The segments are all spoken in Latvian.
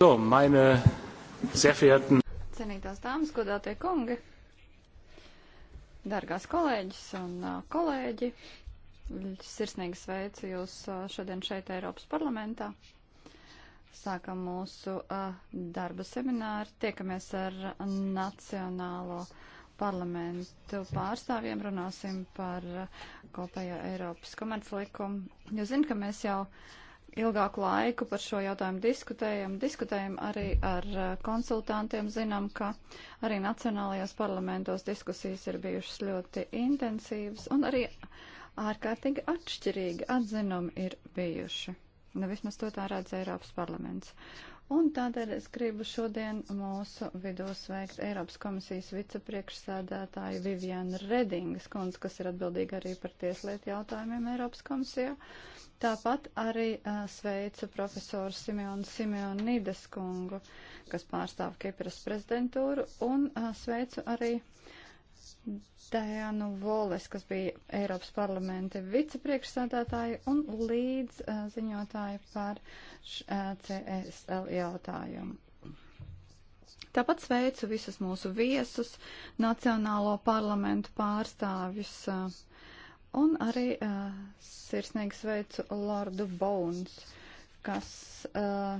So, meine sehr verehrten. Cenītās dāmas, godātie kungi, dargās kolēģis un kolēģi, sirsnīgi sveicu jūs šodien šeit Eiropas parlamentā. Sākam mūsu darba semināru, tiekamies ar Nacionālo parlamentu pārstāvjiem, runāsim par kopējo Eiropas komerclikumu. Jūs zināt, ka mēs jau. Uh, ilgāku laiku par šo jautājumu diskutējam. Diskutējam arī ar uh, konsultantiem. Zinām, ka arī nacionālajos parlamentos diskusijas ir bijušas ļoti intensīvas un arī ārkārtīgi atšķirīgi atzinumi ir bijuši. Nu, vismaz to tā redz Eiropas parlaments. Un tādēļ es gribu šodien mūsu vidū sveikt Eiropas komisijas vicepriekšsēdētāju Vivianu Redingas kundz, kas ir atbildīga arī par tieslietu jautājumiem Eiropas komisijā. Tāpat arī uh, sveicu profesoru Simeonu Simeonu Nides kungu, kas pārstāv Kipras prezidentūru, un uh, sveicu arī Dajanu Voles, kas bija Eiropas parlamenta vicepriekšsādātāja un līdz uh, ziņotāja par š, uh, CSL jautājumu. Tāpat sveicu visus mūsu viesus, Nacionālo parlamentu pārstāvjus uh, un arī uh, sirsnīgi sveicu Lordu Bones, kas uh,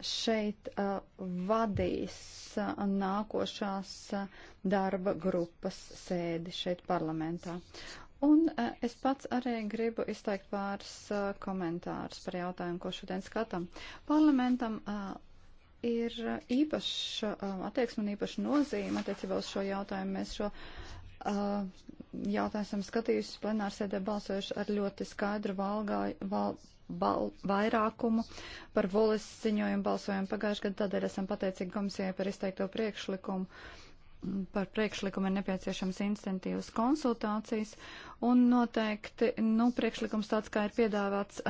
šeit uh, vadīs uh, nākošās uh, darba grupas sēdi šeit parlamentā. Un uh, es pats arī gribu izteikt pāris uh, komentārus par jautājumu, ko šodien skatām. Parlamentam uh, ir īpaša uh, attieksme un īpaša nozīme attiecībā uz šo jautājumu. Mēs šo uh, jautājumu esam skatījuši plenārsēdē balsojuši ar ļoti skaidru valgāju. Val, bal, vairākumu par volis ziņojumu balsojumu pagājušajā gadā, tādēļ esam pateicīgi komisijai par izteikto priekšlikumu. Par priekšlikumu ir nepieciešams incentīvas konsultācijas, un noteikti, nu, priekšlikums tāds, kā ir piedāvāts,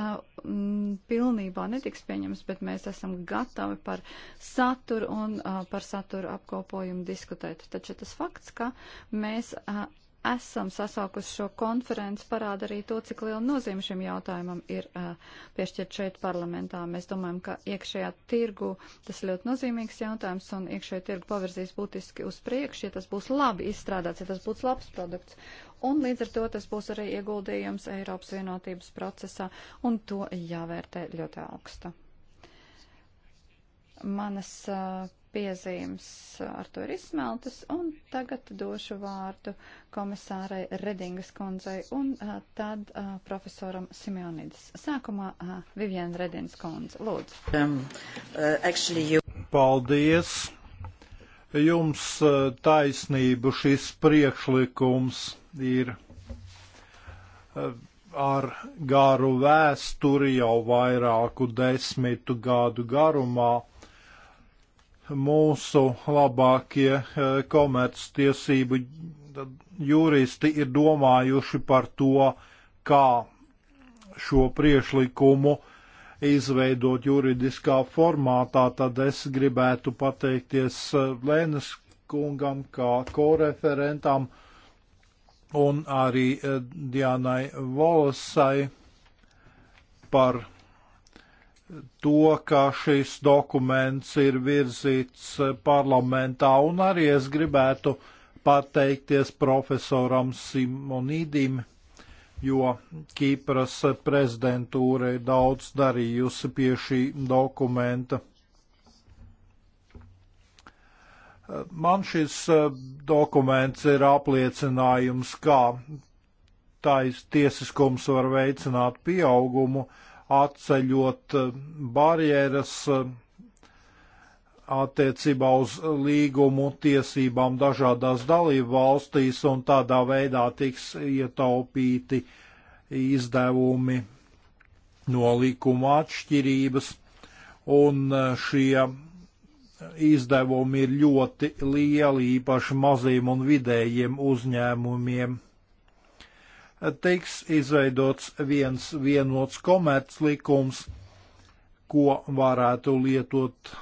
m, pilnībā netiks pieņems, bet mēs esam gatavi par saturu un a, par saturu apkopojumu diskutēt. Taču tas fakts, ka mēs a, esam sasaukusi šo konferenci, parāda arī to, cik liela nozīme šim jautājumam ir uh, piešķirt šeit parlamentā. Mēs domājam, ka iekšējā tirgu tas ļoti nozīmīgs jautājums un iekšējā tirgu pavirzīs būtiski uz priekšu, ja tas būs labi izstrādāts, ja tas būs labs produkts. Un līdz ar to tas būs arī ieguldījums Eiropas vienotības procesā un to jāvērtē ļoti augstu. Manas uh, piezīmes ar to ir izsmeltas, un tagad došu vārdu komisārai Redingas kundzei un uh, tad uh, profesoram Simeonidis. Sākumā uh, Viviana Redingas kundze, lūdzu. Um, uh, actually, you... Paldies! Jums uh, taisnību šis priekšlikums ir uh, ar garu vēsturi jau vairāku desmitu gadu garumā mūsu labākie eh, komerctiesību juristi ir domājuši par to, kā šo priešlikumu izveidot juridiskā formātā, tad es gribētu pateikties eh, Lēnes kungam kā koreferentam un arī eh, Dianai Volosai par to, ka šis dokuments ir virzīts parlamentā, un arī es gribētu pateikties profesoram Simonīdim, jo Kīpras prezidentūra ir daudz darījusi pie šī dokumenta. Man šis dokuments ir apliecinājums, kā tais tiesiskums var veicināt pieaugumu, uh, atceļot eh, barjeras eh, attiecībā uz līgumu tiesībām dažādās dalību valstīs, un tādā veidā tiks ietaupīti izdevumi no likuma atšķirības, un eh, šie izdevumi ir ļoti lieli, īpaši maziem un vidējiem uzņēmumiem tiks izveidots viens vienots komerclikums, ko varētu lietot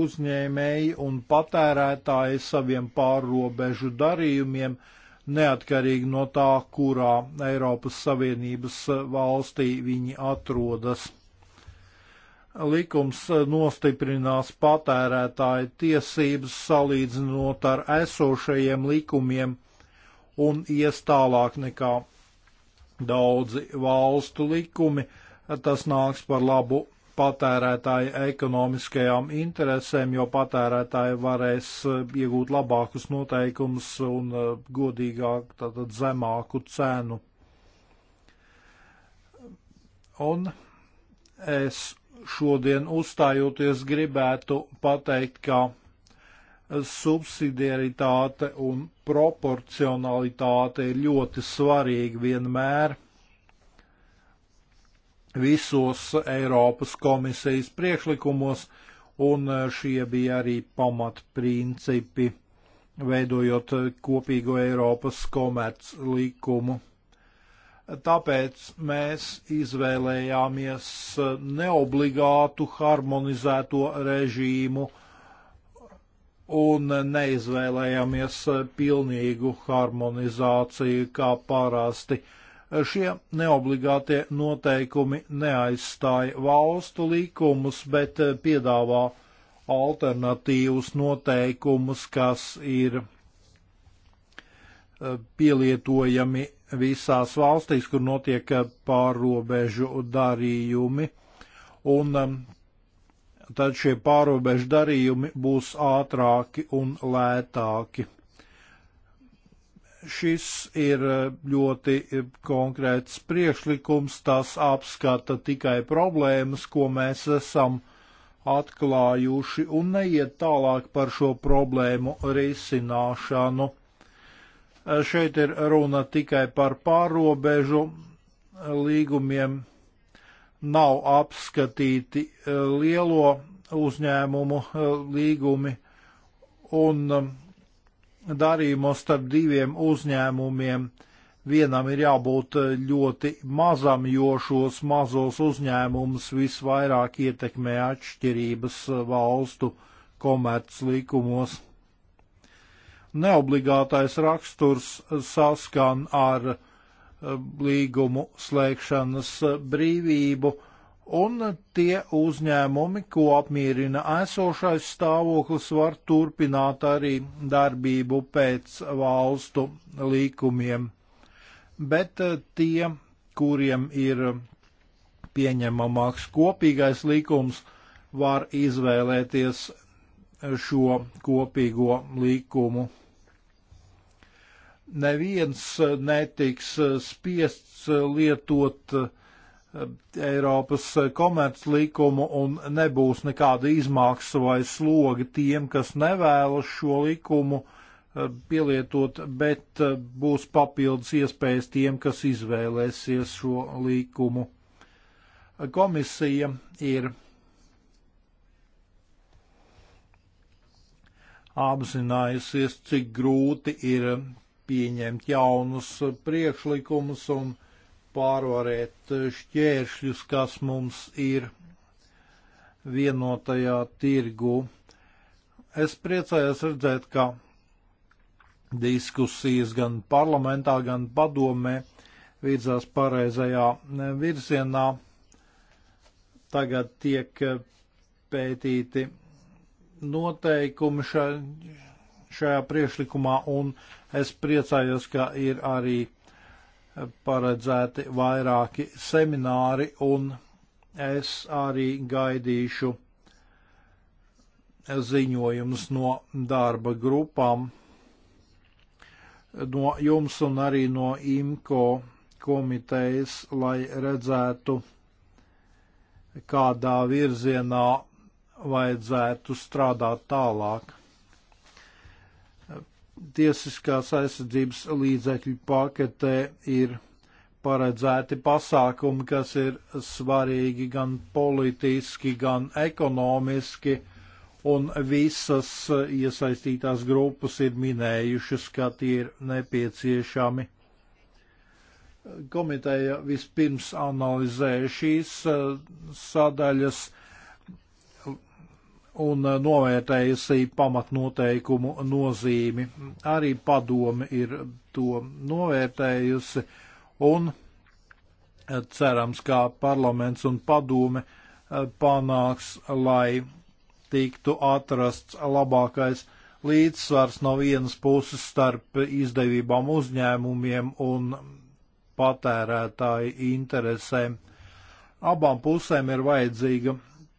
uzņēmēji un patērētāji saviem pārrobežu darījumiem, neatkarīgi no tā, kurā Eiropas Savienības valstī viņi atrodas. Likums nostiprinās patērētāju tiesības salīdzinot ar esošajiem likumiem un ies tālāk nekā daudzi valstu likumi. Tas nāks par labu patērētāju ekonomiskajām interesēm, jo patērētāji varēs eh, iegūt labākus noteikumus un eh, godīgāk, tātad zemāku cenu. Un es šodien uzstājoties gribētu pateikt, ka subsidiaritāte un proporcionalitāte ir ļoti svarīgi vienmēr visos Eiropas komisijas priekšlikumos, un e, šie bija arī pamatprincipi, veidojot e, kopīgo Eiropas komerc likumu. Tāpēc mēs izvēlējāmies e, neobligātu harmonizēto režīmu, uh, un neizvēlējāmies pilnīgu harmonizāciju kā parasti. Šie neobligātie noteikumi neaizstāja valstu likumus, bet piedāvā alternatīvus noteikumus, kas ir eh, pielietojami visās valstīs, kur notiek eh, pārrobežu darījumi. Un eh, tad šie pārobežu darījumi būs ātrāki un lētāki. Šis ir ļoti konkrēts priekšlikums, tas apskata tikai problēmas, ko mēs esam atklājuši un neiet tālāk par šo problēmu risināšanu. Šeit ir runa tikai par pārobežu līgumiem nav apskatīti eh, lielo uzņēmumu eh, līgumi un eh, darījumos starp diviem uzņēmumiem. Vienam ir jābūt ļoti mazam, jo šos mazos uzņēmumus visvairāk ietekmē atšķirības valstu komerc likumos. Neobligātais raksturs saskan ar līgumu slēgšanas brīvību, un tie uzņēmumi, ko apmierina esošais stāvoklis, var turpināt arī darbību pēc valstu līkumiem. Bet eh, tie, kuriem ir pieņemamāks kopīgais likums, var izvēlēties šo kopīgo likumu neviens eh, netiks eh, spiests eh, lietot Eiropas komerclikumu un nebūs nekāda izmaksa vai slogi tiem, kas nevēlas šo likumu pielietot, bet būs papildus iespējas tiem, kas izvēlēsies šo likumu. Komisija ir apzinājusies, cik grūti ir pieņemt jaunus priekšlikumus un pārvarēt šķēršļus, kas mums ir vienotajā tirgu. Es priecājos redzēt, ka diskusijas gan parlamentā, gan padomē virzās pareizajā virzienā. Tagad tiek pētīti noteikumi šai šajā priekšlikumā, un es priecājos, ka ir arī paredzēti vairāki semināri, un es arī gaidīšu ziņojumus no darba grupām, no jums un arī no IMCO komitejas, lai redzētu, kādā virzienā vajadzētu strādāt tālāk tiesiskās aizsardzības līdzekļu paketē ir paredzēti pasākumi, kas ir svarīgi gan politiski, gan ekonomiski, un visas iesaistītās grupas ir minējušas, ka tie ir nepieciešami. Komiteja vispirms analizē šīs eh, sadaļas un eh, novērtējusi pamatnoteikumu nozīmi. Arī padome ir to novērtējusi un eh, cerams, kā parlaments un padome eh, panāks, lai tiktu atrasts labākais līdzsvars no vienas puses starp izdevībām uzņēmumiem un patērētāju interesēm. Abām pusēm ir vajadzīga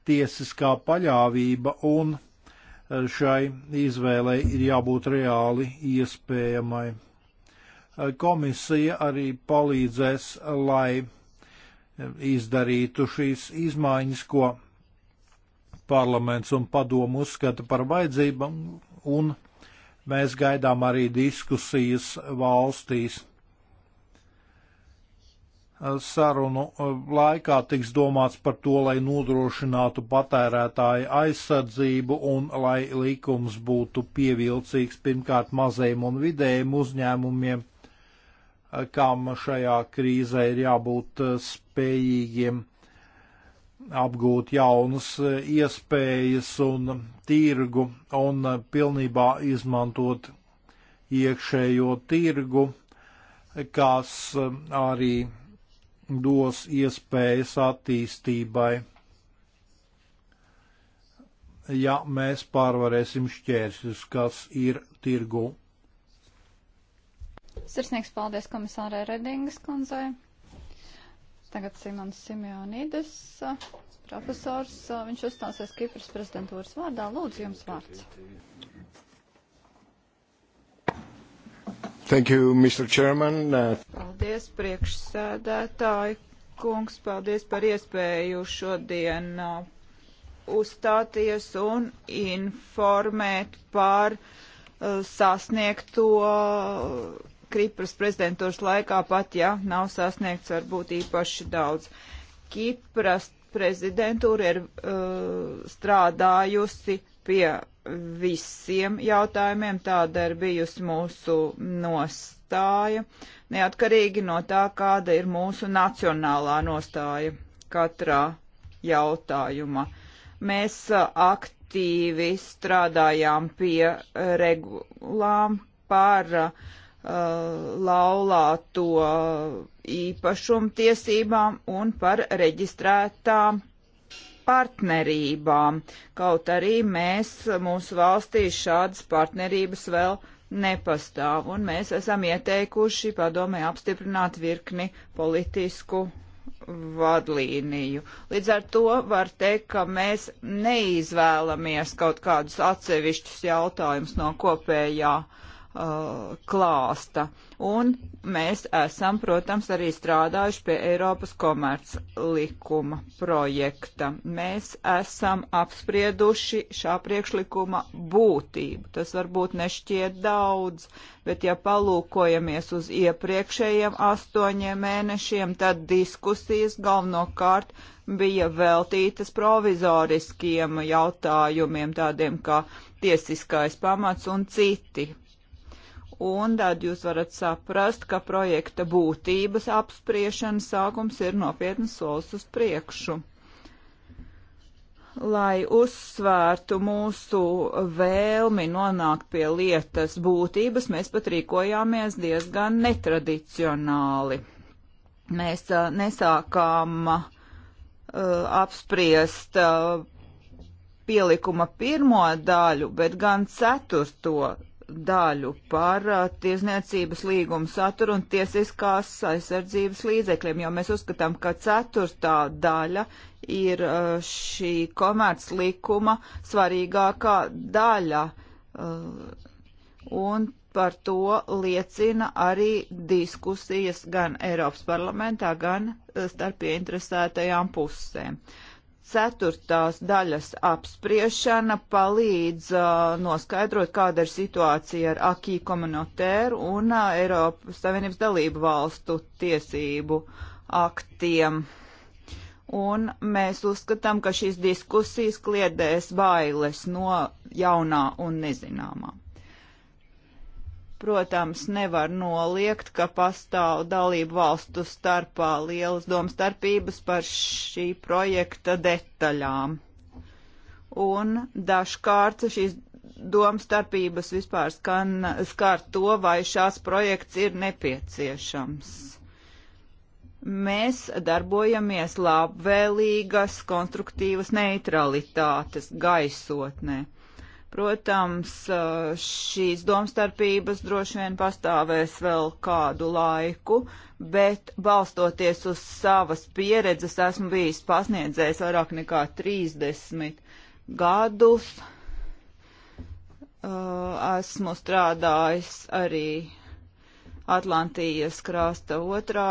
tiesiskā paļāvība un šai izvēlei ir jābūt reāli iespējamai. Komisija arī palīdzēs, lai izdarītu šīs izmaiņas, ko parlaments un padomu uzskata par vajadzībām, un mēs gaidām arī diskusijas valstīs sarunu e, laikā tiks domāts par to, lai nodrošinātu patērētāju aizsardzību un lai likums būtu pievilcīgs pirmkārt mazajiem un vidējiem uzņēmumiem, e, kam šajā krīzē ir jābūt e, spējīgiem apgūt jaunas iespējas un tirgu un pilnībā izmantot iekšējo tirgu, kas arī dos iespējas attīstībai. Ja mēs pārvarēsim šķēršļus, kas ir tirgu. Sirsnīgs paldies komisārai Redingas kundzei. Tagad Simons Simeonides, profesors, viņš uzstāsies Kipras prezidentūras vārdā. Lūdzu, jums vārds. Thank you, Mr. Chairman. Uh, paldies, priekšsēdētāji kungs, paldies par iespēju šodien uh, uzstāties un informēt par uh, sasniegto uh, Kipras prezidentūras laikā, pat ja nav sasniegts varbūt īpaši daudz. Kipras prezidentūra ir uh, strādājusi pie visiem jautājumiem. Tāda ir bijusi mūsu nostāja, neatkarīgi no tā, kāda ir mūsu nacionālā nostāja katrā jautājumā. Mēs aktīvi strādājām pie regulām par uh, laulāto īpašumtiesībām un par reģistrētām partnerībām, kaut arī mēs mūsu valstīs šādas partnerības vēl nepastāv, un mēs esam ieteikuši padomē apstiprināt virkni politisku vadlīniju. Līdz ar to var teikt, ka mēs neizvēlamies kaut kādus atsevišķus jautājumus no kopējā uh, Uh, klāsta. Un mēs esam, protams, arī strādājuši pie Eiropas komerc likuma projekta. Mēs esam apsprieduši šā priekšlikuma būtību. Tas varbūt nešķiet daudz, bet ja palūkojamies uz iepriekšējiem astoņiem mēnešiem, tad diskusijas galvenokārt bija veltītas provizoriskiem jautājumiem, tādiem kā tiesiskais pamats un citi un tad jūs varat saprast, ka projekta būtības apspriešana sākums ir nopietnas solis uz priekšu. Lai uzsvērtu mūsu vēlmi nonākt pie lietas būtības, mēs pat rīkojāmies diezgan netradicionāli. Mēs a, uh, nesākām a, uh, apspriest a, uh, pielikuma pirmo daļu, bet gan ceturto daļu par uh, tiesniecības līgumu saturu un tiesiskās aizsardzības līdzekļiem, jo mēs uzskatām, ka ceturtā daļa ir uh, šī komerc likuma svarīgākā daļa. Uh, un par to liecina arī diskusijas gan Eiropas parlamentā, gan starp ieinteresētajām pusēm. Uh, ceturtās daļas apspriešana palīdz uh, noskaidrot, kāda ir situācija ar akī komunotēru un uh, Eiropas Savienības dalību valstu tiesību aktiem. Un mēs uzskatām, ka šīs diskusijas kliedēs bailes no jaunā un nezināmā. Protams, nevar noliegt, ka pastāv dalību valstu starpā lielas domstarpības par šī projekta detaļām. Un dažkārt šīs domstarpības vispār skan, skar to, vai šās projekts ir nepieciešams. Mēs darbojamies labvēlīgas, konstruktīvas neutralitātes gaisotnē. Ne Protams, eh, šīs domstarpības droši vien pastāvēs vēl kādu laiku, bet balstoties uz savas pieredzes esmu bijis pasniedzējis vairāk nekā 30 gadus. Eh, esmu strādājis arī Atlantijas krasta otrā,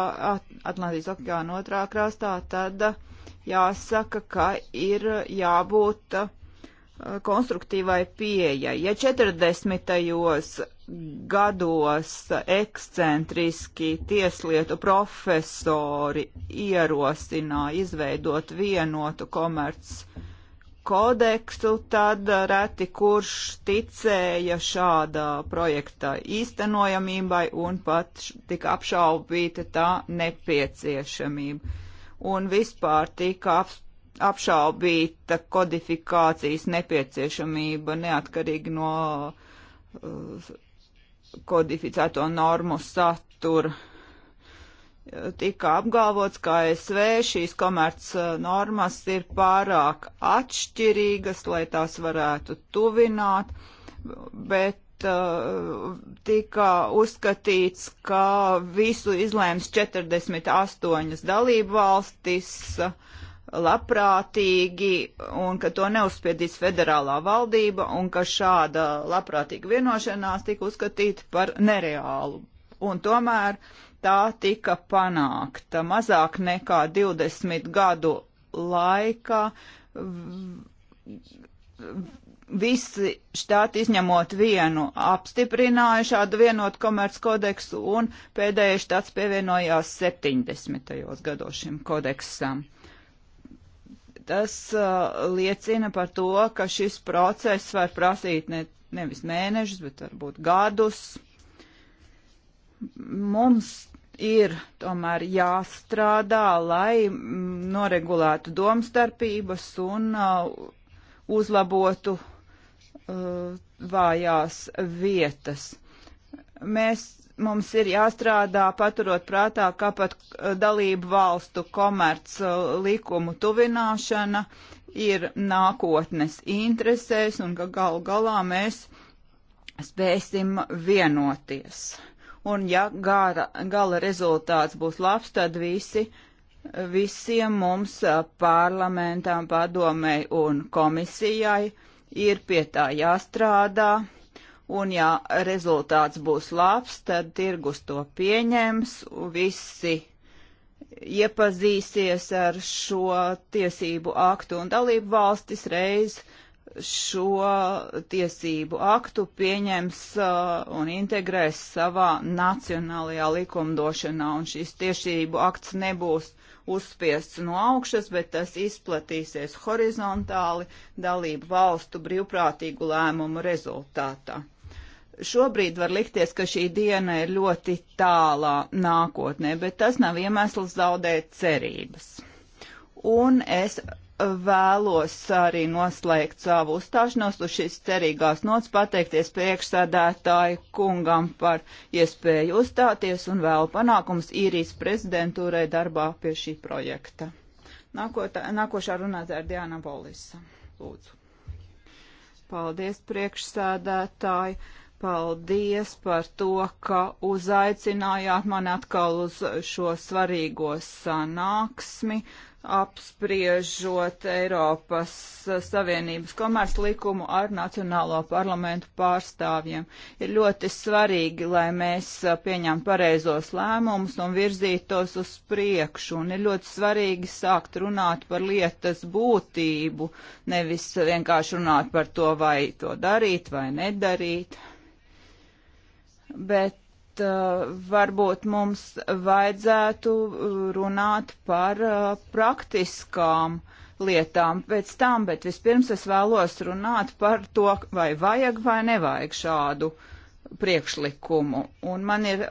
Atlantijas okeāna otrā krastā, tad eh, jāsaka, ka ir jābūt uh, konstruktīvai pieejai. Ja 40. gados ekscentriski tieslietu profesori ierosināja izveidot vienotu komerc kodeksu, tad reti kurš ticēja šāda projekta īstenojamībai un pat tika apšaubīta tā nepieciešamība. Un vispār tika apspriesta apšaubīta kodifikācijas nepieciešamība neatkarīgi no uh, kodificēto normu satura. Tika apgalvots, ka ASV šīs komerc uh, normas ir pārāk atšķirīgas, lai tās varētu tuvināt, bet uh, tika uzskatīts, ka visu izlēms 48 dalību valstis, uh, labprātīgi un ka to neuzspiedīs federālā valdība un ka šāda labprātīga vienošanās tika uzskatīta par nereālu. Un tomēr tā tika panākta mazāk nekā 20 gadu laikā. Visi štāti izņemot vienu apstiprināja šādu vienotu komerc kodeksu un pēdējais štāts pievienojās 70. gados šim kodeksam tas uh, liecina par to, ka šis process var prasīt ne, nevis mēnešus, bet varbūt gadus. Mums ir tomēr jāstrādā, lai mm, noregulētu domstarpības un uh, uzlabotu uh, vājās vietas. Mēs mums ir jāstrādā paturot prātā, ka pat eh, dalību valstu komerc eh, likumu tuvināšana ir nākotnes interesēs un ka galu galā mēs spēsim vienoties. Un ja gara, gala rezultāts būs labs, tad visi visiem mums eh, parlamentām, padomēji un komisijai ir pie tā jāstrādā, un ja rezultāts būs labs, tad tirgus to pieņems, visi iepazīsies ar šo tiesību aktu un dalību valstis reiz šo tiesību aktu pieņems uh, un integrēs savā nacionālajā likumdošanā, un šis tiesību akts nebūs uzspiests no augšas, bet tas izplatīsies horizontāli dalību valstu brīvprātīgu lēmumu rezultātā. Šobrīd var likties, ka šī diena ir ļoti tālā nākotnē, bet tas nav iemesls zaudēt cerības. Un es vēlos arī noslēgt savu uzstāšanos uz šīs cerīgās nots, pateikties priekšsādātāju kungam par iespēju uzstāties un vēlu panākums īrijas prezidentūrai darbā pie šī projekta. Nākotā, nākošā runātāja ir Diana Bolisa. Lūdzu. Paldies, priekšsādātāji. Paldies par to, ka uzaicinājāt mani atkal uz šo svarīgo sanāksmi, apspriežot Eiropas Savienības komerslikumu ar Nacionālo parlamentu pārstāvjiem. Ir ļoti svarīgi, lai mēs pieņemtu pareizos lēmumus un virzītos uz priekšu, un ir ļoti svarīgi sākt runāt par lietas būtību, nevis vienkārši runāt par to, vai to darīt vai nedarīt bet uh, varbūt mums vajadzētu runāt par uh, praktiskām lietām pēc tam, bet vispirms es vēlos runāt par to, vai vajag vai nevajag šādu priekšlikumu. Un man ir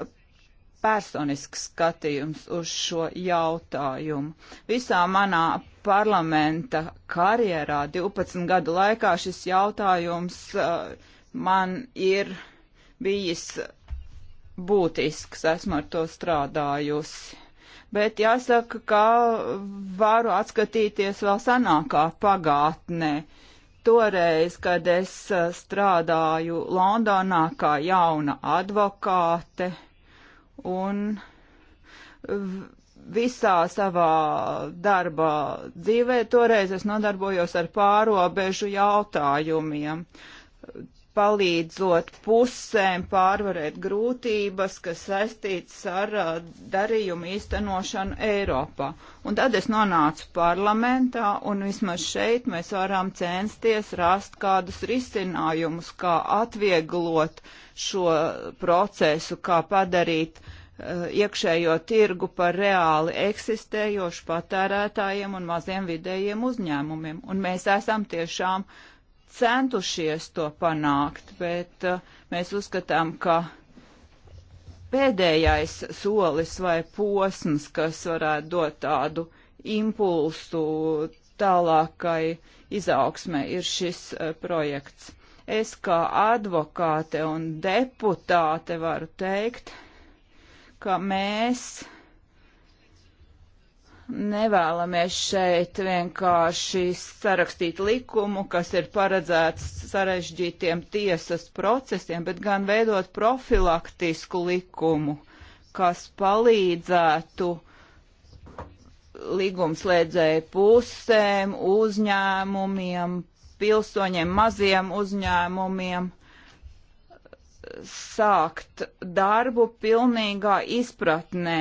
personisks skatījums uz šo jautājumu. Visā manā parlamenta karjerā 12 gadu laikā šis jautājums uh, man ir uh, bijis būtisks, esmu ar to strādājusi. Bet jāsaka, ka varu atskatīties vēl senākā pagātnē. Toreiz, kad es strādāju Londonā kā jauna advokāte un visā savā darba dzīvē, toreiz es nodarbojos ar pārobežu jautājumiem. Uh, palīdzot pusēm pārvarēt grūtības, kas saistīts ar uh, darījumu īstenošanu Eiropā. Un tad es nonācu parlamentā, un vismaz šeit mēs varam censties rast kādus risinājumus, kā atvieglot šo procesu, kā padarīt uh, iekšējo tirgu par reāli eksistējošu patērētājiem un maziem vidējiem uzņēmumiem. Un mēs esam tiešām uh, centušies to panākt, bet uh, mēs uzskatām, ka pēdējais solis vai posms, kas varētu dot tādu impulsu tālākai izaugsmē, ir šis uh, projekts. Es kā advokāte un deputāte varu teikt, ka mēs nevēlamies šeit vienkārši sarakstīt likumu, kas ir paredzēts sarežģītiem tiesas procesiem, bet gan veidot profilaktisku likumu, kas palīdzētu līgumslēdzēju pusēm, uzņēmumiem, pilsoņiem, maziem uzņēmumiem sākt darbu pilnīgā izpratnē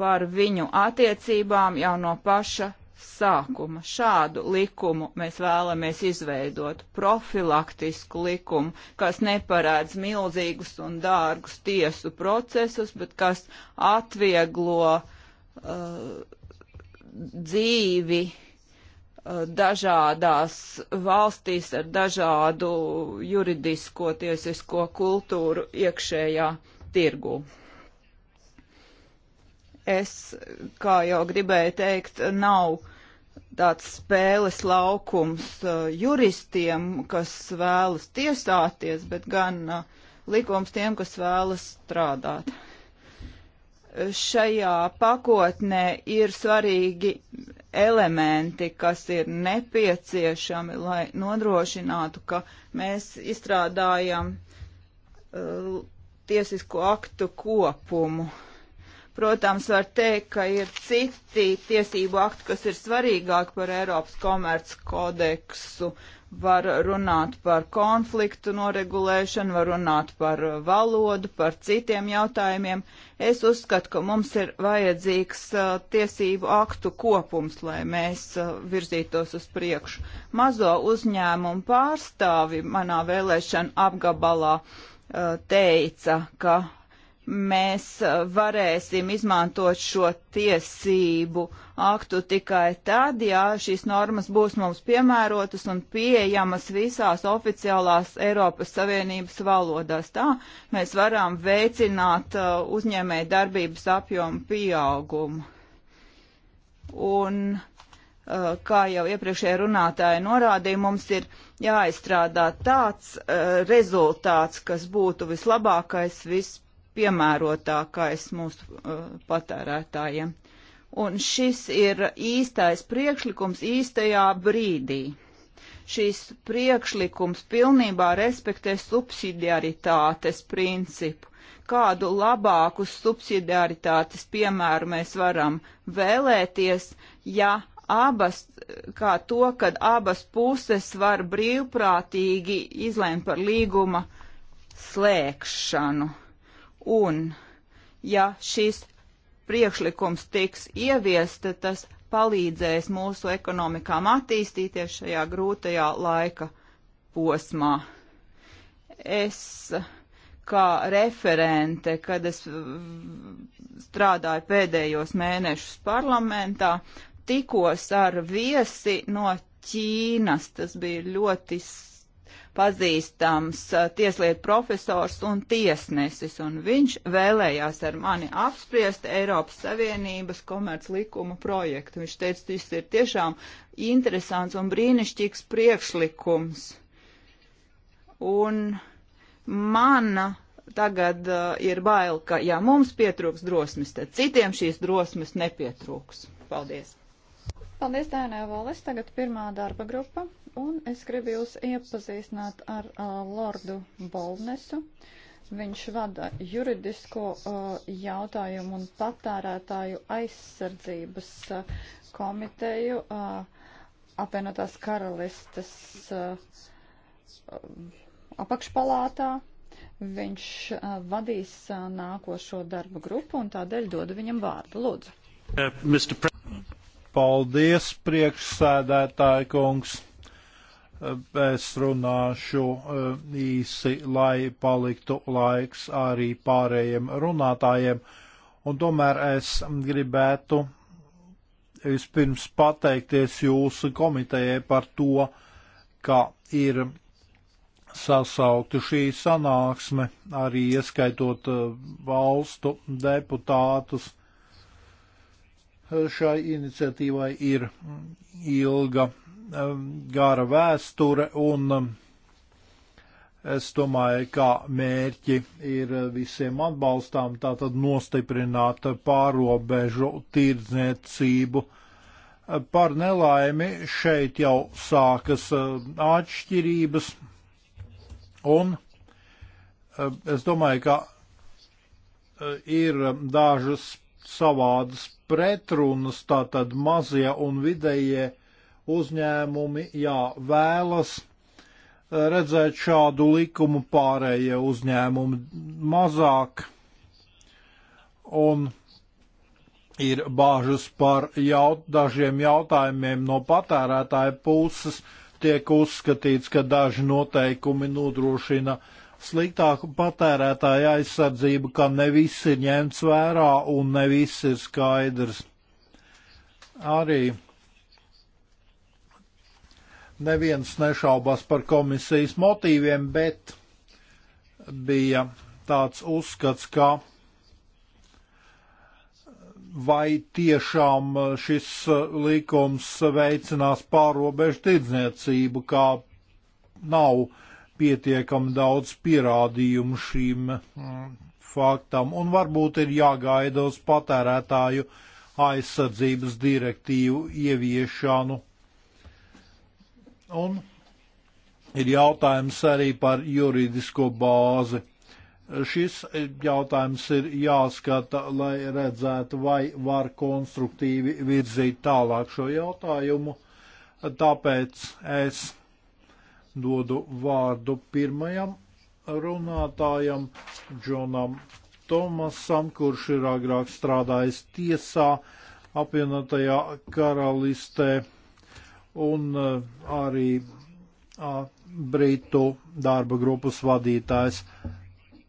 par viņu attiecībām jau no paša sākuma. Šādu likumu mēs vēlamies izveidot, profilaktisku likumu, kas neparādz milzīgus un dārgus tiesu procesus, bet kas atvieglo uh, dzīvi uh, dažādās valstīs ar dažādu juridisko, tiesisko kultūru iekšējā tirgu es, kā jau gribēju teikt, nav tāds spēles laukums uh, juristiem, kas vēlas tiesāties, bet gan uh, likums tiem, kas vēlas strādāt. Šajā pakotnē ir svarīgi elementi, kas ir nepieciešami, lai nodrošinātu, ka mēs izstrādājam uh, tiesisko aktu kopumu. Uh, Protams, var teikt, ka ir citi tiesību akti, kas ir svarīgāki par Eiropas komerc kodeksu. Var runāt par konfliktu noregulēšanu, var runāt par valodu, par citiem jautājumiem. Es uzskatu, ka mums ir vajadzīgs uh, tiesību aktu kopums, lai mēs uh, virzītos uz priekšu. Mazo uzņēmumu pārstāvi manā vēlēšana apgabalā uh, teica, ka mēs eh, varēsim izmantot šo tiesību aktu tikai tad, ja šīs normas būs mums piemērotas un pieejamas visās oficiālās Eiropas Savienības valodās. Tā mēs varam veicināt eh, uzņēmē darbības apjomu pieaugumu. Un, eh, kā jau iepriekšējā runātāja norādīja, mums ir jāizstrādā tāds rezultāts, kas būtu vislabākais, vispārējais piemērotākais mūsu uh, patērētājiem. Un šis ir īstais priekšlikums īstajā brīdī. Šis priekšlikums pilnībā respektē subsidiaritātes principu. Kādu labāku subsidiaritātes piemēru mēs varam vēlēties, ja abas, kā to, kad abas puses var brīvprātīgi izlēmt par līguma slēgšanu. Un, ja šis priekšlikums tiks ieviesta, tas palīdzēs mūsu ekonomikām attīstīties šajā grūtajā laika posmā. Es kā referente, kad es strādāju pēdējos mēnešus parlamentā, tikos ar viesi no Ķīnas. Tas bija ļoti pazīstams eh, tieslietu profesors un tiesnesis, un viņš vēlējās ar mani apspriest Eiropas Savienības komerclikuma projektu. Viņš teica, tas ir tiešām interesants un brīnišķīgs priekšlikums. Un mana tagad uh, ir bail, ka ja mums pietrūks drosmes, tad citiem šīs drosmes nepietrūks. Paldies! Paldies, Dēnē Valis. Tagad pirmā darba grupa un es gribu jūs iepazīstināt ar uh, Lordu Bolnesu. Viņš vada juridisko uh, jautājumu un patērētāju aizsardzības uh, komiteju uh, apvienotās karalistes uh, apakšpalātā. Viņš uh, vadīs uh, nākošo darba grupu un tādēļ dodu viņam vārdu. Lūdzu. Uh, Paldies, priekšsēdētāji kungs. Es runāšu eh, īsi, lai paliktu laiks arī pārējiem runātājiem, un tomēr es gribētu vispirms pateikties jūsu komitejai par to, ka ir sasaukta šī sanāksme, arī ieskaitot eh, valstu deputātus. Šai iniciatīvai ir ilga Um, gara vēsture, un um, es domāju, kā mērķi ir visiem atbalstām, tātad nostiprināt pārobežu tirdzniecību. Par nelaimi šeit jau sākas uh, atšķirības, un uh, es domāju, ka uh, ir dažas savādas pretrunas, tātad mazie un vidējie uzņēmumi, jā, vēlas eh, redzēt šādu likumu pārējie uzņēmumi mazāk un ir bāžas par jaut, dažiem jautājumiem no patērētāja puses. Tiek uzskatīts, ka daži noteikumi nodrošina sliktāku patērētāju aizsardzību, ka ne viss ir ņemts vērā un ne viss ir skaidrs. Arī neviens nešaubas par komisijas motīviem, bet bija tāds uzskats, ka vai tiešām šis likums veicinās pārobežu tirdzniecību, kā nav pietiekami daudz pierādījumu šīm mm, faktam, un varbūt ir jāgaida uz patērētāju aizsardzības direktīvu ieviešanu Un ir jautājums arī par juridisko bāzi. Šis jautājums ir jāskata, lai redzētu, vai var konstruktīvi virzīt tālāk šo jautājumu. Tāpēc es dodu vārdu pirmajam runātājam, Džonam Tomasam, kurš ir agrāk strādājis tiesā apvienotajā karalistē un eh, arī Britu darba grupas vadītājs.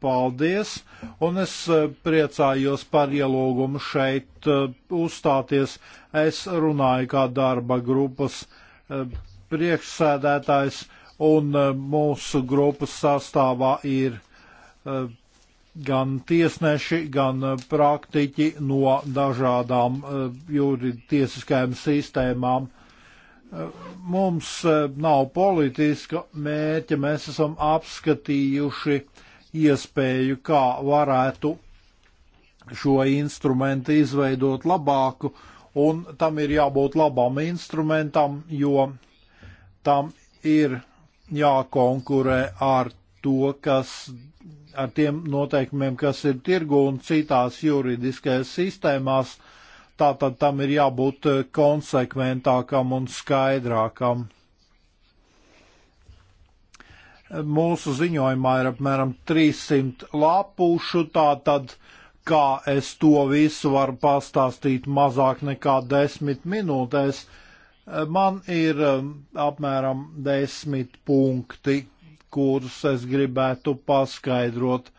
Paldies! Un es eh, priecājos par ielūgumu šeit eh, uzstāties. Es runāju kā darba grupas priekšsēdētājs, un mūsu grupas sastāvā ir gan tiesneši, gan praktiķi no dažādām juridiskajām sistēmām. Mums eh, nav politiska mērķa, mēs esam apskatījuši iespēju, kā varētu šo instrumentu izveidot labāku, un tam ir jābūt labam instrumentam, jo tam ir jākonkurē ar to, kas ar tiem noteikumiem, kas ir tirgu un citās juridiskajās sistēmās. Uh, tātad tam ir jābūt eh, konsekventākam un skaidrākam. Mūsu ziņojumā ir apmēram 300 lapušu, tātad kā es to visu varu pastāstīt mazāk nekā 10 minūtēs. Man ir eh, apmēram 10 punkti, kurus es gribētu paskaidrot.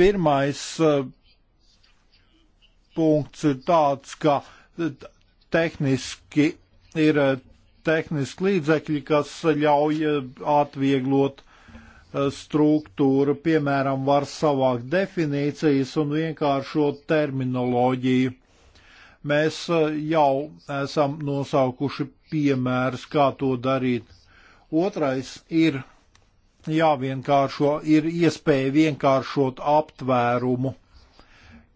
Pirmais eh, punkts ir tāds, ka tehniski ir eh, tehniski līdzekļi, kas ļauj eh, atvieglot eh, struktūru, piemēram, var savākt definīcijas un vienkāršot terminoloģiju. Mēs jau esam nosaukuši piemērus, kā to darīt. Otrais ir jāvienkāršo, ir iespēja vienkāršot aptvērumu.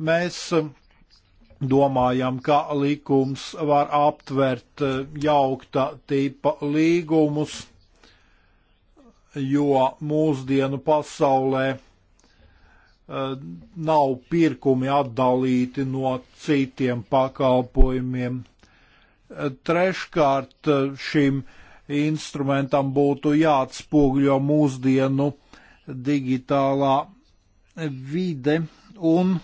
Mēs domājam, ka likums var aptvert e, jaukta tipa līgumus, jo mūsdienu pasaulē e, nav pirkumi atdalīti no citiem pakalpojumiem. E, treškārt šim instrumentam būtu jāatspūgļo mūsdienu digitālā vide un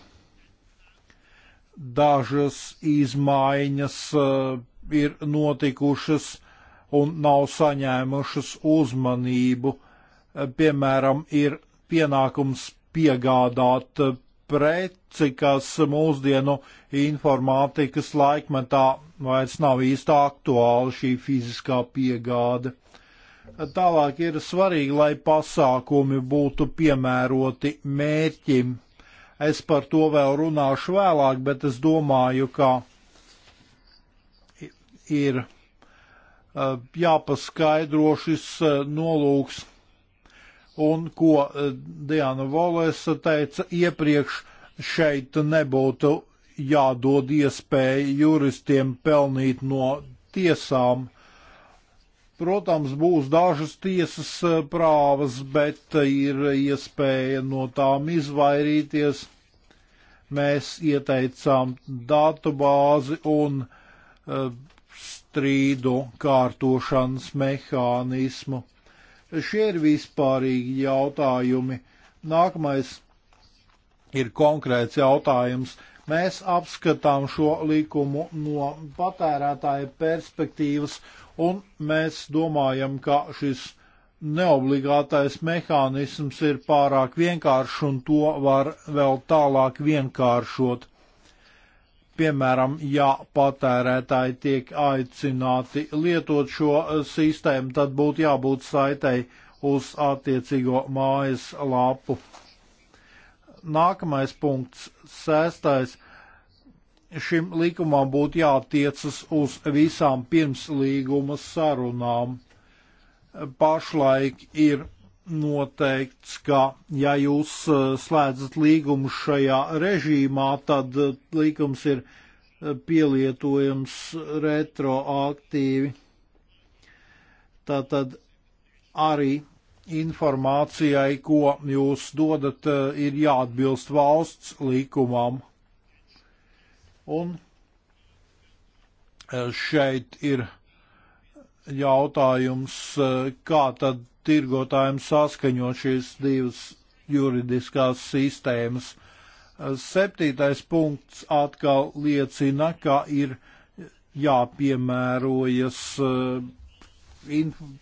dažas izmaiņas eh, ir notikušas un nav saņēmušas uzmanību. Eh, piemēram, ir pienākums piegādāt eh, preci, kas mūsdienu informātikas laikmetā vairs nav īsti aktuāli šī fiziskā piegāde. Tālāk ir svarīgi, lai pasākumi būtu piemēroti mērķim Es par to vēl runāšu vēlāk, bet es domāju, ka ir eh, jāpaskaidro šis eh, nolūks. Un ko eh, Diana Volēsa teica iepriekš, šeit nebūtu jādod iespēja juristiem pelnīt no tiesām. Protams, būs dažas tiesas prāvas, bet ir iespēja no tām izvairīties. Mēs ieteicām datubāzi un e, strīdu kārtošanas mehānismu. Šie ir vispārīgi jautājumi. Nākamais ir konkrēts jautājums. Mēs apskatām šo likumu no patērētāja perspektīvas un mēs domājam, ka šis neobligātais mehānisms ir pārāk vienkāršs un to var vēl tālāk vienkāršot. Piemēram, ja patērētāji tiek aicināti lietot šo eh, sistēmu, tad būtu jābūt saitei uz attiecīgo mājas lapu. Nākamais punkts, sēstais. Šim likumam būtu jātiecas uz visām pirmslīguma sarunām pašlaik ir noteikts, ka ja jūs eh, slēdzat līgumu šajā režīmā, tad eh, līgums ir eh, pielietojams retroaktīvi. Tātad arī informācijai, ko jūs dodat, ir jāatbilst valsts likumam. Un šeit ir jautājums, eh, kā tad tirgotājiem saskaņo šīs divas juridiskās sistēmas. Eh, septītais punkts atkal liecina, ka ir jāpiemērojas eh,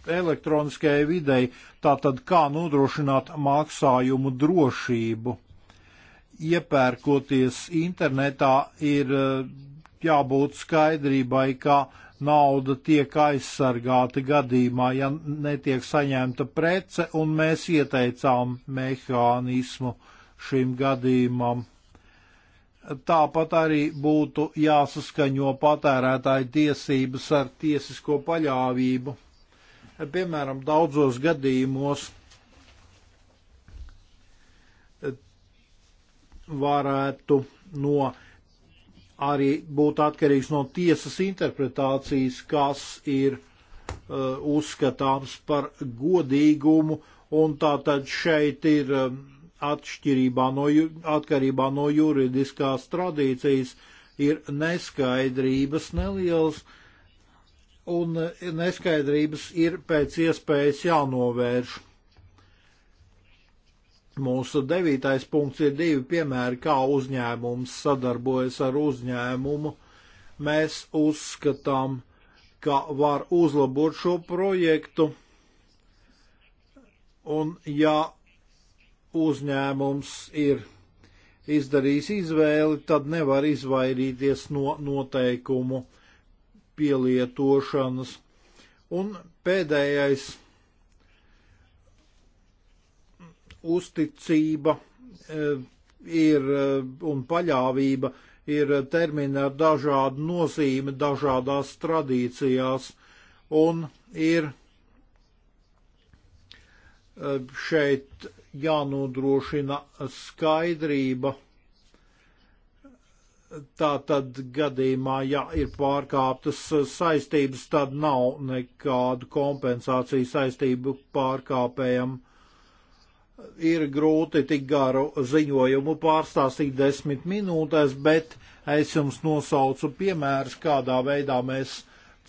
elektroniskajai videi, tātad kā nodrošināt maksājumu drošību. Iepērkoties internetā ir jābūt skaidrībai, ka nauda tiek aizsargāta gadījumā, ja netiek saņemta prece, un mēs ieteicām mehānismu šim gadījumam. Tāpat arī būtu jāsaskaņo patērētāju tiesības ar tiesisko paļāvību. Piemēram, daudzos gadījumos varētu no arī būtu atkarīgs no tiesas interpretācijas, kas ir uh, uzskatāms par godīgumu, un tātad šeit ir um, atšķirībā no, atkarībā no juridiskās tradīcijas ir neskaidrības nelielas, un uh, neskaidrības ir pēc iespējas jānovērš. Mūsu devītais punkts ir divi piemēri, kā uzņēmums sadarbojas ar uzņēmumu. Mēs uzskatām, ka var uzlabot šo projektu, un ja uzņēmums ir izdarījis izvēli, tad nevar izvairīties no noteikumu pielietošanas. Un pēdējais uzticība e, ir e, un paļāvība ir termini ar dažādu nozīmi dažādās tradīcijās un ir e, šeit jānodrošina skaidrība. Tā tad gadījumā, ja ir pārkāptas saistības, tad nav nekādu kompensāciju saistību pārkāpējam. Uh, ir grūti tik garu ziņojumu pārstāstīt desmit minūtēs, bet es jums nosaucu piemērus, kādā veidā mēs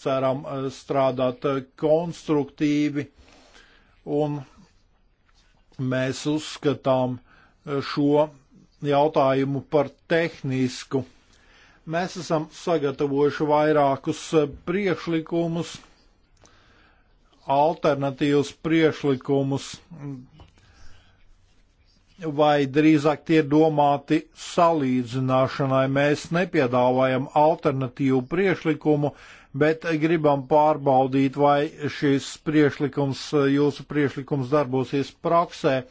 ceram eh, strādāt eh, konstruktīvi, un mēs uzskatām eh, šo jautājumu par tehnisku. Mēs esam sagatavojuši vairākus priekšlikumus, alternatīvus priekšlikumus vai drīzāk tie ir domāti salīdzināšanai. Mēs nepiedāvājam alternatīvu priešlikumu, bet gribam pārbaudīt, vai šis priešlikums, jūsu priešlikums darbosies praksē.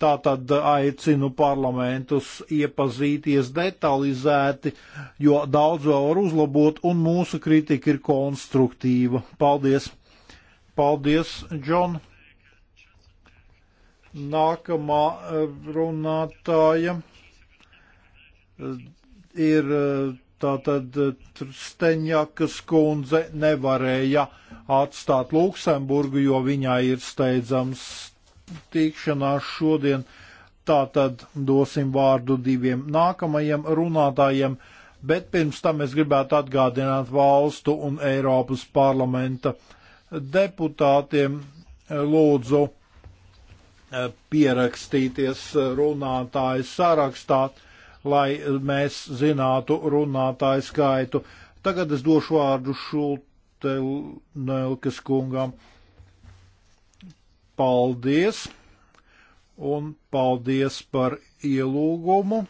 Tātad aicinu parlamentus iepazīties detalizēti, jo daudz vēl var uzlabot, un mūsu kritika ir konstruktīva. Paldies! Paldies, Džon! Nākamā eh, runātāja eh, ir eh, tātad Steņjakas kundze nevarēja atstāt Luksemburgu, jo viņai ir steidzams tikšanās šodien. Tātad dosim vārdu diviem nākamajiem runātājiem, bet pirms tam es gribētu atgādināt valstu un Eiropas parlamenta deputātiem lūdzu Eh, pierakstīties eh, runātāju sarakstā, lai mēs zinātu runātāju skaitu. Tagad es došu vārdu Šultenelkas kungam. Paldies! Un paldies par ielūgumu.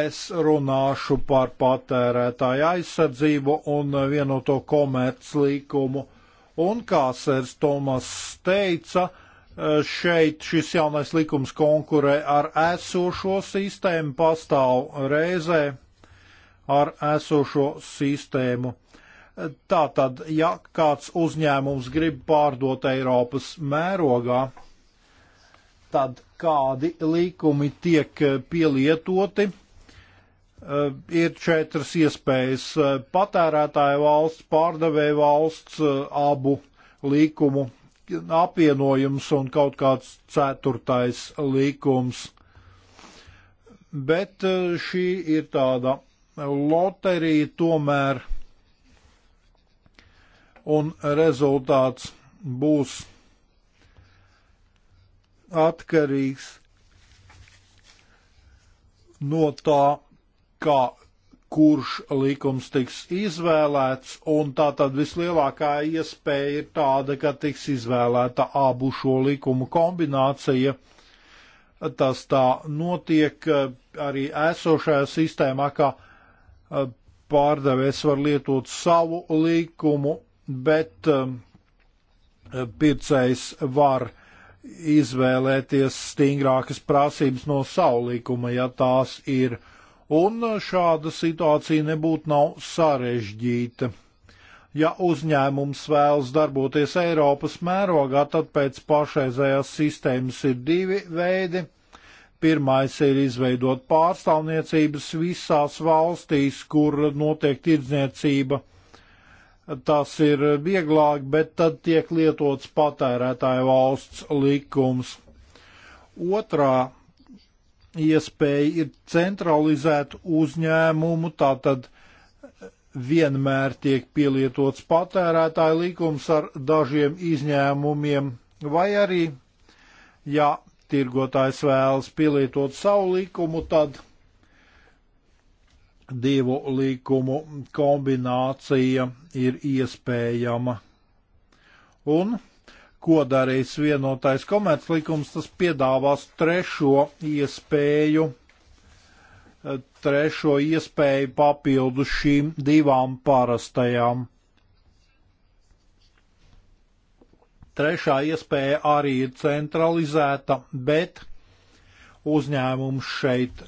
Es runāšu par patērētāju aizsardzību un vienoto komerclīkumu Un kā Sērs Tomas teica, e, šeit šis jaunais likums konkurē ar esošo sistēmu, pastāv reizē ar esošo sistēmu. E, Tātad, ja kāds uzņēmums grib pārdot Eiropas mērogā, tad kādi likumi tiek pielietoti? Eh, ir četras iespējas eh, - patērētāja valsts, pārdevēja valsts, eh, abu likumu apvienojums un kaut kāds ceturtais likums. Bet šī ir tāda loterija tomēr, un rezultāts būs atkarīgs no tā, kā kurš likums tiks izvēlēts, un tā tad vislielākā iespēja ir tāda, ka tiks izvēlēta abu šo likumu kombinācija. Tas tā notiek arī esošajā sistēmā, ka e, pārdevējs var lietot savu likumu, bet e, pircējs var izvēlēties stingrākas prasības no savu likuma, ja tās ir uh, un šāda situācija nebūtu nav sarežģīta. Ja uzņēmums vēlas darboties Eiropas mērogā, tad pēc pašreizējās sistēmas ir divi veidi. Pirmais ir izveidot pārstāvniecības visās valstīs, kur notiek tirdzniecība. Tas ir vieglāk, bet tad tiek lietots patērētāja valsts likums. Otrā iespēja ir centralizēt uzņēmumu, tātad vienmēr tiek pielietots patērētāja likums ar dažiem izņēmumiem, vai arī, ja tirgotājs vēlas pielietot savu likumu, tad divu likumu kombinācija ir iespējama. Un ko darīs vienotais komerclikums, tas piedāvās trešo iespēju, eh, trešo iespēju papildus šīm divām parastajām. Trešā iespēja arī ir centralizēta, bet uzņēmums šeit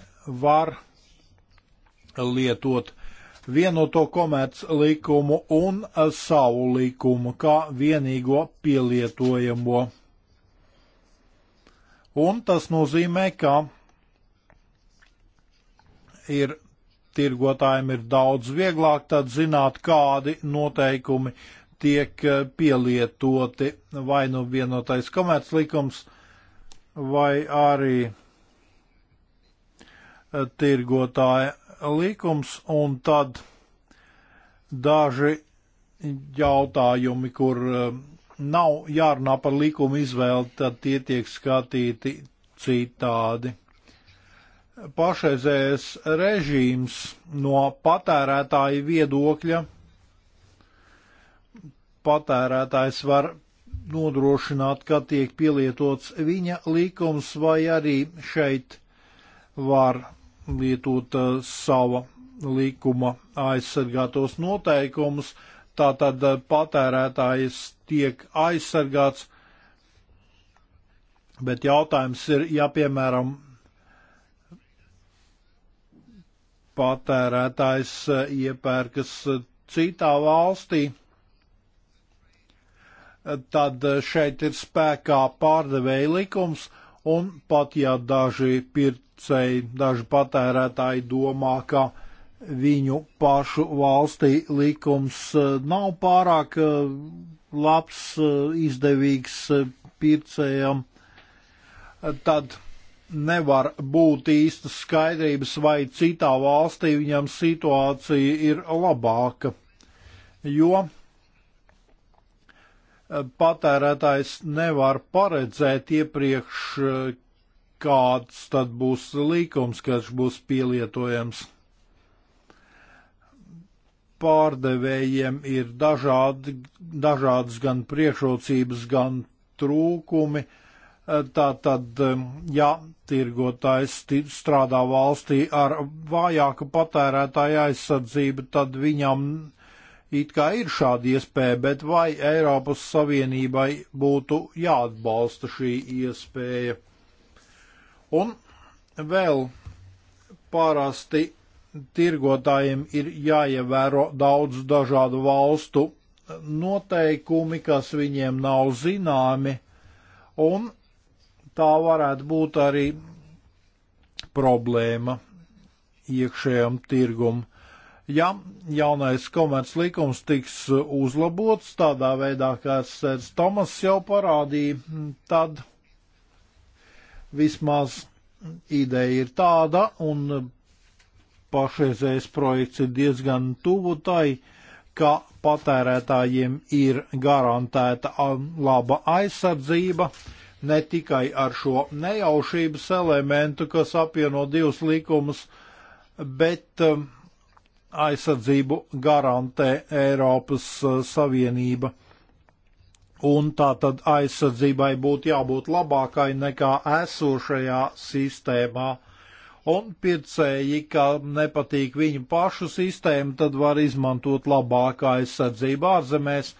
var lietot vienoto komerc likumu un savu likumu kā vienīgo pielietojamo. Un tas nozīmē, ka ir tirgotājiem ir daudz vieglāk tad zināt, kādi noteikumi tiek eh, pielietoti vai nu vienotais komerclikums, vai arī eh, tirgotāja likums un tad daži jautājumi, kur um, nav jārunā par likuma izvēli, tad tie tiek skatīti citādi. Pašreizējais režīms no patērētāja viedokļa patērētājs var nodrošināt, ka tiek pielietots viņa likums vai arī šeit var lietot sava likuma aizsargātos noteikumus, tātad patērētājs tiek aizsargāts, bet jautājums ir, ja piemēram patērētājs iepērkas citā valstī, tad šeit ir spēkā pārdevēja likums, un pat ja daži pir pircēji, daži patērētāji domā, ka viņu pašu valstī likums eh, nav pārāk eh, labs, eh, izdevīgs pircējam, tad nevar būt īstas skaidrības, vai citā valstī viņam situācija ir labāka, jo patērētājs nevar paredzēt iepriekš, kāds tad būs līkums, kas būs pielietojams. Pārdevējiem ir dažādi, dažādas gan priekšrocības, gan trūkumi. Tā tad, um, ja tirgotājs strādā valstī ar vājāku patērētāju aizsardzību, tad viņam it kā ir šāda iespēja, bet vai Eiropas Savienībai būtu jāatbalsta šī iespēja? Un vēl parasti tirgotājiem ir jāievēro daudz dažādu valstu noteikumi, kas viņiem nav zināmi, un tā varētu būt arī problēma iekšējam tirgum. Ja jaunais komerces likums tiks uzlabots tādā veidā, kā Sērs Tomas jau parādīja, tad Vismaz ideja ir tāda, un pašreizējais projekts ir diezgan tuvu tai, ka patērētājiem ir garantēta um, laba aizsardzība ne tikai ar šo nejaušības elementu, kas apvieno divus likumus, bet um, aizsardzību garantē Eiropas uh, Savienība un tā tad aizsardzībai būtu jābūt labākai nekā esošajā sistēmā. Un pircēji, ka nepatīk viņu pašu sistēmu, tad var izmantot labāku aizsardzību ārzemēs,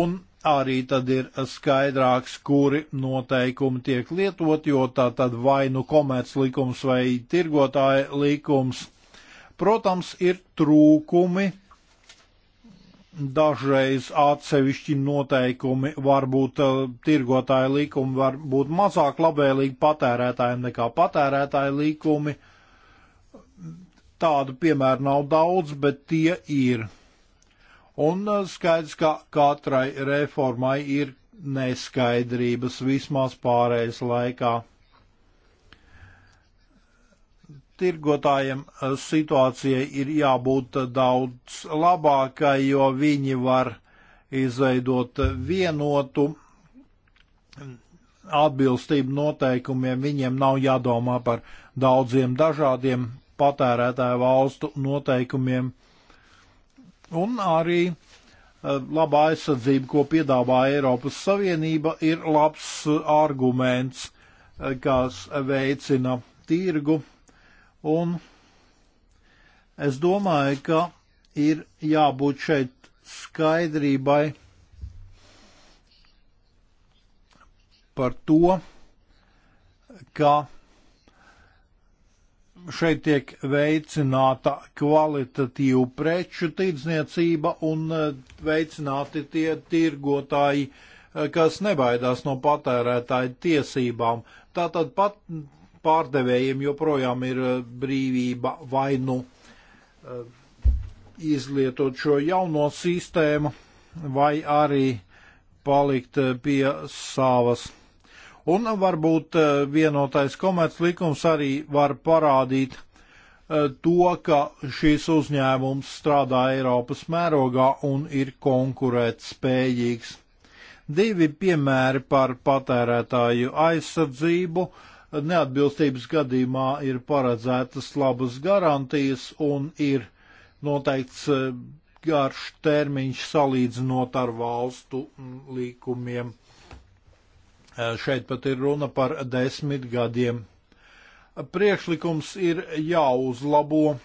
un arī tad ir skaidrāks, kuri noteikumi tiek lietot, jo tā tad vai nu komerc likums vai tirgotāja likums. Protams, ir trūkumi dažreiz atsevišķi noteikumi, varbūt eh, tirgotāja likumi var būt mazāk labvēlīgi patērētājiem nekā patērētāja likumi. Tādu piemēru nav daudz, bet tie ir. Un eh, skaidrs, ka katrai reformai ir neskaidrības vismaz pārējais laikā tirgotājiem eh, situācijai ir jābūt eh, daudz labākai, jo viņi var izveidot eh, vienotu atbilstību noteikumiem. Viņiem nav jādomā par daudziem dažādiem patērētāju valstu noteikumiem. Un arī labā aizsardzība, ko piedāvā Eiropas Savienība, ir labs arguments, kas veicina tirgu Un es domāju, ka ir jābūt šeit skaidrībai par to, ka šeit tiek veicināta kvalitatīva preču tirdzniecība un e, veicināti tie tirgotāji, e, kas nebaidās no patērētāju tiesībām. Tātad pat pārdevējiem joprojām ir eh, brīvība vai nu eh, izlietot šo jauno sistēmu, vai arī palikt eh, pie savas. Un varbūt vienotais komerclikums arī var parādīt to, ka šis uzņēmums strādā Eiropas mērogā un ir konkurēt spējīgs. Divi piemēri par patērētāju aizsardzību neatbilstības gadījumā ir paredzētas labas garantijas un ir noteikts e, garš termiņš salīdzinot ar valstu līkumiem. E, šeit pat ir runa par desmit gadiem. Priekšlikums ir jāuzlabo,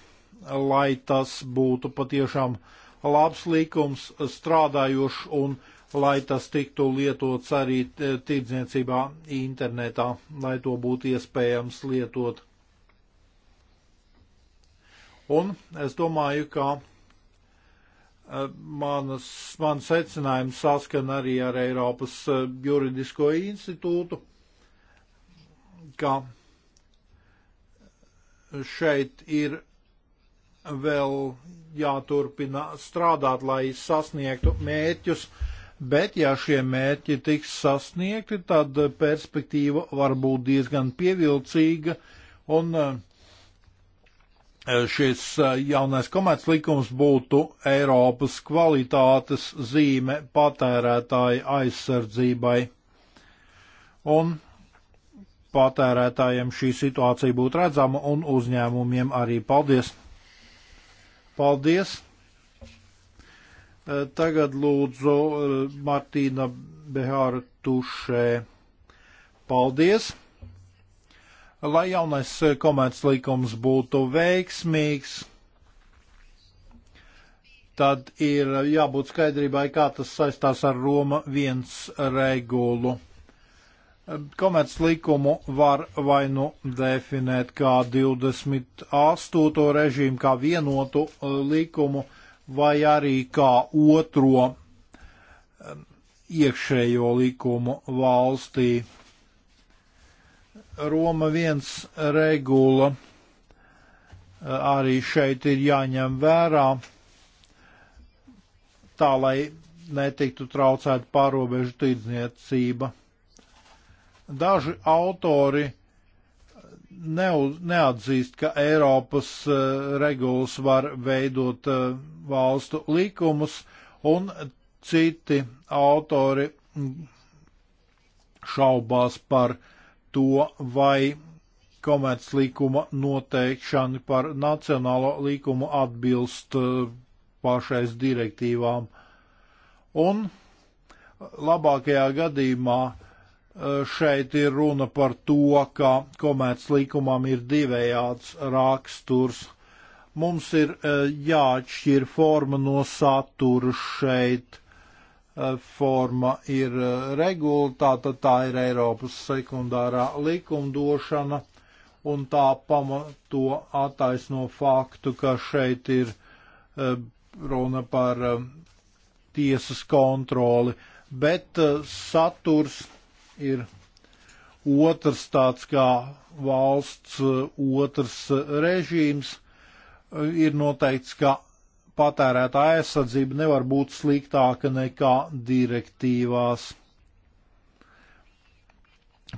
lai tas būtu patiešām labs likums, strādājošs un strādājošs lai tas tiktu lietots arī tirdzniecībā internetā, lai to būtu iespējams lietot. Un es domāju, ka e, manas, man secinājums saskan arī ar Eiropas e, juridisko institūtu, ka šeit ir vēl jāturpina strādāt, lai sasniegtu mēķus, uh, bet ja šie mērķi tiks sasniegti, tad perspektīva var būt diezgan pievilcīga un eh, šis eh, jaunais komats likums būtu Eiropas kvalitātes zīme patērētāja aizsardzībai. Un patērētājiem šī situācija būtu redzama un uzņēmumiem arī paldies. Paldies! Eh, tagad lūdzu eh, Martīna Behāra Tušē. Paldies! Lai jaunais eh, komētas likums būtu veiksmīgs, tad ir jābūt skaidrībai, kā tas saistās ar Roma viens regulu. Komētas likumu var vai nu definēt kā 28. režīmu, kā vienotu likumu, uh, vai arī kā otro um, iekšējo likumu valstī. Roma viens regula uh, arī šeit ir jāņem vērā, tā lai netiktu traucēta pārobežu tirdzniecība. Daži autori neatzīst, ka Eiropas eh, regulas var veidot eh, valstu likumus, un citi autori mm, šaubās par to, vai komerclīkuma noteikšana par nacionālo līkumu atbilst eh, pašais direktīvām. Un labākajā gadījumā šeit ir runa par to, ka komētas likumam ir divējāds raksturs. Mums ir e, jāatšķir forma no satura šeit. E, forma ir e, regulēta, tā ir Eiropas sekundārā likumdošana, un tā pamato attaisno faktu, ka šeit ir runa par tiesas kontroli, bet saturs ir otrs tāds kā valsts uh, otrs uh, režīms, uh, ir noteikts, ka patērētā aizsardzība nevar būt sliktāka nekā direktīvās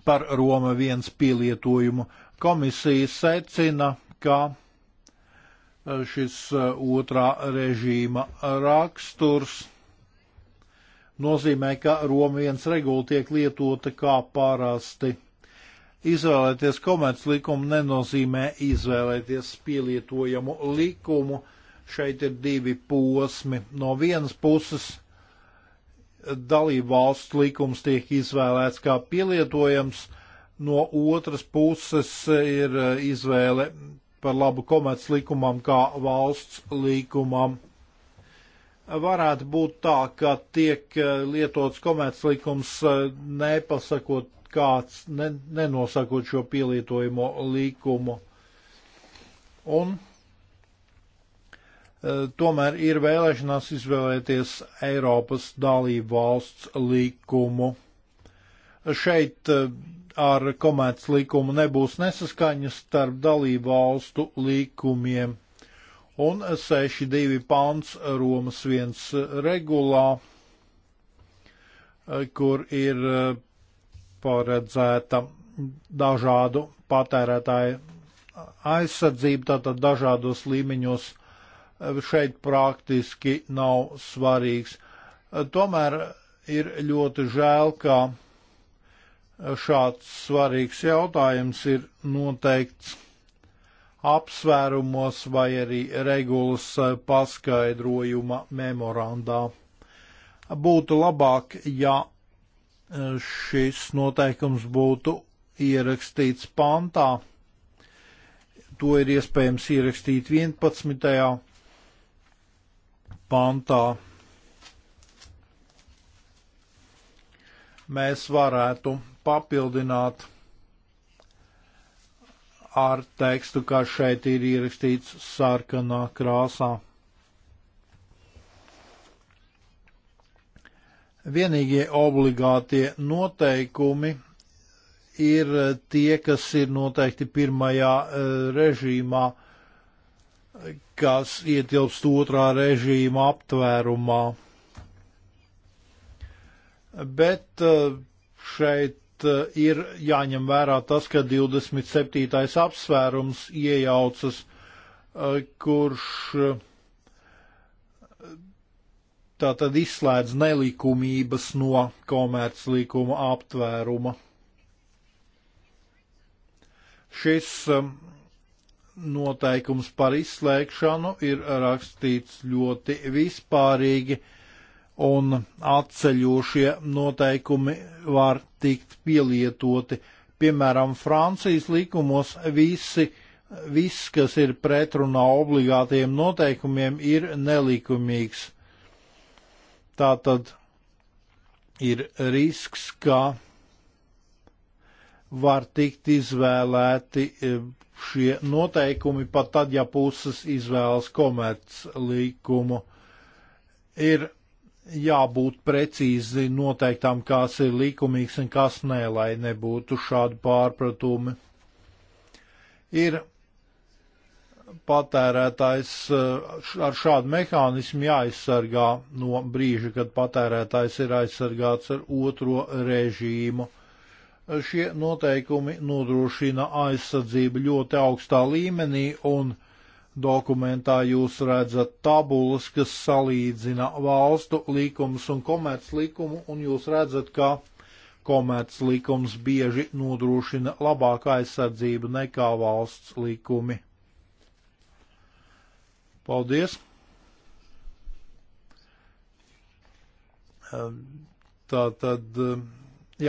par Roma viens pielietojumu. Komisija secina, ka šis otrā režīma raksturs nozīmē, ka Roma viens regula tiek lietota kā parasti. Izvēlēties komerc likumu nenozīmē izvēlēties pielietojamu likumu. Šeit ir divi posmi. No vienas puses dalību valsts likums tiek izvēlēts kā pielietojams, no otras puses ir izvēle par labu komerc likumam kā valsts likumam varētu būt tā, ka tiek eh, lietots komerclikums eh, nepasakot kāds, ne, nenosakot šo pielietojumu likumu. Un eh, tomēr ir vēlēšanās izvēlēties Eiropas dalību valsts likumu. Šeit ar komerc likumu nebūs nesaskaņas starp dalību valstu likumiem un 6.2 pants Romas 1 regulā, eh, kur ir eh, paredzēta dažādu patērētāju aizsardzību, tātad dažādos līmeņos eh, šeit praktiski nav svarīgs. Tomēr ir ļoti žēl, ka šāds svarīgs jautājums ir noteikts apsvērumos vai arī regulas eh, paskaidrojuma memorandā. Būtu labāk, ja eh, šis noteikums būtu ierakstīts pantā. To ir iespējams ierakstīt 11. pantā. Mēs varētu papildināt ar tekstu, kā šeit ir ierakstīts sarkanā krāsā. Vienīgie obligātie noteikumi ir tie, kas ir noteikti pirmajā eh, režīmā, kas ietilpst otrā režīma aptvērumā. Bet eh, šeit Eh, ir jāņem vērā tas, ka 27. apsvērums iejaucas, eh, kurš eh, tā tad izslēdz nelikumības no komerclīkuma aptvēruma. Šis noteikums par izslēgšanu ir rakstīts ļoti vispārīgi un atceļošie noteikumi var tikt pielietoti. Piemēram, Francijas likumos visi, viss, kas ir pretrunā obligātiem noteikumiem, ir nelikumīgs. Tātad ir risks, ka var tikt izvēlēti e, šie noteikumi pat tad, ja puses izvēlas komerc likumu. Ir jābūt precīzi noteiktām, kas ir likumīgs un kas nē, lai nebūtu šādi pārpratumi. Ir patērētājs eh, ar šādu mehānismu jāaizsargā no brīža, kad patērētājs ir aizsargāts ar otro režīmu. Šie noteikumi nodrošina aizsardzību ļoti augstā līmenī un uh, Dokumentā jūs redzat tabulas, kas salīdzina valstu likumus un komerc likumu, un jūs redzat, ka komerc likums bieži nodrošina labāku aizsardzību nekā valsts likumi. Paldies! Ehm, tā tad, ehm,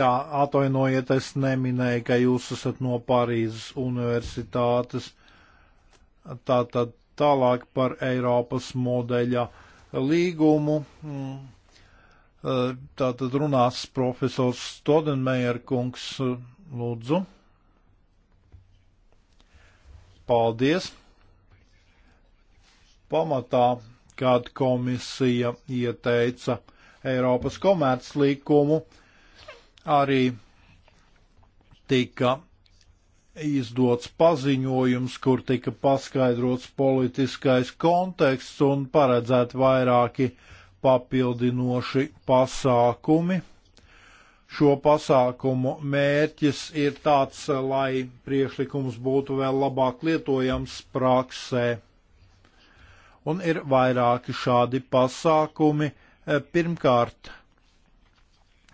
jā, atvainojiet, es neminēju, ka jūs esat no Parīzes universitātes. Tātad tālāk par Eiropas modeļa līgumu. Mm. Eh, tātad runās profesors Stodenmejer kungs lūdzu. Paldies. Pamatā, kad komisija ieteica Eiropas komerclīkumu, arī tika izdots paziņojums, kur tika paskaidrots politiskais konteksts un paredzēt vairāki papildinoši pasākumi. Šo pasākumu mērķis ir tāds, lai priekšlikums būtu vēl labāk lietojams praksē. Un ir vairāki šādi pasākumi. Eh, pirmkārt,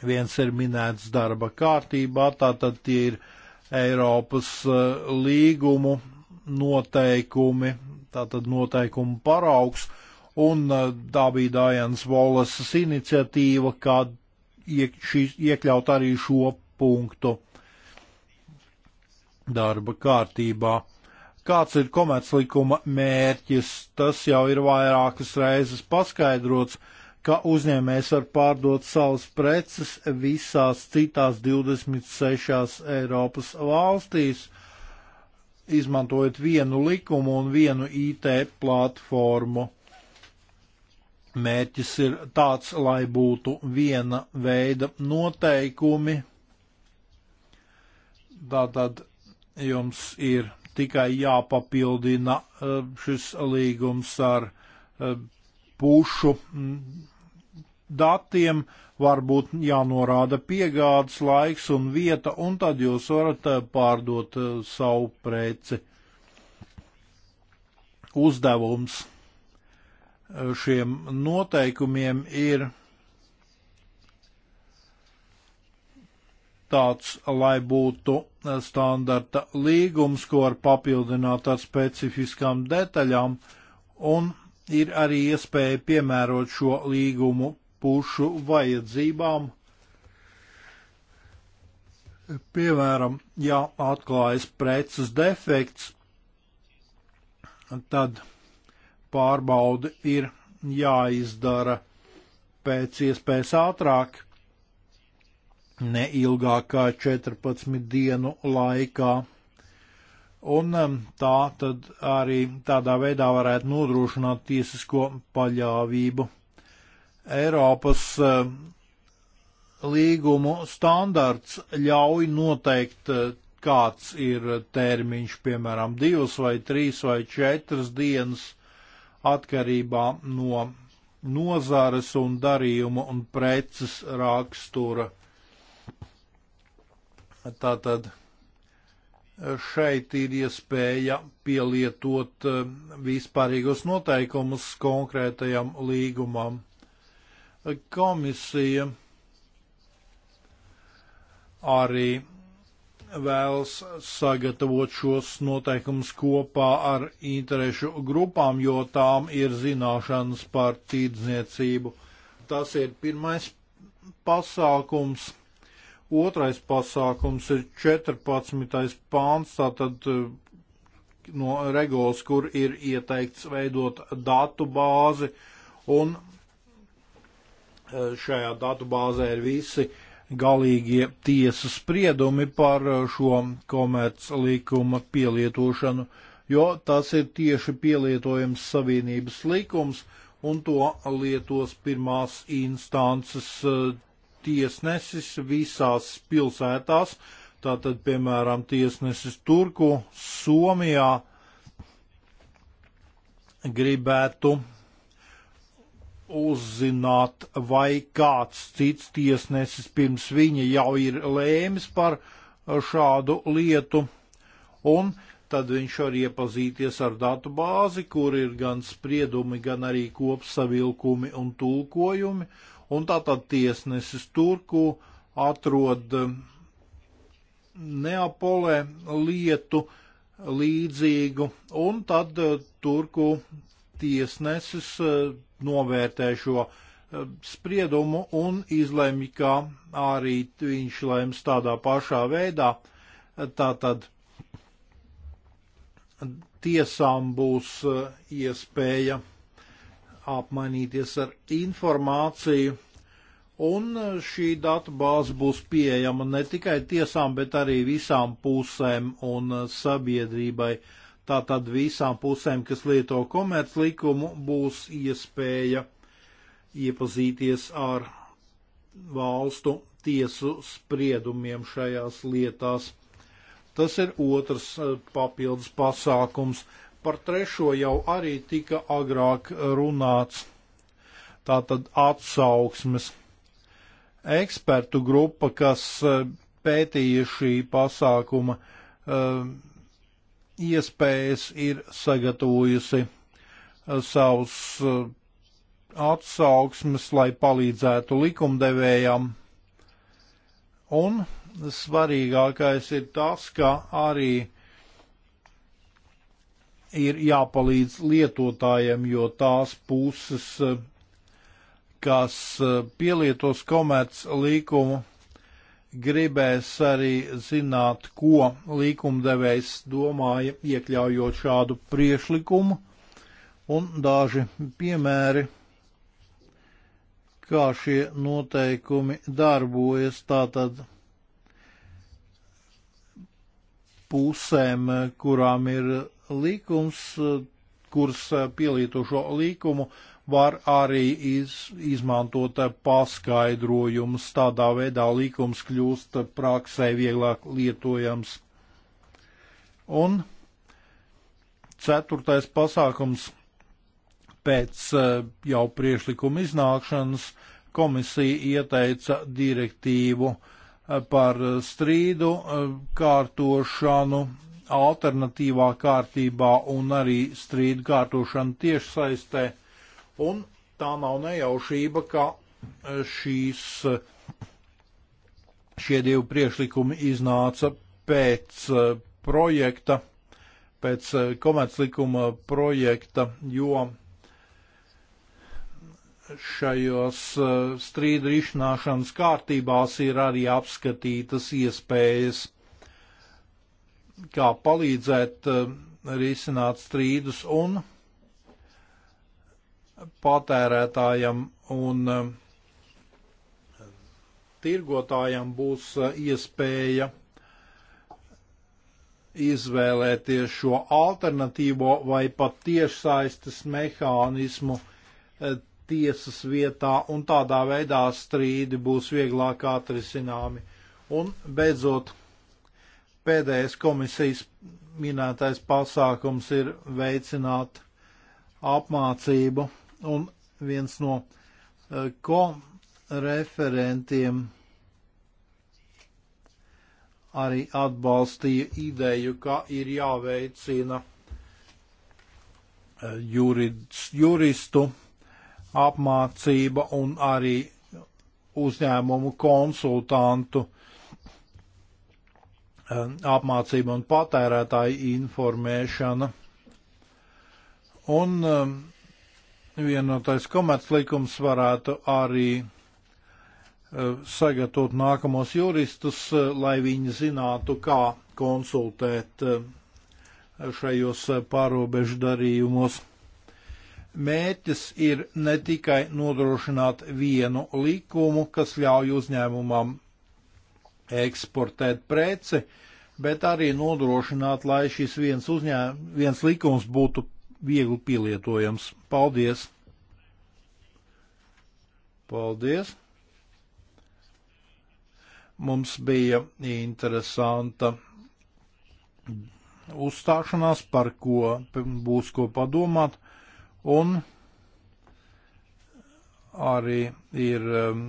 viens ir minēts darba kārtībā, tātad tie ir uh, Eiropas eh, līgumu noteikumi, tātad noteikumu paraugs, un tā bija Dājans Volasas iniciatīva, kā iek, šī, iekļaut arī šo punktu darba kārtībā. Kāds ir komerclikuma mērķis, tas jau ir vairākas reizes paskaidrots ka uzņēmējs var pārdot savus preces visās citās 26 Eiropas valstīs, izmantojot vienu likumu un vienu IT platformu. Mērķis ir tāds, lai būtu viena veida noteikumi. Tātad jums ir tikai jāpapildina eh, šis līgums ar eh, pušu datiem, varbūt jānorāda piegādes laiks un vieta, un tad jūs varat eh, pārdot eh, savu preci. Uzdevums eh, šiem noteikumiem ir tāds, lai būtu standarta līgums, ko var papildināt ar specifiskām detaļām, un ir arī iespēja piemērot šo līgumu pušu vajadzībām. Piemēram, ja atklājas preces defekts, tad pārbaude ir jāizdara pēc iespējas ātrāk, ne ilgāk kā 14 dienu laikā. Un um, tā tad arī tādā veidā varētu nodrošināt tiesisko paļāvību. Eiropas eh, līgumu standarts ļauj noteikt, eh, kāds ir termiņš, piemēram, divas vai trīs vai četras dienas atkarībā no nozares un darījuma un preces rakstura. Tātad eh, šeit ir iespēja pielietot vispārīgos noteikumus konkrētajam līgumam. Komisija arī vēlas sagatavot šos noteikumus kopā ar interešu grupām, jo tām ir zināšanas par tīrdzniecību. Tas ir pirmais pasākums. Otrais pasākums ir 14. pāns, tātad eh, no regulas, kur ir ieteikts veidot datu bāzi un šajā datubāzē ir visi galīgie tiesas spriedumi par šo komerclikuma pielietošanu, jo tas ir tieši pielietojams Savienības likums, un to lietos pirmās instances e, tiesnesis visās pilsētās, tātad, piemēram, tiesnesis Turku, Somijā gribētu uzzināt, vai kāds cits tiesnesis pirms viņa jau ir lēmis par šādu lietu, un tad viņš var iepazīties ar datu bāzi, kur ir gan spriedumi, gan arī kopsavilkumi un tulkojumi, un tātad tiesnesis turku atrod um, Neapolē lietu līdzīgu, un tad uh, turku tiesnesis eh, novērtē šo eh, spriedumu un izlemj, ka arī viņš lems tādā pašā veidā. Tātad tiesām būs eh, iespēja apmainīties ar informāciju, un šī datubāze būs pieejama ne tikai tiesām, bet arī visām pusēm un sabiedrībai. Uh, Tātad visām pusēm, kas lieto komerclikumu, būs iespēja iepazīties ar valstu tiesu spriedumiem šajās lietās. Tas ir otrs eh, papildus pasākums. Par trešo jau arī tika agrāk runāts. Tātad atsauksmes. Ekspertu grupa, kas eh, pētīja šī pasākuma uh, iespējas ir sagatavojusi uh, savus uh, atsauksmes, lai palīdzētu likumdevējam. Un svarīgākais ir tas, ka arī ir jāpalīdz lietotājiem, jo tās puses, uh, kas pielietos komerc līkumu, gribēs arī zināt, ko likumdevējs domāja, iekļaujot šādu priešlikumu, un daži piemēri, kā šie noteikumi darbojas tātad pusēm, kurām ir likums, kuras pielietošo likumu var arī iz, izmantot paskaidrojumus. Tādā veidā likums kļūst praksē vieglāk lietojams. Un ceturtais pasākums pēc eh, jau priešlikuma iznākšanas komisija ieteica direktīvu eh, par strīdu eh, kārtošanu alternatīvā kārtībā un arī strīdu kārtošanu tiešsaistē. saistē Un tā nav nejaušība, ka e, šīs, e, šie divi priekšlikumi iznāca pēc e, projekta, pēc komerclikuma projekta, jo šajos strīdu risināšanas kārtībās ir arī apskatītas iespējas, kā palīdzēt risināt strīdus un patērētājam un um, tirgotājam būs uh, iespēja izvēlēties šo alternatīvo vai pat tiešsaistes mehānismu uh, tiesas vietā, un tādā veidā strīdi būs vieglāk atrisināmi. Un beidzot, pēdējais komisijas minētais pasākums ir veicināt apmācību un viens no eh, ko referentiem arī atbalstīja ideju, ka ir jāveicina eh, jurids, juristu apmācība un arī uzņēmumu konsultantu eh, apmācība un patērētāju informēšana. Un vienotais komerclikums varētu arī eh, sagatavot nākamos juristus, eh, lai viņi zinātu, kā konsultēt eh, šajos pārobežu darījumos. Mērķis ir ne tikai nodrošināt vienu likumu, kas ļauj uzņēmumam eksportēt preci, bet arī nodrošināt, lai šis viens, uzņēm, viens likums būtu viegli pielietojams. Paldies! Paldies! Mums bija interesanta uzstāšanās, par ko būs ko padomāt, un arī ir um,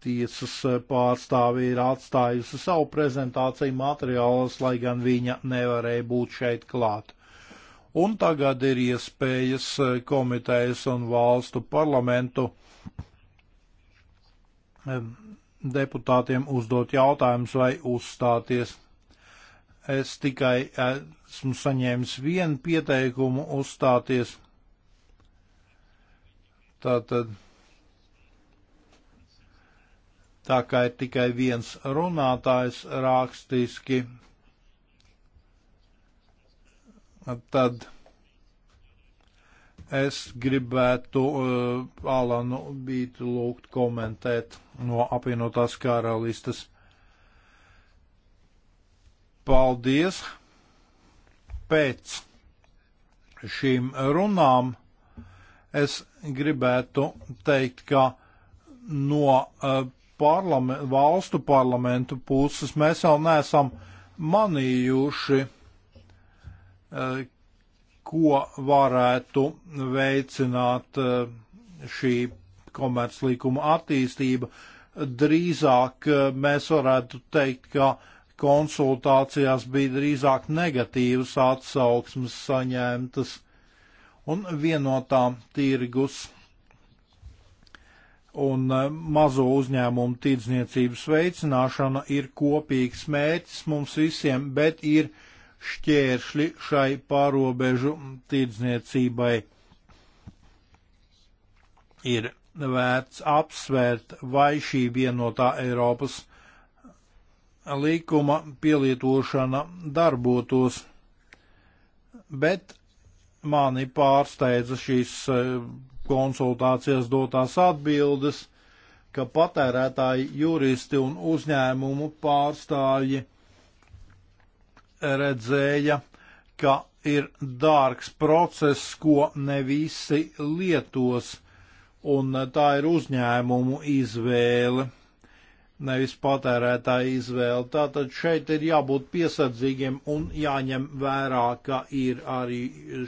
tiesas pārstāvi ir atstājusi savu prezentāciju materiālus, lai gan viņa nevarēja būt šeit klāt un tagad ir iespējas eh, komitejas un valstu parlamentu eh, deputātiem uzdot jautājumus vai uzstāties. Es tikai esmu saņēmis vienu pieteikumu uzstāties. Tātad. Tā kā ir tikai viens runātājs rakstiski tad es gribētu uh, Alanu Bītu lūgt komentēt no apvienotās karalistas. Paldies! Pēc šīm runām es gribētu teikt, ka no uh, parlament, valstu parlamentu puses mēs vēl neesam manījuši Eh, ko varētu veicināt eh, šī komerclīkuma attīstība. Drīzāk eh, mēs varētu teikt, ka konsultācijās bija drīzāk negatīvas atsauksmes saņemtas un vienotā tirgus un mazo uzņēmumu tirdzniecības veicināšana ir kopīgs mērķis mums visiem, bet ir uh, šķēršļi šai pārobežu tirdzniecībai. Ir vērts apsvērt, vai šī vienotā Eiropas likuma pielietošana darbotos, bet mani pārsteidza šīs eh, konsultācijas dotās atbildes, ka patērētāji, juristi un uzņēmumu pārstāvji redzēja, ka ir dārgs process, ko ne visi lietos, un tā ir uzņēmumu izvēle, nevis patērētāja izvēle. Tātad šeit ir jābūt piesardzīgiem un jāņem vērā, ka ir arī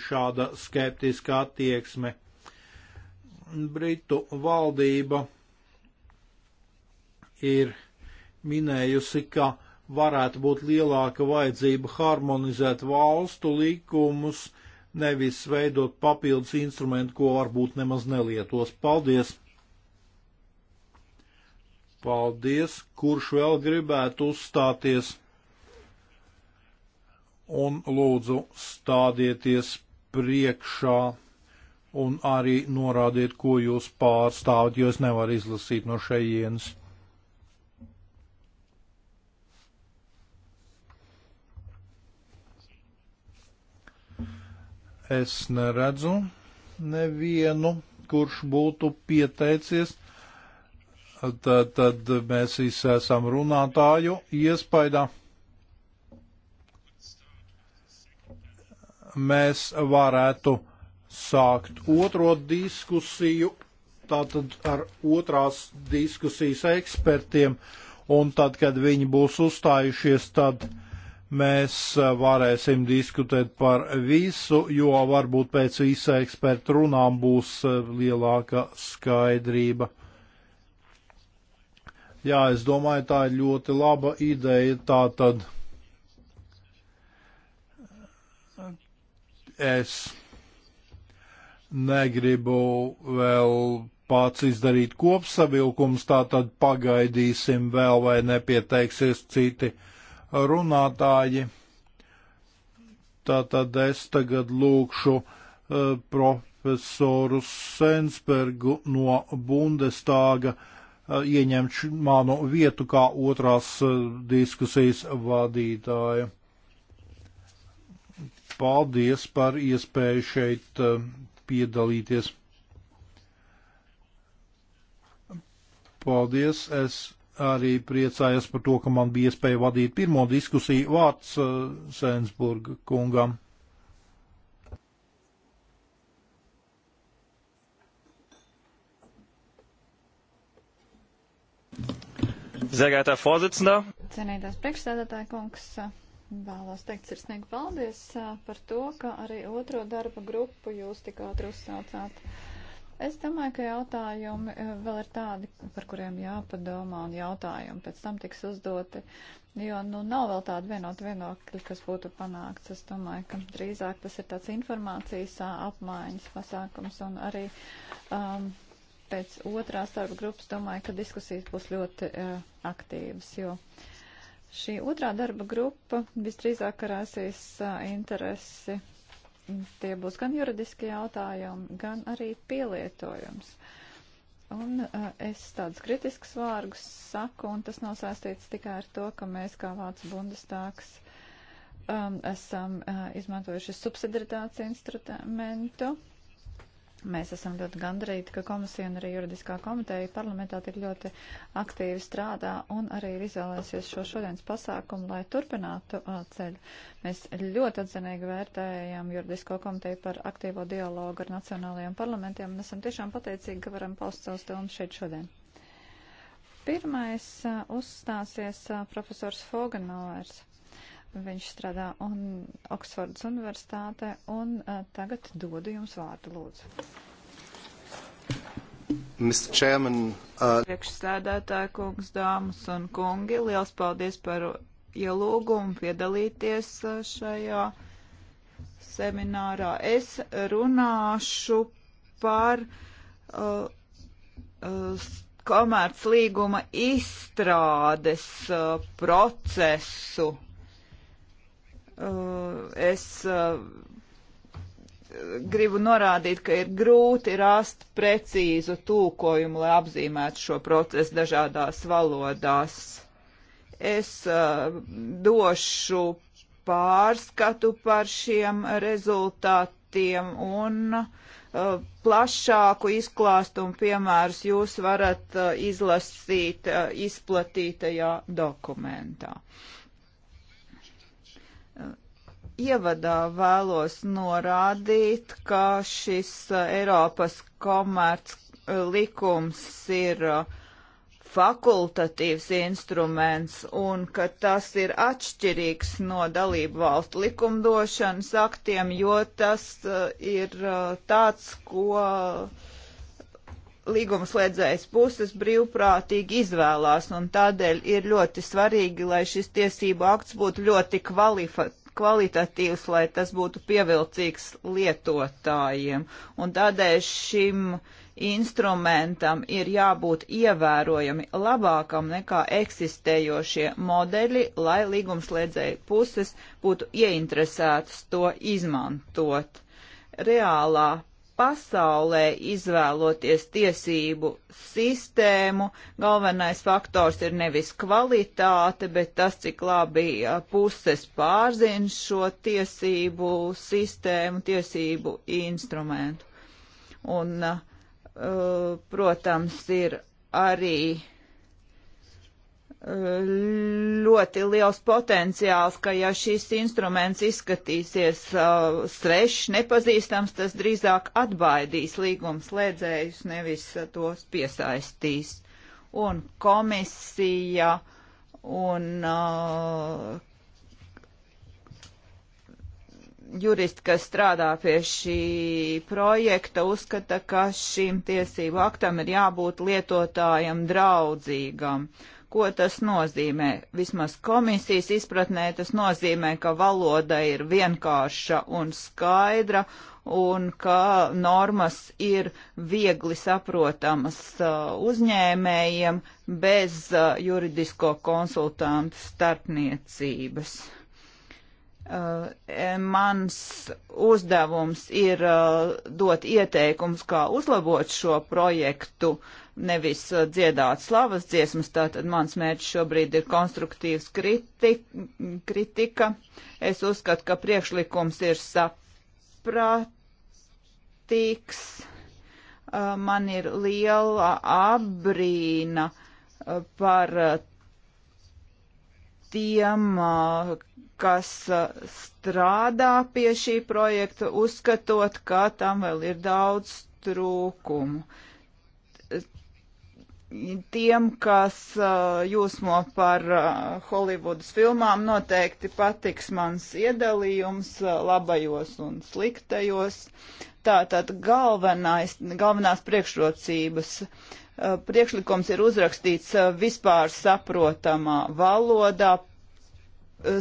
šāda skeptiska attieksme. Britu valdība ir minējusi, ka varētu būt lielāka vajadzība harmonizēt valstu likumus, nevis veidot papildus instrumentu, ko varbūt nemaz nelietos. Paldies! Paldies! Kurš vēl gribētu uzstāties? Un lūdzu, stādieties priekšā un arī norādiet, ko jūs pārstāvat, jo es nevaru izlasīt no šejienes. Es neredzu nevienu, kurš būtu pieteicies. Tad, tad mēs visi esam runātāju iespaidā. Mēs varētu sākt otro diskusiju, tātad ar otrās diskusijas ekspertiem, un tad, kad viņi būs uzstājušies, tad. Uh, mēs varēsim diskutēt par visu, jo varbūt pēc visa eksperta runām būs lielāka skaidrība. Jā, es domāju, tā ir ļoti laba ideja. Tā tad es negribu vēl pats izdarīt kopsavilkums, tā tad pagaidīsim vēl vai nepieteiksies citi. Uh, runātāji. Tātad es tagad lūkšu eh, profesoru Sensbergu no Bundestāga eh, ieņemt manu vietu kā otrās eh, diskusijas vadītāja. Paldies par iespēju šeit piedalīties. Paldies, es arī priecājos par to, ka man bija iespēja vadīt pirmo diskusiju vārds eh, Sēnsburga kungam. Sehr geehrter Vorsitzender. Cienītās priekšsēdētāja kungs, vēlos teikt sirsnīgi paldies eh, par to, ka arī otro darba grupu jūs tik ātri uzsaucāt. Es domāju, ka jautājumi eh, vēl ir tādi, par kuriem jāpadomā, un jautājumi pēc tam tiks uzdoti, jo nu, nav vēl tāda vienota vienokļa, kas būtu panākts. Es domāju, ka drīzāk tas ir tāds informācijas apmaiņas pasākums, un arī um, pēc otrās darba grupas domāju, ka diskusijas būs ļoti uh, aktīvas, jo šī otrā darba grupa visdrīzāk arāsīs uh, interesi Tie būs gan juridiskie jautājumi, gan arī pielietojums. Un uh, es tādus kritiskus vārgus saku, un tas nav saistīts tikai ar to, ka mēs kā Vācu bundestāks um, esam uh, izmantojuši subsidaritātes instrumentu. Mēs esam ļoti gandrīti, ka komisija un arī juridiskā komiteja parlamentā tik ļoti aktīvi strādā un arī ir izvēlēsies šo šodienas pasākumu, lai turpinātu uh, ceļu. Mēs ļoti atzinīgi vērtējam juridisko komiteju par aktīvo dialogu ar nacionālajiem parlamentiem un esam tiešām pateicīgi, ka varam paust savus domas šeit šodien. Pirmais uh, uzstāsies uh, profesors Fogenauers. Viņš strādā un Oksfordas universitātē, un uh, tagad dodu jums vārdu, lūdzu. Mr. Chairman, uh... Priekšsēdētāji kungs, dāmas un kungi, liels paldies par ielūgumu piedalīties šajā seminārā. Es runāšu par uh, uh, komerc līguma izstrādes uh, procesu Eh, es eh, gribu norādīt, ka ir grūti rast precīzu tūkojumu, lai apzīmētu šo procesu dažādās valodās. Es eh, došu pārskatu par šiem rezultātiem un plašāku izklāstu un piemērus jūs varat izlasīt izplatītajā dokumentā ievadā vēlos norādīt, ka šis uh, Eiropas komerc uh, likums ir uh, fakultatīvs instruments un ka tas ir atšķirīgs no dalību valstu likumdošanas aktiem, jo tas ir tāds, ko līgumslēdzējas puses brīvprātīgi izvēlās, un tādēļ ir ļoti svarīgi, lai šis tiesību akts būtu ļoti kvalifa kvalitatīvs, lai tas būtu pievilcīgs lietotājiem. Un tādēļ šim instrumentam ir jābūt ievērojami labākam nekā eksistējošie modeļi, lai līgumslēdzēju puses būtu ieinteresētas to izmantot. Reālā pasaulē izvēloties tiesību sistēmu, galvenais faktors ir nevis kvalitāte, bet tas, cik labi puses pārzina šo tiesību sistēmu, tiesību instrumentu. Un, protams, ir arī uh, ļoti liels potenciāls, ka ja šis instruments izskatīsies uh, svešs, nepazīstams, tas drīzāk atbaidīs līgumslēdzējus, nevis uh, tos piesaistīs. Un komisija un uh, juristi, kas strādā pie šī projekta, uzskata, ka šim tiesību aktam ir jābūt lietotājam draudzīgam. Uh, Ko tas nozīmē? Vismaz komisijas izpratnē tas nozīmē, ka valoda ir vienkārša un skaidra un ka normas ir viegli saprotamas uh, uzņēmējiem bez uh, juridisko konsultantu starpniecības. Uh, mans uzdevums ir dot ieteikums, kā uzlabot šo projektu uh, nevis uh, dziedāt slavas dziesmas, tātad mans mērķis šobrīd ir konstruktīvs kriti, kritika. Es uzskatu, ka priekšlikums ir saprātīgs. Uh, man ir liela abrīna uh, par tiem, kas strādā pie šī projekta, uzskatot, ka tam vēl ir daudz trūkumu. Uh, tiem, kas jūsmo par Holivudas filmām, noteikti patiks mans iedalījums labajos un sliktajos. Tātad galvenais, galvenās priekšrocības. Priekšlikums ir uzrakstīts vispār saprotamā valodā,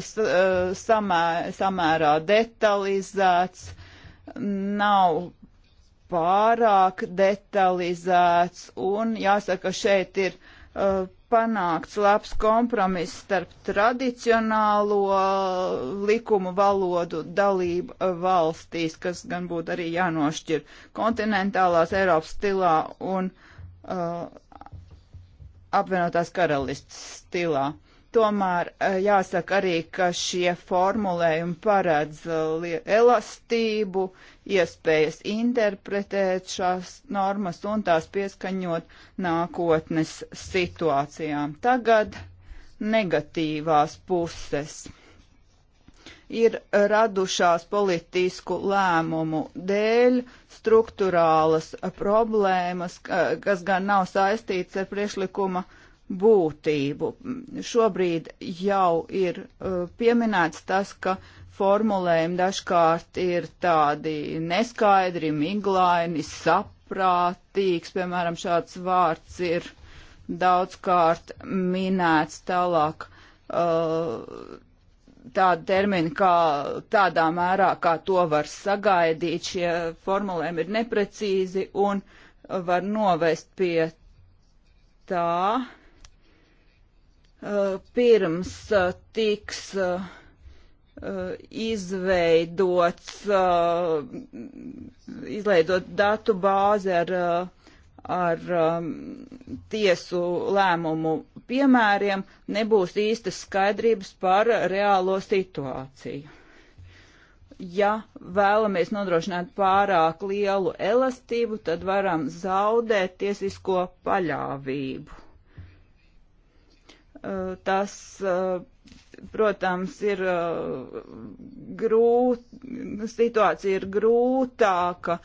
samē, samērā detalizēts, nav pārāk detalizēts, un jāsaka, šeit ir uh, panākts labs kompromiss starp tradicionālo uh, likumu valodu dalību uh, valstīs, kas gan būtu arī jānošķir kontinentālās Eiropas stilā un uh, apvienotās karalists stilā. Uh, Tomēr eh, jāsaka arī, ka šie formulējumi paredz eh, elastību, iespējas interpretēt šās normas un tās pieskaņot nākotnes situācijām. Tagad negatīvās puses ir radušās politisku lēmumu dēļ struktūrālas problēmas, kas gan nav saistīts ar priešlikuma uh, būtību. Šobrīd jau ir uh, pieminēts tas, ka formulējumi dažkārt ir tādi neskaidri, miglaini, saprātīgs, piemēram, šāds vārds ir daudzkārt minēts tālāk. Uh, tādu terminu, kā tādā mērā, kā to var sagaidīt, šie formulējumi ir neprecīzi un var novest pie tā, Eh, pirms eh, tiks eh, izveidots, izveidot datu bāzi ar, ar tiesu lēmumu piemēriem, nebūs īstas skaidrības par reālo situāciju ja vēlamies nodrošināt pārāk lielu elastību, tad varam zaudēt tiesisko paļāvību. Eh, tas, eh, protams, ir eh, grūta, situācija ir grūtāka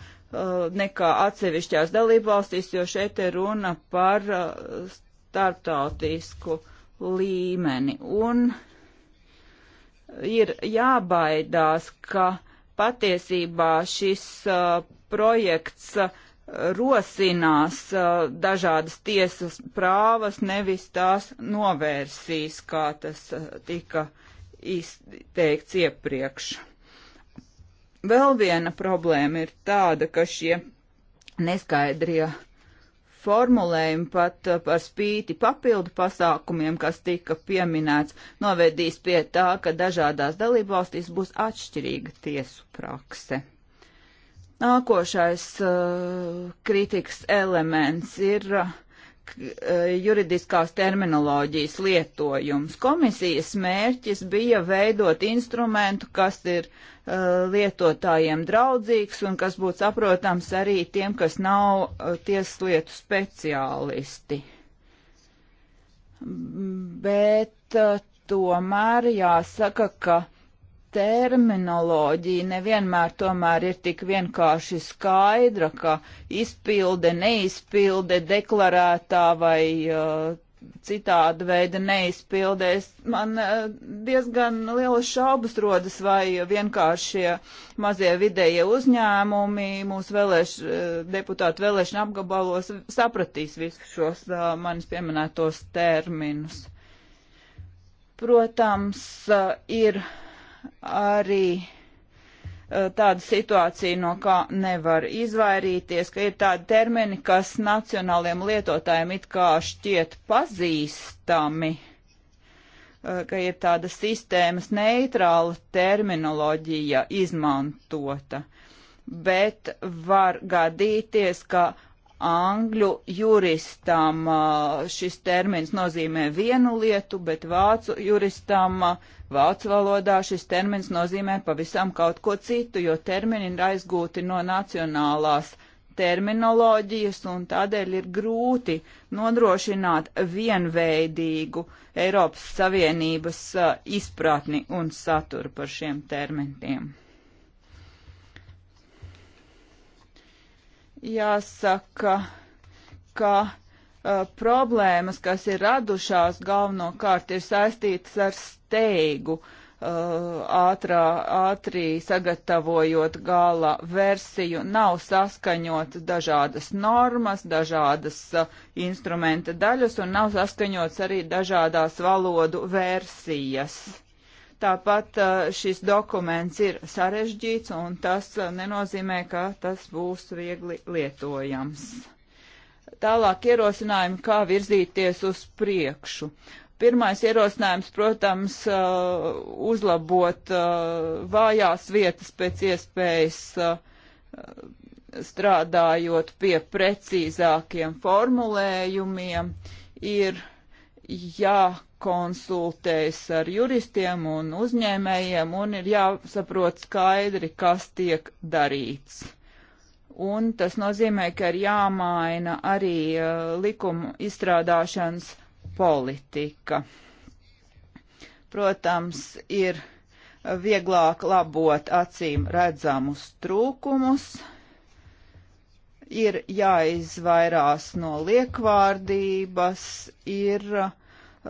nekā atsevišķās dalībvalstīs, jo šeit ir runa par starptautisku līmeni. Un ir jābaidās, ka patiesībā šis projekts uh, rosinās uh, dažādas tiesas prāvas, nevis tās novērsīs, kā tas uh, tika izteikts iepriekš. Vēl viena problēma ir tāda, ka šie neskaidrie formulējumi pat uh, par spīti papildu pasākumiem, kas tika pieminēts, novedīs pie tā, ka dažādās dalībvalstīs būs atšķirīga tiesu prakse. Nākošais uh, kritikas elements ir uh, uh, juridiskās terminoloģijas lietojums. Komisijas mērķis bija veidot instrumentu, kas ir lietotājiem draudzīgs un kas būtu saprotams arī tiem, kas nav tieslietu speciālisti. Mm, bet tomēr jāsaka, ka terminoloģija nevienmēr tomēr ir tik vienkārši skaidra, ka izpilde, neizpilde, deklarētā vai uh, citāda veida neizpildēs. Man uh, diezgan lielas šaubas rodas, vai vienkāršie mazie vidējie uzņēmumi mūsu vēlēš, uh, deputātu vēlēšana apgabalos sapratīs visus šos uh, manis pieminētos terminus. Protams, uh, ir arī e, tāda situācija, no kā nevar izvairīties, ka ir tādi termini, kas nacionāliem lietotājiem it kā šķiet pazīstami, e, ka ir tāda sistēmas neitrāla terminoloģija izmantota, bet var gadīties, ka angļu juristam šis termins nozīmē vienu lietu, bet vācu juristam vācu valodā šis termins nozīmē pavisam kaut ko citu, jo termini ir aizgūti no nacionālās terminoloģijas un tādēļ ir grūti nodrošināt vienveidīgu Eiropas Savienības izpratni un saturu par šiem terminiem. Jāsaka, ka uh, problēmas, kas ir radušās, galvenokārt ir saistītas ar steigu ātrā, ātrī sagatavojot gala versiju, nav saskaņotas dažādas normas, dažādas a, instrumenta daļas un nav saskaņotas arī dažādās valodu versijas. Tāpat šis dokuments ir sarežģīts, un tas nenozīmē, ka tas būs viegli lietojams. Tālāk ierosinājumi, kā virzīties uz priekšu. Pirmais ierosinājums, protams, uzlabot vājās vietas pēc iespējas strādājot pie precīzākiem formulējumiem, ir jākonsultējas ar juristiem un uzņēmējiem un ir jāsaprot skaidri, kas tiek darīts. Un tas nozīmē, ka ir jāmaina arī uh, likuma izstrādāšanas politika. Protams, ir vieglāk labot acīm redzamus trūkumus, ir jāizvairās no liekvārdības, ir uh,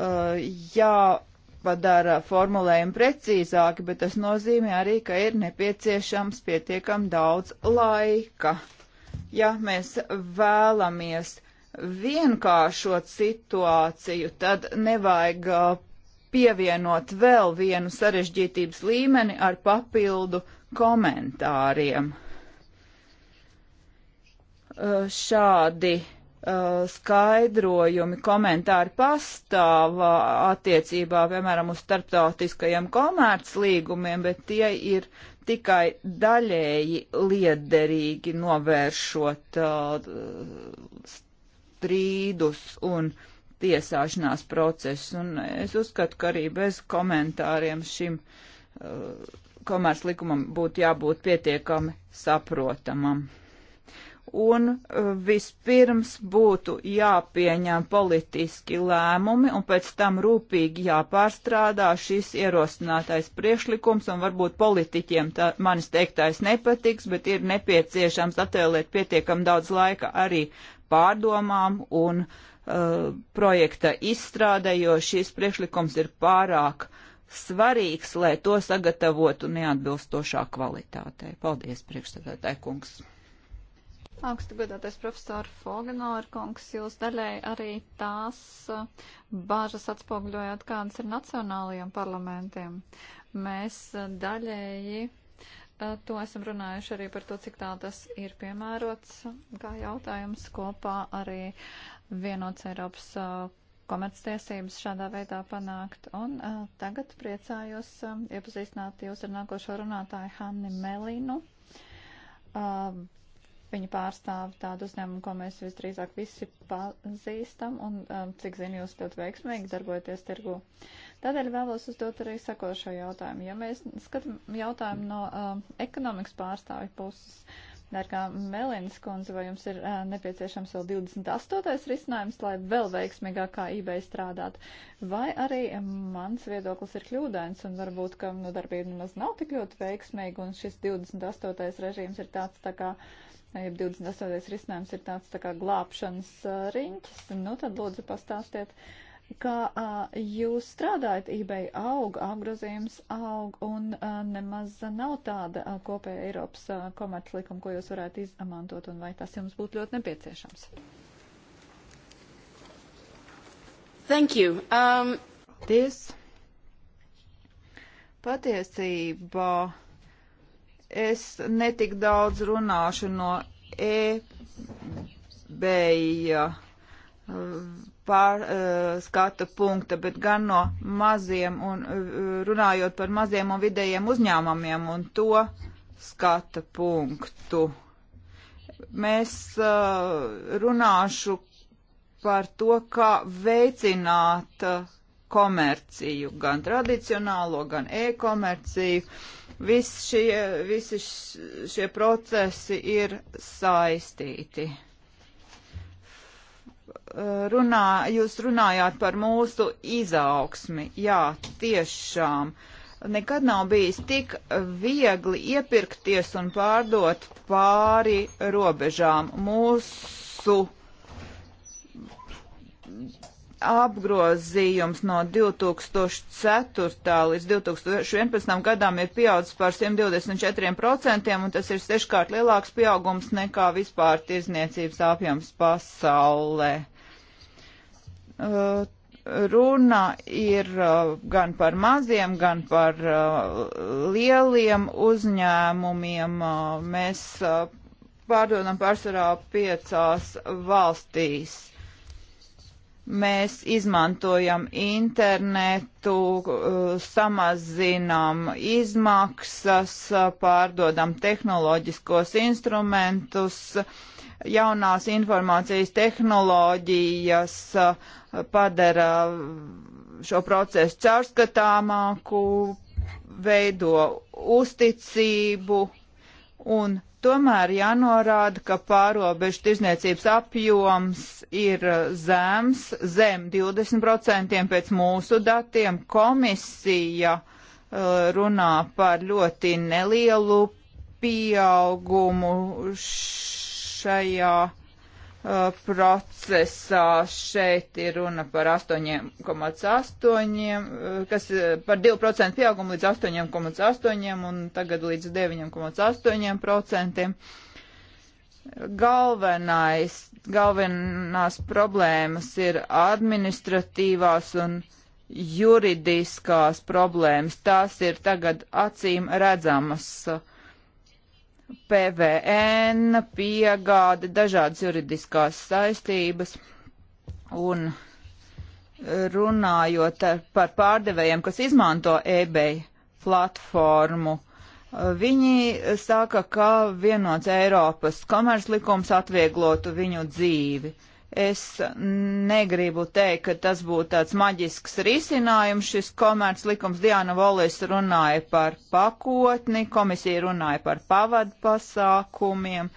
jāpadara formulējumi precīzāki, bet tas nozīmē arī, ka ir nepieciešams pietiekam daudz laika. Ja mēs vēlamies vienkāršot situāciju, tad nevajag uh, pievienot vēl vienu sarežģītības līmeni ar papildu komentāriem Uh, šādi uh, skaidrojumi, komentāri pastāv uh, attiecībā, piemēram, uz starptautiskajiem komerclīgumiem, bet tie ir tikai daļēji liederīgi novēršot strīdus un tiesāšanās procesus. Un es uzskatu, ka arī bez komentāriem šim komerclikumam būtu jābūt pietiekami saprotamam un eh, vispirms būtu jāpieņem politiski lēmumi un pēc tam rūpīgi jāpārstrādā šis ierosinātais priekšlikums un varbūt politiķiem tā, manis teiktais nepatiks, bet ir nepieciešams atvēlēt pietiekam daudz laika arī pārdomām un uh, projekta izstrādē, jo šis priekšlikums ir pārāk svarīgs, lai to sagatavotu neatbilstošā kvalitātei. Paldies, priekšstādātāji kungs! Augsta godātais profesori Foganor, kungs, jūs daļai arī tās uh, bāžas atspogļojāt, kādas ir nacionālajiem parlamentiem. Mēs uh, daļēji uh, to esam runājuši arī par to, cik tā tas ir piemērots, kā jautājums kopā arī vienots Eiropas komerctiesības šādā veidā panākt. Un uh, tagad priecājos uh, iepazīstināt jūs ar nākošo runātāju Hanni Melinu. Uh, Viņa pārstāv tādu uzņēmumu, ko mēs visdrīzāk visi pazīstam un, um, cik zinu, jūs ļoti veiksmīgi darbojaties tirgu. Tādēļ vēlos uzdot arī sakošo jautājumu. Ja mēs skatām jautājumu no um, ekonomikas pārstāvja puses, dārgā Melīnas kundze, vai jums ir uh, nepieciešams vēl 28. risinājums, lai vēl veiksmīgāk kā eBay strādāt? Vai arī mans viedoklis ir kļūdains un varbūt, ka nu, darbība nemaz nav tik ļoti veiksmīga un šis 28. režīms ir tāds tā kā. Uh, jeb 28. risinājums ir tāds tā kā glābšanas riņķis, nu tad lūdzu pastāstiet, kā uh, jūs strādājat eBay aug, apgrozījums aug un uh, nemaz nav tāda uh, kopēja Eiropas uh, komerclikuma, ko jūs varētu izmantot un vai tas jums būtu ļoti nepieciešams. Thank you. Um... Paldies. Patiesībā Es netik daudz runāšu no ebeja pār, uh, eh, skata punkta, bet gan no maziem un eh, runājot par maziem un vidējiem uzņēmumiem un to skata punktu. Mēs uh, runāšu par to, kā veicināt komerciju, gan tradicionālo, gan e-komerciju. Uh, Viss šie, visi šie procesi ir saistīti. Runā, jūs runājāt par mūsu izaugsmi. Jā, tiešām. Nekad nav bijis tik viegli iepirkties un pārdot pāri robežām. Mūsu apgrozījums no 2004. līdz 2011. gadam ir pieaudzis par 124%, un tas ir seškārt lielāks pieaugums nekā vispār tirzniecības apjoms pasaulē. Uh, runa ir uh, gan par maziem, gan par uh, lieliem uzņēmumiem. Uh, mēs uh, pārdodam pārsvarā piecās valstīs mēs izmantojam internetu, eh, samazinām izmaksas, eh, pārdodam tehnoloģiskos instrumentus, jaunās informācijas tehnoloģijas eh, padara šo procesu caurskatāmāku, veido uzticību un Tomēr jānorāda, ka pārobežu tirzniecības apjoms ir eh, zems, zem 20% pēc mūsu datiem. Komisija uh, runā par ļoti nelielu pieaugumu šajā Uh, procesā šeit ir runa par 8,8, uh, kas uh, par 2% pieaugumu līdz 8,8 un tagad līdz 9,8%. Galvenais, galvenās problēmas ir administratīvās un juridiskās problēmas. Tās ir tagad acīm redzamas uh, PVN, piegāde, dažādas juridiskās saistības un runājot par pārdevējiem, kas izmanto eBay platformu, viņi saka, ka vienots Eiropas komerslikums atvieglotu viņu dzīvi. Es negribu teikt, ka tas būtu tāds maģisks risinājums. Šis komerc likums Diana Volis runāja par pakotni, komisija runāja par pavadu pasākumiem.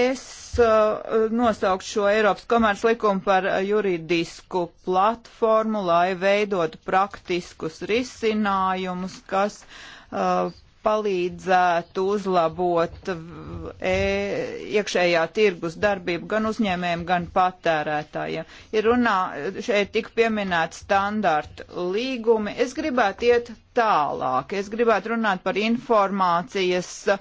Es uh, nosauktu šo Eiropas komerc likumu par uh, juridisku platformu, lai veidotu praktiskus risinājumus, kas uh, palīdzētu uzlabot e, iekšējā tirgus darbību gan uzņēmējiem, gan patērētājiem. Ir runā, šeit tik pieminēti standarta līgumi. Es gribētu iet tālāk. Es gribētu runāt par informācijas e,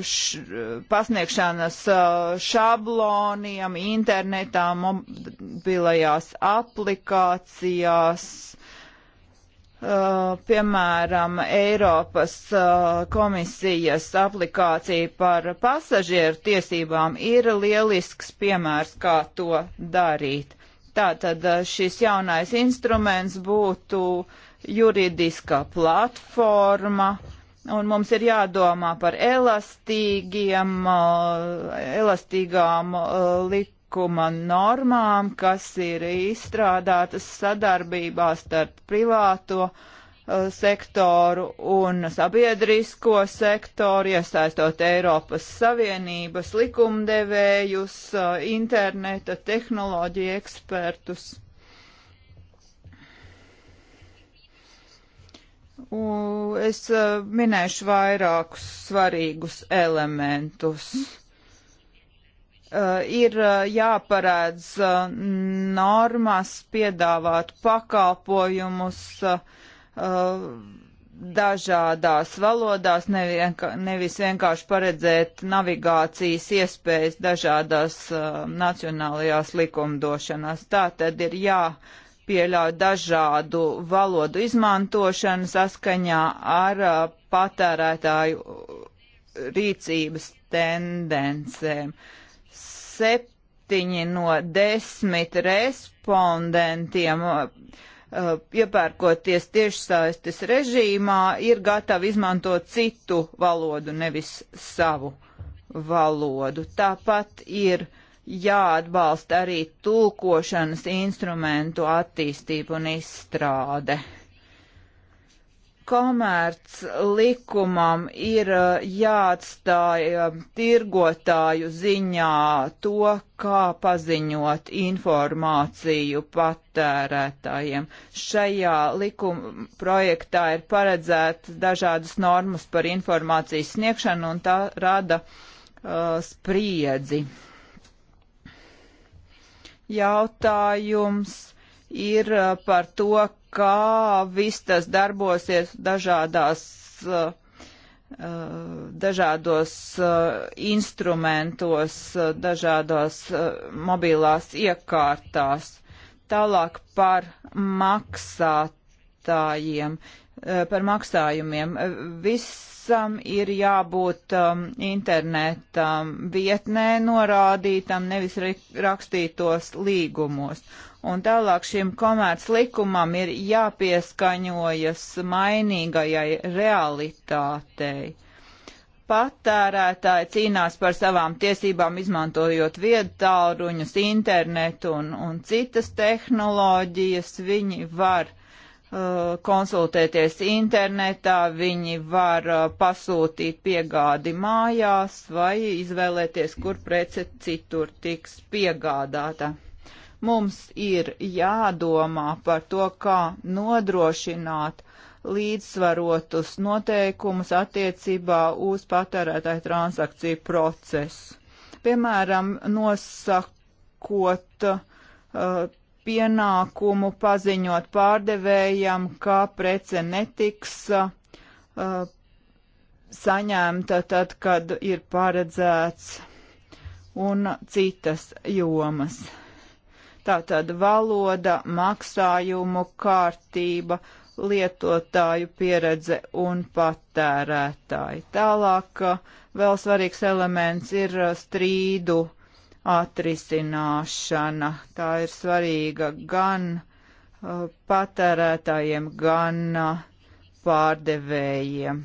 š, pasniegšanas e, šabloniem, internetā, mobilajās aplikācijās Uh, piemēram, Eiropas uh, komisijas aplikācija par pasažieru tiesībām ir lielisks piemērs, kā to darīt. Tātad uh, šis jaunais instruments būtu juridiska platforma, un mums ir jādomā par elastīgiem, uh, elastīgām uh, lik likuma normām, kas ir izstrādātas sadarbībā starp privāto uh, sektoru un sabiedrisko sektoru, iesaistot Eiropas Savienības likumdevējus, uh, interneta tehnoloģiju ekspertus. U, es uh, minēšu vairākus svarīgus elementus. Mm Eh, ir eh, jāparēdz eh, normās piedāvāt pakalpojumus dažādās valodās, nevis vienkārši paredzēt navigācijas iespējas dažādās uh, nacionālajās likumdošanās. Tā tad ir jāpieļauj dažādu valodu izmantošanu saskaņā ar uh, patērētāju rīcības tendencēm. Uh, septiņi no desmit respondentiem uh, uh, iepērkoties tiešsaistes režīmā, ir gatavi izmantot citu valodu, nevis savu valodu. Tāpat ir jāatbalsta arī tulkošanas instrumentu attīstību un izstrāde komerc likumam ir uh, jāatstāj um, tirgotāju ziņā to, kā paziņot informāciju patērētājiem. Šajā likuma projektā ir paredzētas dažādas normas par informācijas sniegšanu un tā rada uh, spriedzi. Jautājums ir uh, par to, kā viss tas darbosies dažādās, uh, uh, dažādos uh, instrumentos, dažādās mobilās iekārtās. Tālāk par maksātājiem, par maksājumiem. Visam ir jābūt um, internetam vietnē norādītam, nevis rakstītos līgumos un tālāk šim komērts likumam ir jāpieskaņojas mainīgajai realitātei. Patērētāji cīnās par savām tiesībām, izmantojot viedtāluruņus, internetu un, un citas tehnoloģijas. Viņi var uh, konsultēties internetā, viņi var uh, pasūtīt piegādi mājās vai izvēlēties, kur prece citur tiks piegādāta. Mums ir jādomā par to, kā nodrošināt līdzsvarotus noteikumus attiecībā uz patērētāju transakciju procesu. Piemēram, nosakot uh, pienākumu paziņot pārdevējam, ka prece netiks uh, saņemta tad, kad ir paredzēts un citas jomas. Tātad valoda, maksājumu kārtība, lietotāju pieredze un patērētāji. Tālāk uh, vēl svarīgs elements ir uh, strīdu atrisināšana. Tā ir svarīga gan uh, patērētājiem, gan uh, pārdevējiem.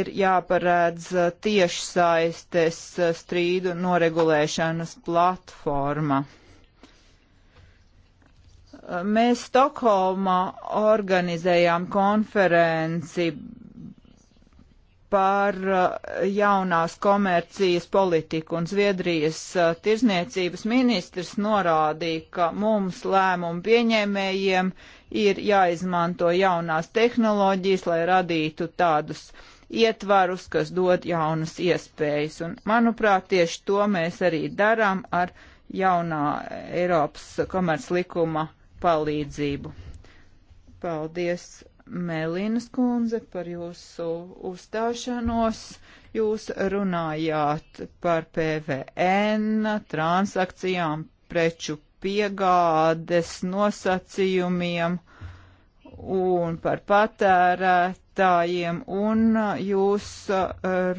Ir jāparēdz uh, tiešsaistes uh, strīdu noregulēšanas platforma. Mēs Stokholmā organizējām konferenci par uh, jaunās komercijas politiku, un Zviedrijas uh, tirzniecības ministrs norādīja, ka mums lēmumu pieņēmējiem ir jāizmanto jaunās tehnoloģijas, lai radītu tādus ietvarus, kas dod jaunas iespējas. Un, manuprāt, tieši to mēs arī darām ar jaunā Eiropas komerclikuma likuma palīdzību. Paldies, Melīnas kundze, par jūsu uzstāšanos. Jūs runājāt par PVN, transakcijām, preču piegādes nosacījumiem un par patērētājiem, un jūs eh,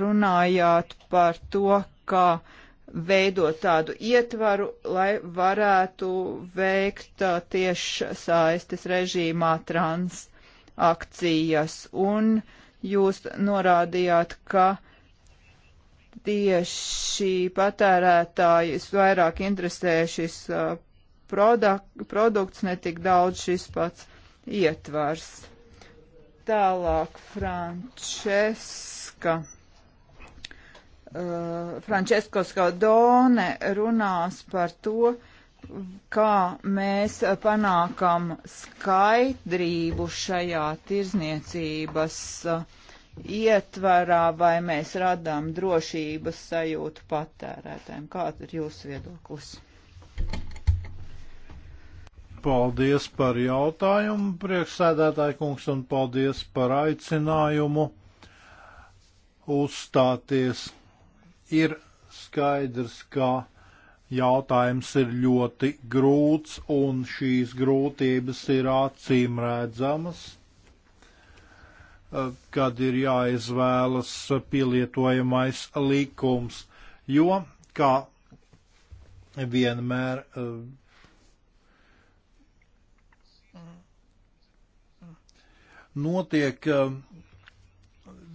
runājāt par to, kā uh, veidot tādu ietvaru, lai varētu veikt tieši saistes režīmā transakcijas. Un jūs norādījāt, ka tieši patērētājus vairāk interesē šis produk produkts, netik daudz šis pats ietvars. Tālāk Frančeska. Eh, Francesco Skaldone runās par to, kā mēs panākam skaidrību šajā tirzniecības eh, ietvarā, vai mēs radām drošības sajūtu patērētājiem. Kāds ir jūsu viedoklis? Paldies par jautājumu, priekšsēdētāji kungs, un paldies par aicinājumu uzstāties. Ir skaidrs, ka jautājums ir ļoti grūts, un šīs grūtības ir acīm redzamas, eh, kad ir jāizvēlas pielietojamais likums, jo, kā vienmēr, eh, notiek eh,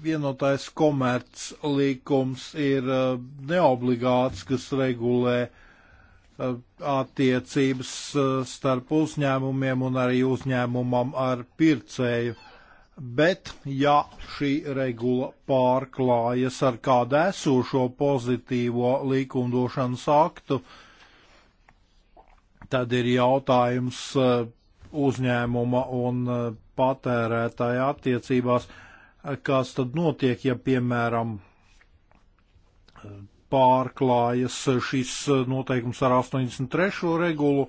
vienotais komerc līkums ir uh, neobligāts, kas regulē uh, attiecības uh, starp uzņēmumiem un arī uzņēmumam ar pircēju. Bet, ja šī regula pārklājas ar kādu esošo pozitīvo likumdošanas aktu, tad ir jautājums uzņēmuma un patērētāja attiecībās kas tad notiek, ja, piemēram, pārklājas šis noteikums ar 83. regulu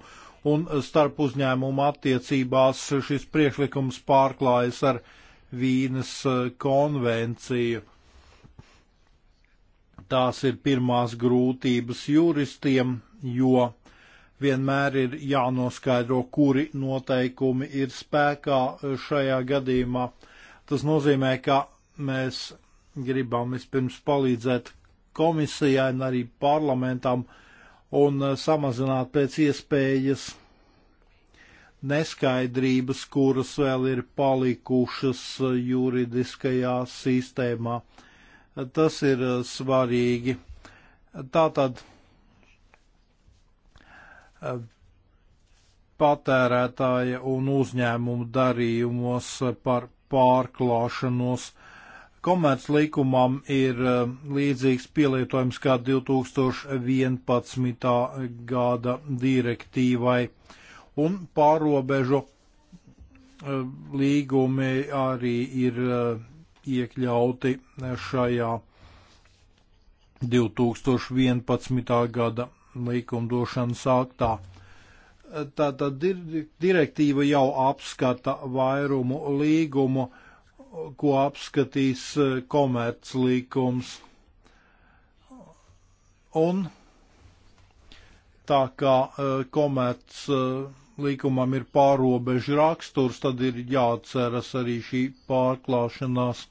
un starp uzņēmumu attiecībās šis priekšlikums pārklājas ar Vīnes eh, konvenciju. Tās ir pirmās grūtības juristiem, jo vienmēr ir jānoskaidro, kuri noteikumi ir spēkā šajā gadījumā. Uh, Tas nozīmē, ka mēs gribam vispirms palīdzēt komisijai un arī parlamentam un eh, samazināt pēc iespējas neskaidrības, kuras vēl ir palikušas eh, juridiskajā sistēmā. Tas ir eh, svarīgi. Tātad patērētāja un uzņēmumu darījumos par pārklāšanos. Komerclikumam ir um, līdzīgs pielietojums kā 2011. gada direktīvai, un pārobežu um, līgumi arī ir um, iekļauti šajā 2011. gada likumdošanas aktā. Tātad direktīva jau apskata vairumu līgumu, ko apskatīs e, komerclīkums. Un tā kā e, komerclīkumam e, ir pārobežu raksturs, tad ir jāatceras arī šī pārklāšanās.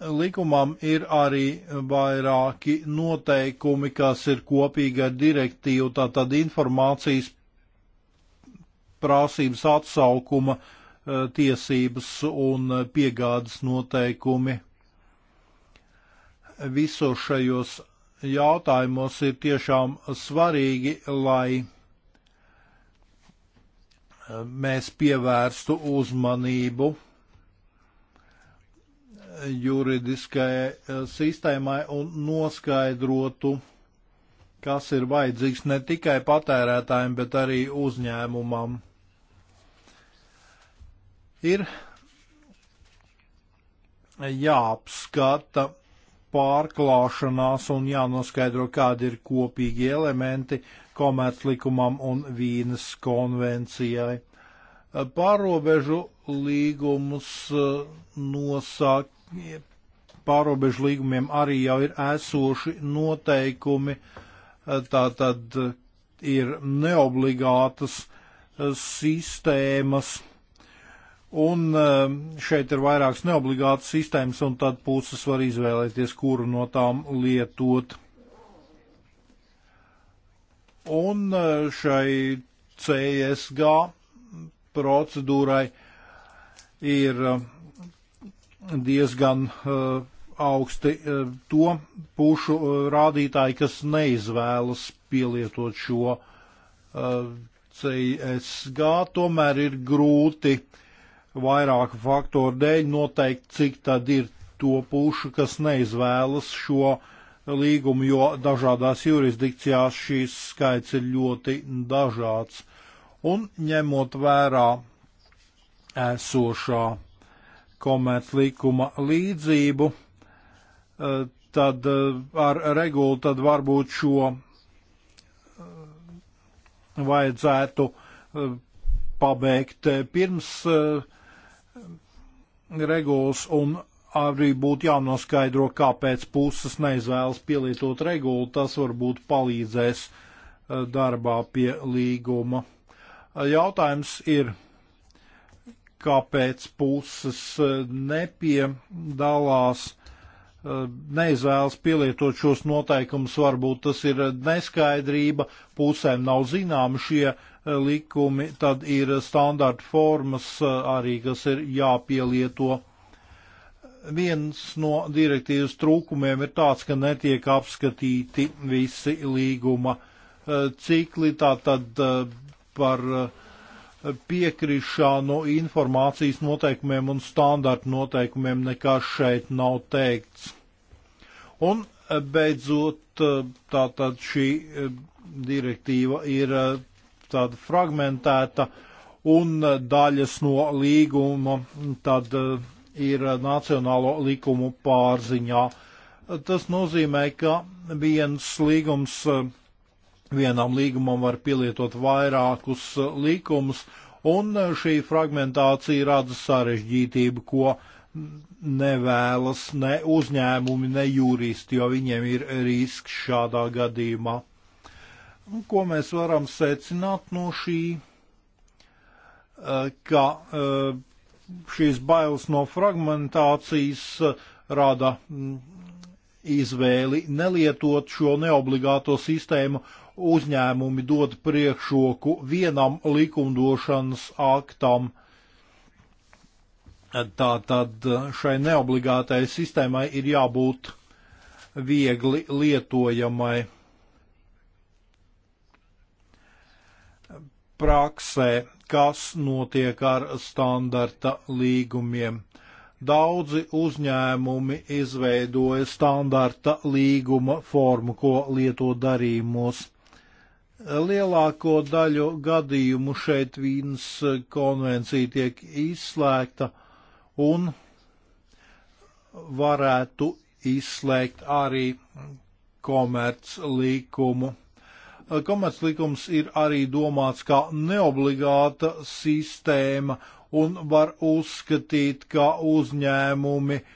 Likumam ir arī vairāki noteikumi, kas ir kopīgi ar direktīvu, tātad informācijas prasības atsaukuma e, tiesības un piegādes noteikumi. Visos šajos jautājumos ir tiešām svarīgi, lai mēs pievērstu uzmanību juridiskajai e, sistēmai un noskaidrotu, kas ir vajadzīgs ne tikai patērētājiem, bet arī uzņēmumam. Ir jāapskata pārklāšanās un jānoskaidro, kādi ir kopīgi elementi komerclikumam un Vīnes konvencijai. Pārobežu līgumus e, nosaka pārobežu līgumiem arī jau ir esoši noteikumi, tā tad ir neobligātas eh, sistēmas, un eh, šeit ir vairākas neobligātas sistēmas, un tad puses var izvēlēties, kuru no tām lietot. Un eh, šai CSG procedūrai ir uh, diezgan e, augsti e, to pušu e, rādītāji, kas neizvēlas pielietot šo CSG, tomēr ir grūti vairāku faktoru dēļ noteikt, cik tad ir to pušu, kas neizvēlas šo līgumu, jo dažādās jurisdikcijās šīs skaits ir ļoti dažāds. Un ņemot vērā esošā komerclikuma līdzību, eh, tad eh, ar regulu tad varbūt šo eh, vajadzētu pabeigt pirms regulas un arī būtu jānoskaidro, kāpēc puses neizvēlas pielietot regulu. Tas varbūt palīdzēs darbā pie līguma. Jautājums ir kāpēc puses eh, nepiedalās, eh, neizvēlas pielietot šos noteikumus, varbūt tas ir neskaidrība, pusēm nav zināmi šie eh, likumi, tad ir standarta formas arī, kas ir jāpielieto. Viens no direktīvas trūkumiem ir tāds, ka netiek apskatīti visi līguma cikli, tātad par uh, piekrišanu informācijas noteikumiem un standartu noteikumiem nekas šeit nav teikts. Un eh, beidzot, eh, tātad šī eh, direktīva ir tāda fragmentēta un daļas no līguma tad ir nacionālo likumu pārziņā. Tas nozīmē, ka viens līgums vienam līgumam var pielietot vairākus uh, likumus, un uh, šī fragmentācija rada sarežģītību, ko nevēlas ne uzņēmumi, ne juristi, jo viņiem ir risks šādā gadījumā. Ko mēs varam secināt no šī, uh, ka šīs bailes no fragmentācijas rada mm, izvēli nelietot šo neobligāto sistēmu uzņēmumi dod priekšroku vienam likumdošanas aktam. Tā tad šai neobligātai sistēmai ir jābūt viegli lietojamai praksē, kas notiek ar standarta līgumiem. Daudzi uzņēmumi izveidoja standarta līguma formu, ko lieto darījumos. Lielāko daļu gadījumu šeit Vīnas konvencija tiek izslēgta un varētu izslēgt arī komerclīkumu. Komerclīkums ir arī domāts kā neobligāta sistēma un var uzskatīt, ka uzņēmumi uh,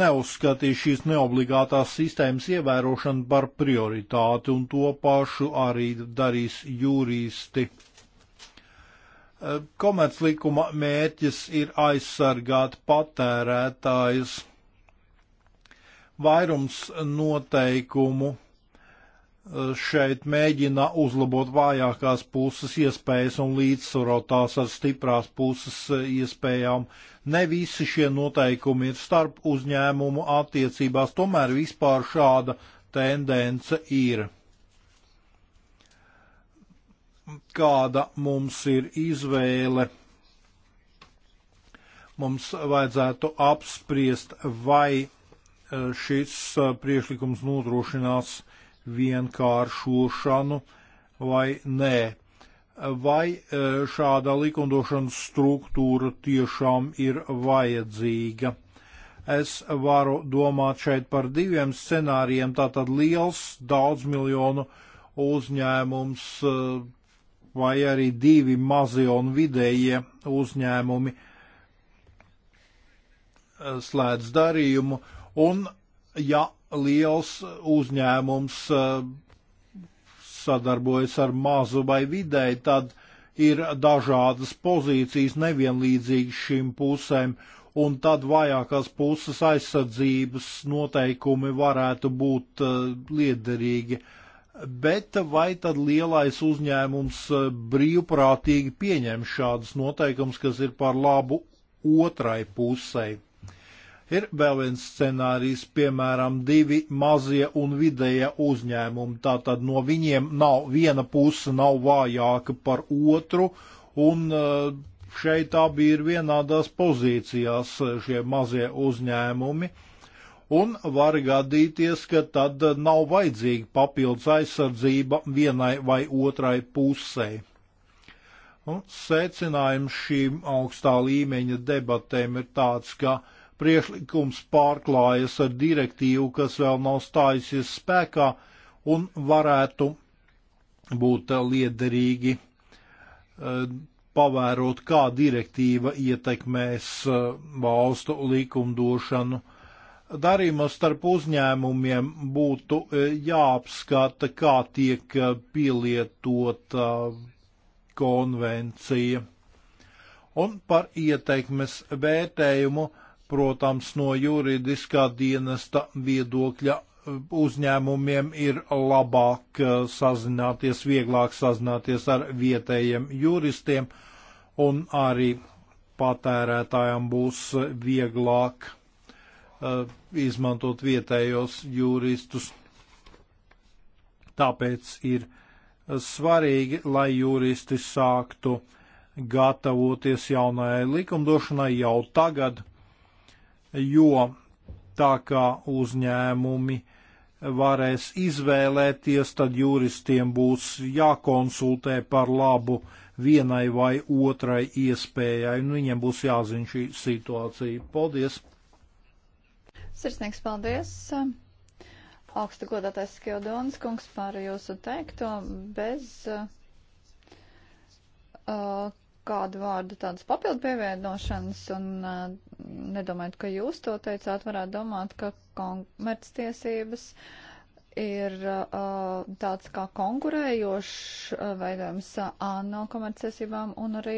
neuzskatīja šīs neobligātās sistēmas ievērošanu par prioritāti, un to pašu arī darīs juristi. Eh, komerclikuma mērķis ir aizsargāt patērētājus. Vairums noteikumu šeit mēģina uzlabot vājākās puses iespējas un līdzsvarot tās ar stiprās puses eh, iespējām. Ne visi šie noteikumi ir starp uzņēmumu attiecībās, tomēr vispār šāda tendence ir. Kāda mums ir izvēle? Mums vajadzētu apspriest, vai eh, šis eh, priekšlikums nodrošinās uh, vienkāršošanu vai nē. Vai e, šāda likumdošanas struktūra tiešām ir vajadzīga? Es varu domāt šeit par diviem scenārijiem. Tātad liels daudz miljonu uzņēmums e, vai arī divi mazie un vidējie uzņēmumi e, slēdz darījumu. Un ja liels uzņēmums uh, sadarbojas ar mazu vai vidēji, tad ir dažādas pozīcijas nevienlīdzīgas šīm pusēm, un tad vajākās puses aizsardzības noteikumi varētu būt uh, liederīgi. Bet vai tad lielais uzņēmums uh, brīvprātīgi pieņem šādus noteikumus, kas ir par labu otrai pusei? Ir vēl viens scenārijs, piemēram, divi mazie un vidējie uzņēmumi. Tātad no viņiem nav viena puse nav vājāka par otru, un eh, šeit abi ir vienādās pozīcijās eh, šie mazie uzņēmumi. Un var gadīties, ka tad eh, nav vajadzīga papildus aizsardzība vienai vai otrai pusei. Un secinājums šīm augstā līmeņa debatēm ir tāds, ka uh, priekšlikums pārklājas ar direktīvu, kas vēl nav stājusies spēkā un varētu būt liederīgi eh, pavērot, kā direktīva ietekmēs eh, valstu likumdošanu. Darījuma starp uzņēmumiem būtu eh, jāapskata, kā tiek pielietota konvencija. Un par ieteikmes vērtējumu uh, Protams, no juridiskā dienesta viedokļa e, uzņēmumiem ir labāk e, sazināties, vieglāk sazināties ar vietējiem juristiem, un arī patērētājiem būs vieglāk uh, izmantot vietējos juristus. Tāpēc ir svarīgi, lai juristi sāktu gatavoties jaunajai likumdošanai jau tagad jo tā kā uzņēmumi varēs izvēlēties, tad juristiem būs jākonsultē par labu vienai vai otrai iespējai, un nu, viņiem būs jāzina šī situācija. Paldies! Sirsnīgs paldies! Augsta godātais Skjodonis kungs par jūsu teikto bez uh, kādu vārdu tādas papildu pievienošanas, un uh, nedomājot, ka jūs to teicāt, varētu domāt, ka komerctiesības ir uh, tāds kā konkurējošs uh, veidojums ANO komerctiesībām un arī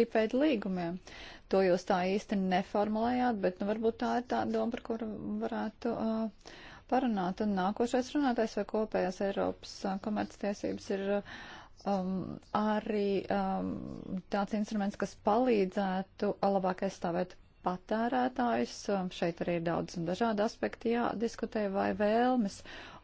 tipēdu līgumiem. To jūs tā īsti neformulējāt, bet nu, varbūt tā ir tā doma, par kuru varētu parunāt. Un nākošais runātais vai kopējās Eiropas komerctiesības ir. Uh, um, arī um, tāds instruments, kas palīdzētu labāk aizstāvēt patērētājus. Um, šeit arī ir daudz un dažādi aspekti jādiskutē vai vēlmes,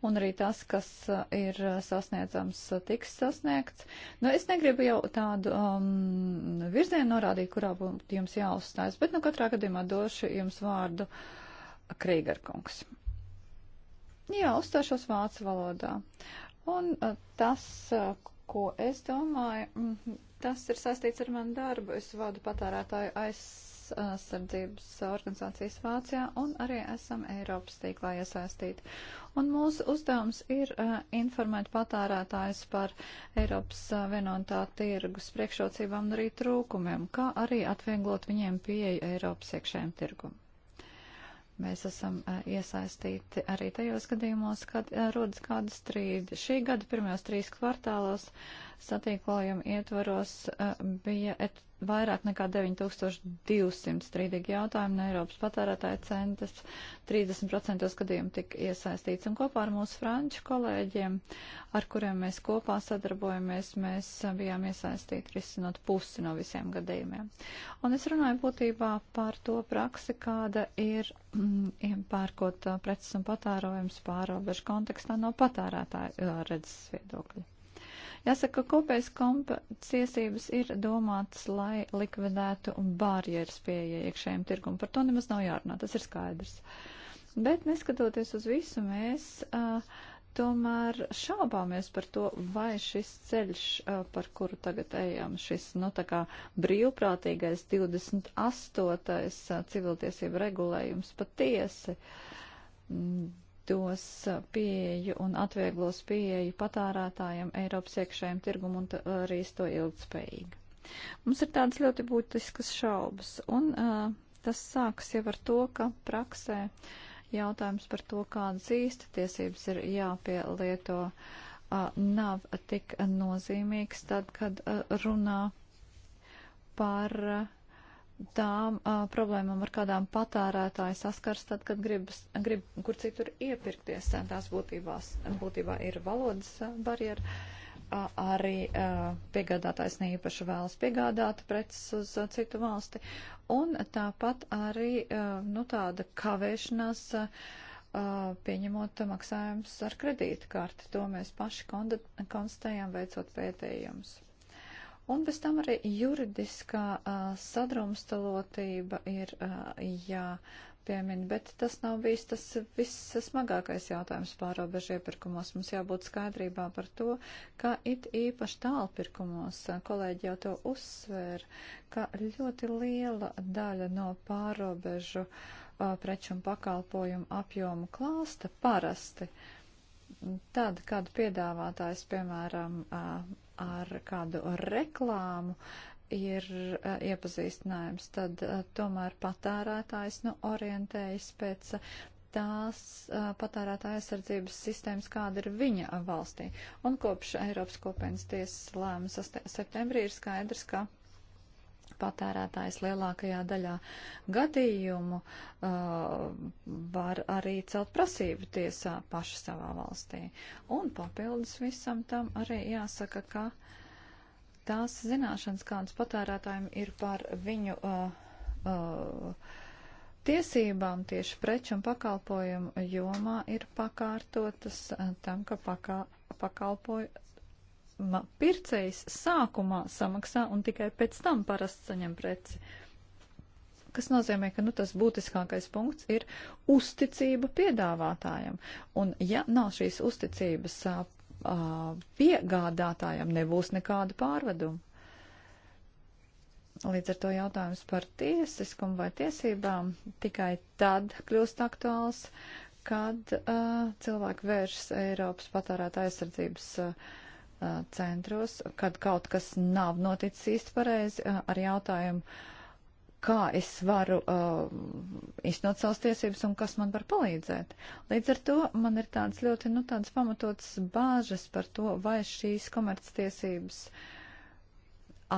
un arī tas, kas uh, ir sasniedzams, tiks sasniegts. Nu, es negribu jau tādu um, virzienu norādīt, kurā būtu jums jāuzstājas, bet nu katrā gadījumā došu jums vārdu Krīgarkungs. Jā, uzstāšos vācu valodā. Un uh, tas, uh, ko es domāju, mhm. tas ir saistīts ar manu darbu. Es vadu patērētāju aizsardzības organizācijas Vācijā un arī esam Eiropas tīklā iesaistīti. Un mūsu uzdevums ir uh, informēt patērētājus par Eiropas uh, vienotā tirgus priekšrocībām un arī trūkumiem, kā arī atvieglot viņiem pieeju Eiropas iekšējiem tirgumam. Mēs esam e, iesaistīti arī tajos gadījumos, kad e, rodas kāda strīda. Šī gada pirmajos trīs kvartālos satīklojumu ietvaros eh, bija et, vairāk nekā 9200 strīdīgi jautājumi no Eiropas patērētāja centas. 30% gadījumu tika iesaistīts. Un kopā ar mūsu franču kolēģiem, ar kuriem mēs kopā sadarbojamies, mēs bijām iesaistīti risinot pusi no visiem gadījumiem. Un es runāju būtībā par to praksi, kāda ir mm, pērkot eh, preces un patērojums pārobežu kontekstā no patērētāja eh, redzes viedokļa. Jāsaka, ka kopējas kompensācijas ir domātas, lai likvidētu barjeras pieeja iekšējiem tirgumam. Par to nemaz nav jārunā, tas ir skaidrs. Bet neskatoties uz visu, mēs uh, tomēr šaubāmies par to, vai šis ceļš, par kuru tagad ejam, šis, nu, tā kā brīvprātīgais 28. civiltiesība regulējums patiesi dos pieeju un atvieglos pieeju patārētājiem Eiropas iekšējiem tirgum un arī to ilgspējīgi. Mums ir tādas ļoti būtiskas šaubas, un uh, tas sāks jau ar to, ka praksē jautājums par to, kādas īsta tiesības ir jāpielieto, uh, nav tik nozīmīgs tad, kad uh, runā par. Uh, tām uh, problēmām, ar kādām patērētāji saskars, tad, kad gribas, grib kur citur iepirkties. Tās būtībās, būtībā ir valodas barjera. Uh, arī uh, piegādātājs neīpaši vēlas piegādāt preces uz uh, citu valsti. Un tāpat arī uh, nu, tāda kavēšanās uh, pieņemot maksājumus ar kredītkarti. To mēs paši konstatējam, veicot pētījumus. Un bez tam arī juridiskā uh, sadrumstalotība ir uh, jāpiemina, bet tas nav bijis tas viss smagākais jautājums pārobežu iepirkumos. Mums jābūt skaidrībā par to, ka it īpaši tālpirkumos, kolēģi jau to uzsvēra, ka ļoti liela daļa no pārobežu uh, preču un pakalpojumu apjomu klāsta parasti. Uh, tad, kad piedāvātājs, piemēram, ar kādu reklāmu ir iepazīstinājums, tad tomēr patērētājs nu, orientējas pēc tās patērētāja aizsardzības sistēmas, kāda ir viņa valstī. Un kopš Eiropas kopienas tiesas lēma septembrī ir skaidrs, ka patērētājs lielākajā daļā gadījumu uh, var arī celt prasību tiesā paši savā valstī. Un papildus visam tam arī jāsaka, ka tās zināšanas, kādas patērētājiem ir par viņu. Uh, uh, tiesībām tieši preču un pakalpojumu jomā ir pakārtotas uh, tam, ka pakā, pakalpoju, pircējs sākumā samaksā un tikai pēc tam parasti saņem preci. Kas nozīmē, ka nu, tas būtiskākais punkts ir uzticība piedāvātājam. Un ja nav šīs uzticības a, a, piegādātājam, nebūs nekāda pārveduma. Līdz ar to jautājums par tiesiskumu vai tiesībām tikai tad kļūst aktuāls, kad uh, cilvēki vēršas Eiropas patērēta aizsardzības uh, centros, kad kaut kas nav noticis īsti pareizi ar jautājumu, kā es varu uh, iznot savas tiesības un kas man var palīdzēt. Līdz ar to man ir tādas ļoti, nu, tādas pamatotas bāžas par to, vai šīs komerctiesības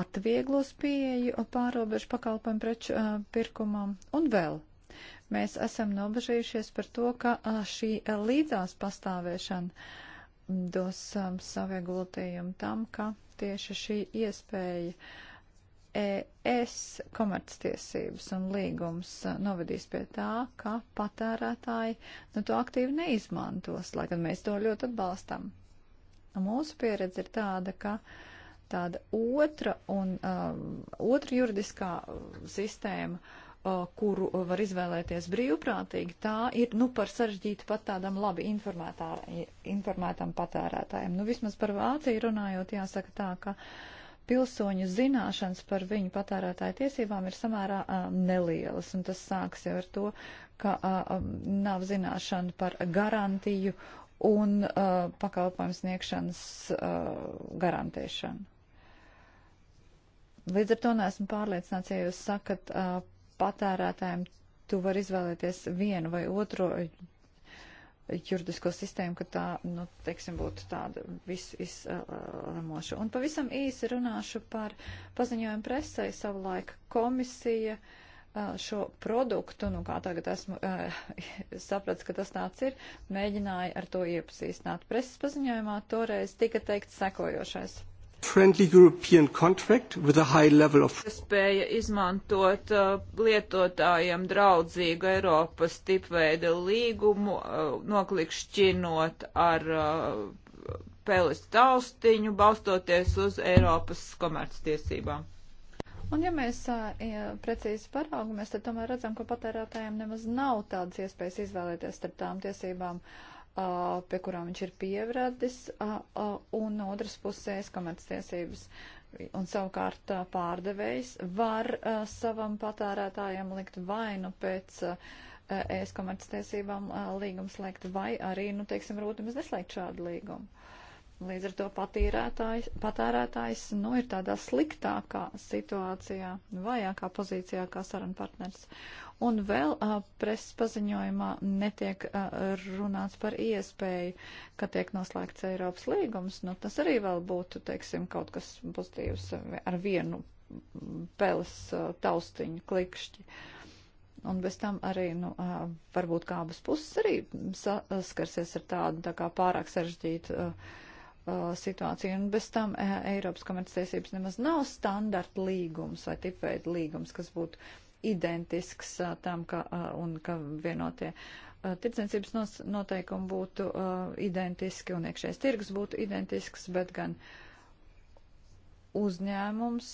atvieglos pieeju pārobežu pakalpojumu preču uh, pirkumam un vēl. Mēs esam nobežījušies par to, ka uh, šī līdzās pastāvēšana uh, dos um, savu ieguldījumu tam, ka tieši šī iespēja ES komerctiesības un līgums uh, novedīs pie tā, ka patērētāji nu, to aktīvi neizmantos, lai gan mēs to ļoti atbalstam. Mūsu pieredze ir tāda, ka tāda otra un um, otra juridiskā uh, sistēma uh, kuru var izvēlēties brīvprātīgi, tā ir nu par sarežģītu pat tādam labi informētam patērētājiem. Nu vismaz par Vāciju runājot, jāsaka tā, ka pilsoņu zināšanas par viņu patērētāju tiesībām ir samērā a, nelielas, un tas sāks jau ar to, ka a, nav zināšana par garantiju un a, pakalpojumu sniegšanas a, garantēšanu. Līdz ar to neesmu pārliecināts, ja jūs sakat, a, patērētājiem tu vari izvēlēties vienu vai otru juridisko sistēmu, ka tā, nu, teiksim, būtu tāda visu izlemoša. Un pavisam īsi runāšu par paziņojumu presai savulaik komisija šo produktu, nu, kā tagad esmu sapratis, ka tas tāds ir, mēģināja ar to iepazīstināt. Preses paziņojumā toreiz tika teikt sekojošais friendly European contract with a high level of iespēja izmantot uh, lietotājiem draudzīgu Eiropas tipveida līgumu, uh, noklikšķinot ar uh, peles taustiņu, balstoties uz Eiropas komerctiesībām. Un ja mēs ja uh, precīzi paraugamies, tad tomēr redzam, ka patērētājiem nemaz nav tādas iespējas izvēlēties starp tām tiesībām. Uh, pie kurām viņš ir pievradis, un no otras puses komerctiesības. Un savukārt pārdevējs var savam patērētājam likt vainu pēc ēst komerctiesībām līgums slēgt, vai arī, nu, teiksim, rūtumis neslēgt šādu līgumu. Līdz ar to patērētājs, patērētājs nu, ir tādā sliktākā situācijā, vājākā pozīcijā kā saruna partners. Un vēl uh, preses paziņojumā netiek uh, runāts par iespēju, ka tiek noslēgts Eiropas līgums. Nu, tas arī vēl būtu, teiksim, kaut kas pozitīvs ar vienu peles uh, taustiņu klikšķi. Un bez tam arī, nu, uh, varbūt kā abas puses arī saskarsies ar tādu tā kā pārāk sarežģītu. Uh, situāciju. Un bez tam Eiropas komerctiesības nemaz nav standarta līgums vai tipveida līgums, kas būtu identisks tam, ka, un ka vienotie tirdzniecības noteikumi būtu identiski un iekšējais tirgus būtu identisks, bet gan uzņēmums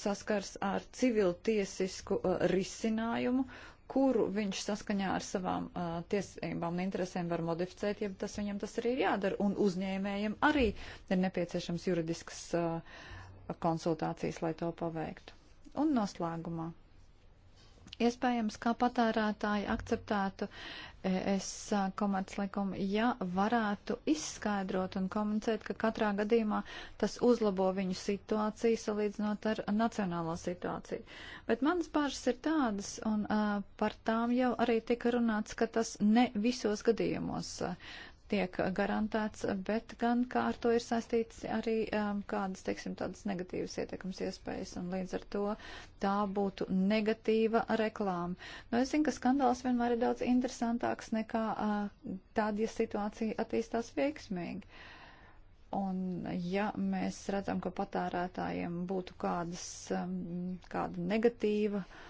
saskars ar civiltiesisku risinājumu, kuru viņš saskaņā ar savām uh, tiesībām un interesēm var modificēt, ja tas viņam tas arī ir jādara. Un uzņēmējiem arī ir nepieciešams juridisks uh, konsultācijas, lai to paveiktu. Un noslēgumā. Iespējams, kā patērētāji akceptētu es komerclikumu, ja varētu izskaidrot un komunicēt, ka katrā gadījumā tas uzlabo viņu situāciju salīdzinot ar nacionālo situāciju. Bet manas bažas ir tādas, un uh, par tām jau arī tika runāts, ka tas ne visos gadījumos uh, tiek garantēts, bet gan kā ar to ir saistīts arī um, kādas, teiksim, tādas negatīvas ietekmes iespējas, un līdz ar to tā būtu negatīva reklāma. Nu, es zinu, ka skandāls vienmēr ir daudz interesantāks nekā uh, tad, ja situācija attīstās veiksmīgi. Un ja mēs redzam, ka patērētājiem būtu kādas, um, kāda negatīva uh,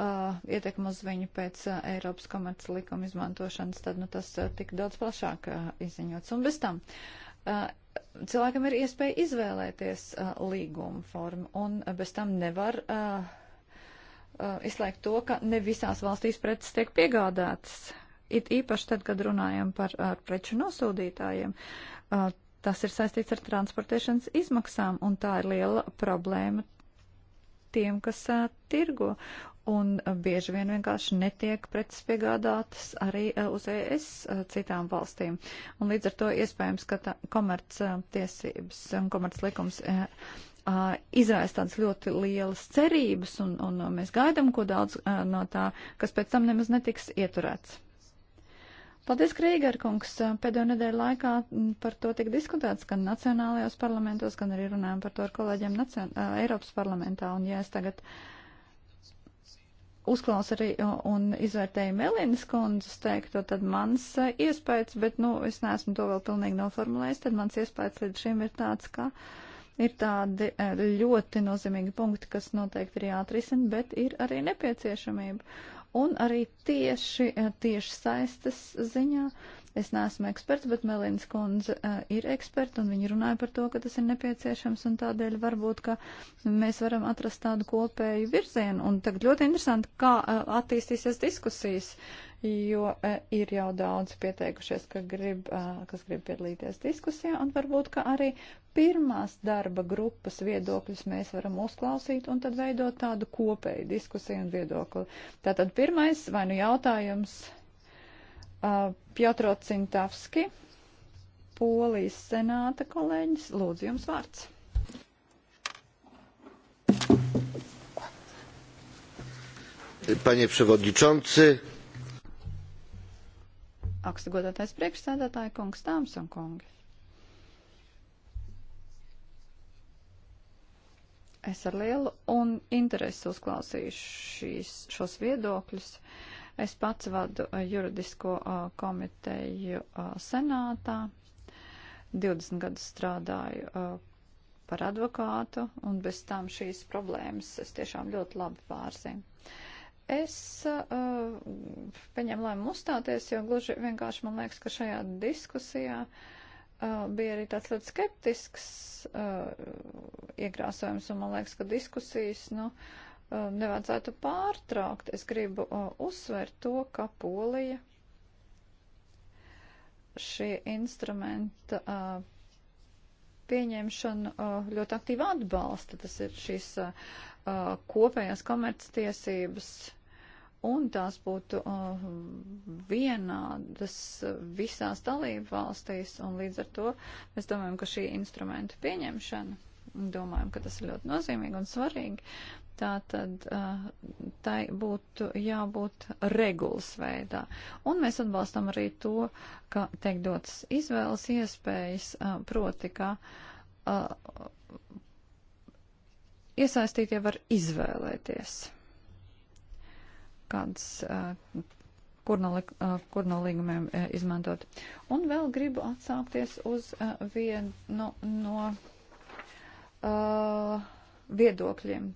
uh, ietekmu uz viņu pēc uh, Eiropas komerces likuma izmantošanas, tad nu, tas uh, tik daudz plašāk uh, izziņots. Un bez tam uh, cilvēkam ir iespēja izvēlēties uh, līguma formu, un uh, bez tam nevar. Uh, Uh, izslēgt to, ka ne visās valstīs preces tiek piegādātas. It īpaši tad, kad runājam par ar uh, preču nosūdītājiem, uh, tas ir saistīts ar transportēšanas izmaksām, un tā ir liela problēma tiem, kas uh, tirgo un uh, bieži vien vienkārši netiek preces piegādātas arī uh, uz ES uh, citām valstīm. Un līdz ar to iespējams, ka komerc tiesības un komerc likums izraisa tādas ļoti lielas cerības, un, un mēs gaidām, ko daudz no tā, kas pēc tam nemaz netiks ieturēts. Paldies, Krīgerkungs. Pēdējo nedēļu laikā mm, par to tika diskutēts gan nacionālajos parlamentos, gan arī runājam par to ar kolēģiem Nacion Eiropas parlamentā. Un ja es tagad uh, uzklaus arī un izvērtēju Melīnas kundzes teikto, tad mans e, iespējas, bet, nu, es neesmu to vēl pilnīgi noformulējis, tad mans iespējas līdz šim ir tāds, ka ir tādi e, ļoti nozīmīgi punkti, kas noteikti ir jāatrisina, bet ir arī nepieciešamība. Un arī tieši, e, tieši saistas ziņā Es neesmu eksperts, bet Melins kundze uh, ir eksperta, un viņi runāja par to, ka tas ir nepieciešams, un tādēļ varbūt, ka mēs varam atrast tādu kopēju virzienu. Un tagad ļoti interesanti, kā uh, attīstīsies diskusijas, jo uh, ir jau daudz pieteikušies, ka grib, uh, kas grib piedalīties diskusijā, un varbūt, ka arī pirmās darba grupas viedokļus mēs varam uzklausīt un tad veidot tādu kopēju diskusiju un viedokli. Tātad pirmais vai nu jautājums Uh, Piotro Cintavski, Polijas senāta kolēģis. Lūdzu, jums vārds. Panie przewodniczący. Augstgodātais priekšsēdētāji, kungs, tāms un kungi. Es ar lielu un interesi uzklausīšu šīs, šos viedokļus. Uh, Es pats vadu eh, juridisko eh, komiteju eh, senātā, 20 gadus strādāju par advokātu, un bez tam šīs problēmas es tiešām ļoti labi pārzinu. Es uh, pieņemu lēmumu uzstāties, jo gluži vienkārši man liekas, ka šajā diskusijā uh, bija arī tāds ļoti skeptisks uh, iegrāsojums, un man liekas, ka diskusijas, nu, uh, Um, nevajadzētu pārtraukt. Es gribu uh, uzsvērt to, ka Polija šī instrumenta uh, pieņemšanu uh, ļoti aktīvi atbalsta. Tas ir šīs kopējās komerctiesības un tās būtu uh, vienādas visās dalību valstīs, un līdz ar to mēs domājam, ka šī instrumenta pieņemšana, domājam, ka tas ir ļoti nozīmīgi un svarīgi, tā tad tai būtu jābūt regulas veidā. Un mēs atbalstam arī to, ka tiek dotas izvēles iespējas, proti, ka iesaistītie var izvēlēties, kāds, kur no, kur no līgumiem izmantot. Un vēl gribu atsākties uz vienu no, no viedokļiem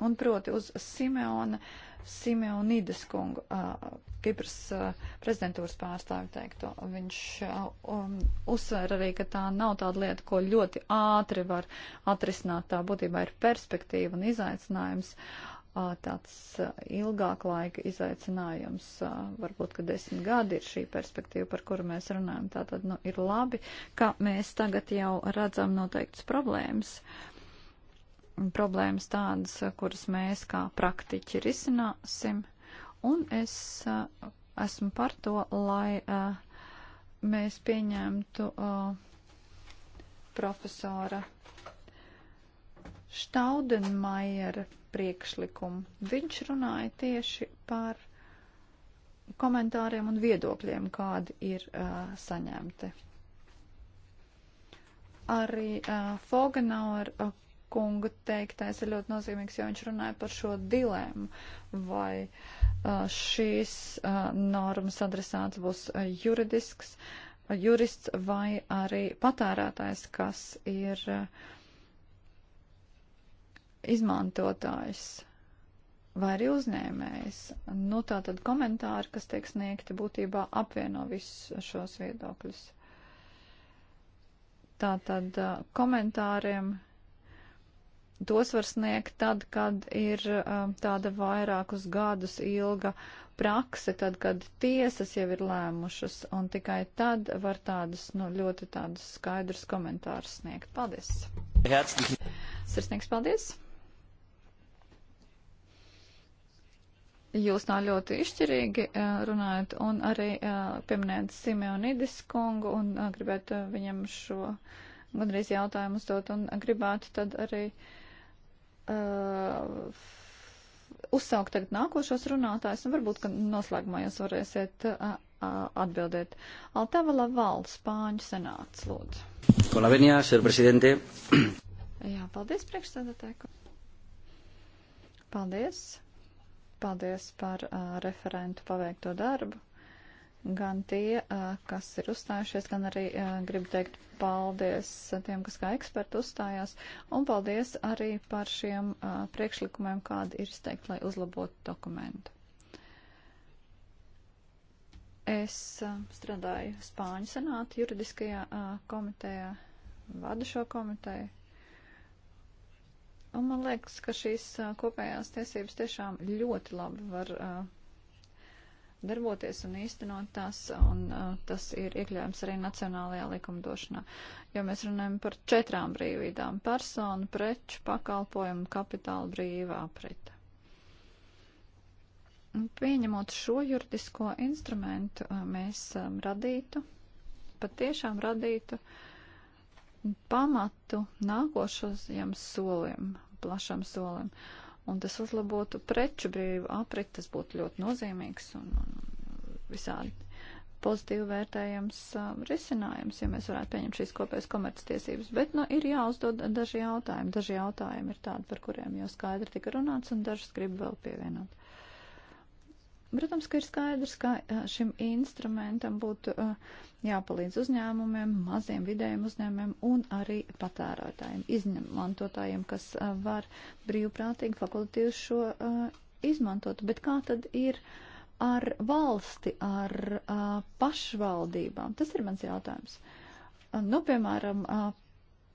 un proti uz Simeona Simeonides kungu, uh, Kipras uh, prezidentūras pārstāvi teikto. Viņš uh, um, uzsver arī, ka tā nav tāda lieta, ko ļoti ātri var atrisināt. Tā būtībā ir perspektīva un izaicinājums. Uh, tāds uh, ilgāk laika izaicinājums, uh, varbūt, ka desmit gadi ir šī perspektīva, par kuru mēs runājam. Tātad, nu, ir labi, ka mēs tagad jau redzam noteiktas problēmas. Uh, problēmas tādas, eh, kuras mēs kā praktiķi risināsim, un es eh, esmu par to, lai eh, mēs pieņemtu profesora Štaudenmajera priekšlikumu. Viņš runāja tieši par komentāriem un viedokļiem, kādi ir uh, saņemti. Arī uh, Fogenauer uh, kunga teiktais ir ļoti nozīmīgs, jo viņš runāja par šo dilēmu, vai šīs normas adresāts būs juridisks, jurists vai arī patērētājs, kas ir izmantotājs vai arī uzņēmējs. Nu, tā tad komentāri, kas tiek sniegti, būtībā apvieno visus šos viedokļus. Tā tad komentāriem tos var sniegt tad, kad ir um, tāda vairākus gadus ilga prakse, tad, kad tiesas jau ir lēmušas, un tikai tad var tādus nu, ļoti tādus skaidrus komentārus sniegt. Paldies! Sirsnīgs paldies! Jūs tā ļoti izšķirīgi uh, runājat un arī uh, pieminējat Simeonidis kungu un uh, gribētu viņam šo gandrīz jautājumu uzdot un gribētu tad arī uh, uh, uzsaukt tagad nākošos runātājus, un varbūt, ka noslēgumā jūs varēsiet uh, uh atbildēt. Altavala valsts spāņu senāts, lūdzu. Kolavenia, sir prezidente. Jā, paldies priekšsēdētāju. Paldies. Paldies par uh, referentu paveikto darbu gan tie, kas ir uzstājušies, gan arī gribu teikt paldies tiem, kas kā eksperti uzstājās, un paldies arī par šiem priekšlikumiem, kādi ir izteikti, lai uzlabotu dokumentu. Es strādāju Spāņu senāta juridiskajā komitejā, vadu šo komiteju. Un man liekas, ka šīs kopējās tiesības tiešām ļoti labi var uh, darboties un īstenot tās, un uh, tas ir iekļaujams arī nacionālajā likumdošanā. Jo mēs runājam par četrām brīvībām - personu, preču, pakalpojumu, kapitāla brīvā aprita. Pieņemot šo juridisko instrumentu, uh, mēs um, radītu, patiešām radītu pamatu nākošajam solim, plašam solim. Uh, un tas uzlabotu preču brīvu aprit, tas būtu ļoti nozīmīgs un, un visādi pozitīvi vērtējams um, risinājums, ja mēs varētu pieņemt šīs kopējas komerctiesības. Bet, nu, ir jāuzdod daži jautājumi. Daži jautājumi ir tādi, par kuriem jau skaidri tika runāts, un dažas gribu vēl pievienot. Protams, ka ir skaidrs, ka šim instrumentam būtu jāpalīdz uzņēmumiem, maziem vidējiem uzņēmumiem un arī patērētājiem, izmantotājiem, kas var brīvprātīgi fakultīvi šo izmantot. Bet kā tad ir ar valsti, ar pašvaldībām? Tas ir mans jautājums. Nu, piemēram,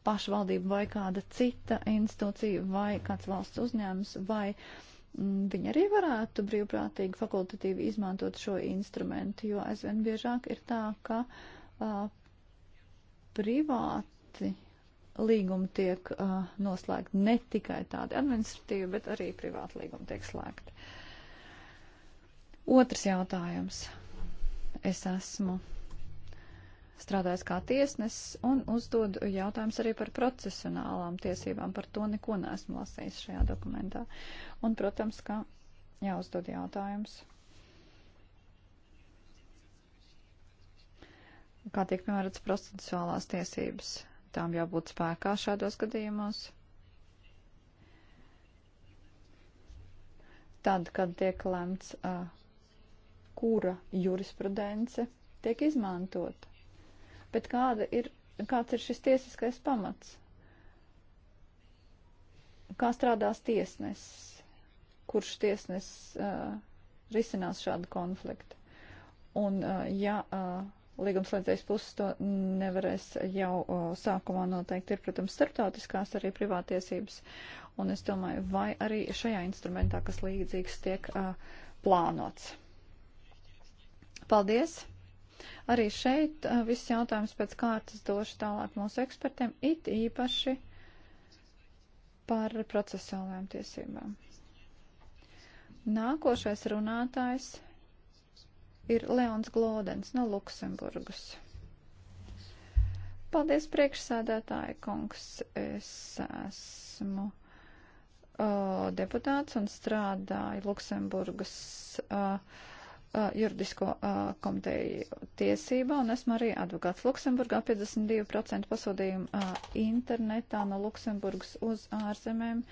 pašvaldība vai kāda cita institūcija vai kāds valsts uzņēmums vai uh, Mm, viņi arī varētu brīvprātīgi fakultatīvi izmantot šo instrumentu, jo aizvien biežāk ir tā, ka uh, privāti līgumi tiek uh, noslēgti ne tikai tādi administratīvi, bet arī privāti līgumi tiek slēgti. Otrs jautājums. Es esmu strādājis kā tiesnesis un uzdod jautājums arī par procesionālām tiesībām. Par to neko neesmu lasījis šajā dokumentā. Un, protams, ka jāuzdod jautājums. Kā tiek piemērots procesuālās tiesības? Tām jābūt spēkā šādos gadījumos. Tad, kad tiek lemts, uh, kura jurisprudence tiek izmantota Bet kāda ir, kāds ir šis tiesiskais pamats? Kā strādās tiesnesis? Kurš tiesnesis uh, risinās šādu konfliktu? Un uh, ja uh, līgumslēdzējas puses to nevarēs jau o, uh, sākumā noteikt. Ir, protams, starptautiskās arī privātiesības, un es domāju, vai arī šajā instrumentā, kas līdzīgs, tiek a, uh, plānots. Paldies! Arī šeit uh, viss jautājums pēc kārtas došu tālāk mūsu ekspertiem, it īpaši par procesuālajām tiesībām. Nākošais runātājs ir Leons Glodens no Luksemburgas. Paldies, priekšsādātāja kungs. Es esmu uh, deputāts un strādāju Luksemburgas uh, uh, juridisko uh, komiteju tiesībā, un esmu arī advokāts Luksemburgā. 52% pasūtījumu uh, internetā no Luksemburgas uz ārzemēm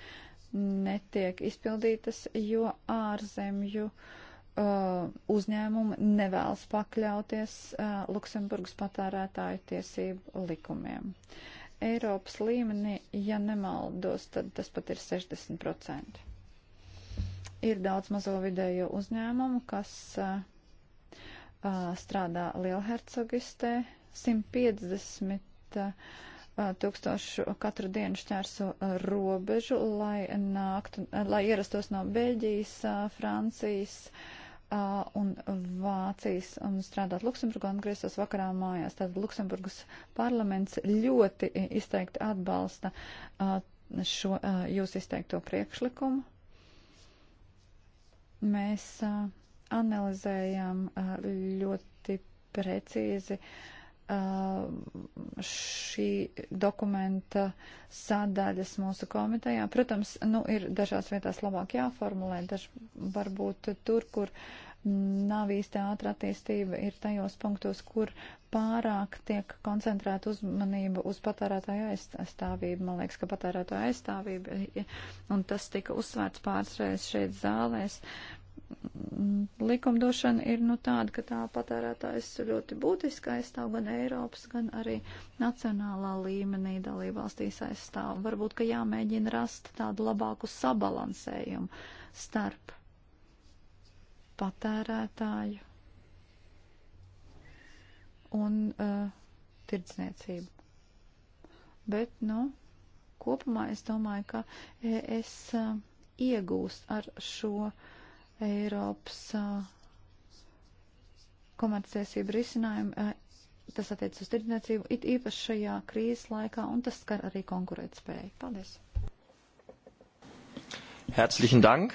netiek izpildītas, jo ārzemju uh, uzņēmumi nevēlas pakļauties uh, Luksemburgas patērētāju tiesību likumiem. Eiropas līmenī, ja nemaldos, tad tas pat ir 60%. Ir daudz mazo vidējo uzņēmumu, kas uh, strādā Lielhercogistē. 150 uh, tūkstošu katru dienu šķērso robežu, lai, nāktu, lai ierastos no Beļģijas, Francijas un Vācijas un strādāt Luksemburgā un grieztos vakarā mājās. Tātad Luksemburgas parlaments ļoti izteikti atbalsta šo jūs izteikto priekšlikumu. Mēs analizējām ļoti precīzi šī dokumenta sadaļas mūsu komitejā. Protams, nu, ir dažās vietās labāk jāformulē, daž, varbūt tur, kur uh, nav īsti ātra attīstība, ir tajos punktos, kur pārāk tiek koncentrēta uzmanība uz patērētāju aizstāvību. Man liekas, ka patērētāju aizstāvība, un tas tika uzsvērts pāris reizes šeit zālēs, likumdošana ir nu tāda, ka tā patērētājs ļoti būtiski aizstāv gan Eiropas, gan arī nacionālā līmenī dalībvalstīs aizstāv. Varbūt, ka jāmēģina rast tādu labāku sabalansējumu starp patērētāju un uh, tirdzniecību. Bet, nu, kopumā es domāju, ka es uh, eh, iegūst ar šo Eiropas uh, komerctiesību risinājumu. Uh, tas attiec uz tirdzniecību, it īpaši šajā krīzes laikā, un tas skar arī konkurētspēju. Paldies! Herzlichen Dank!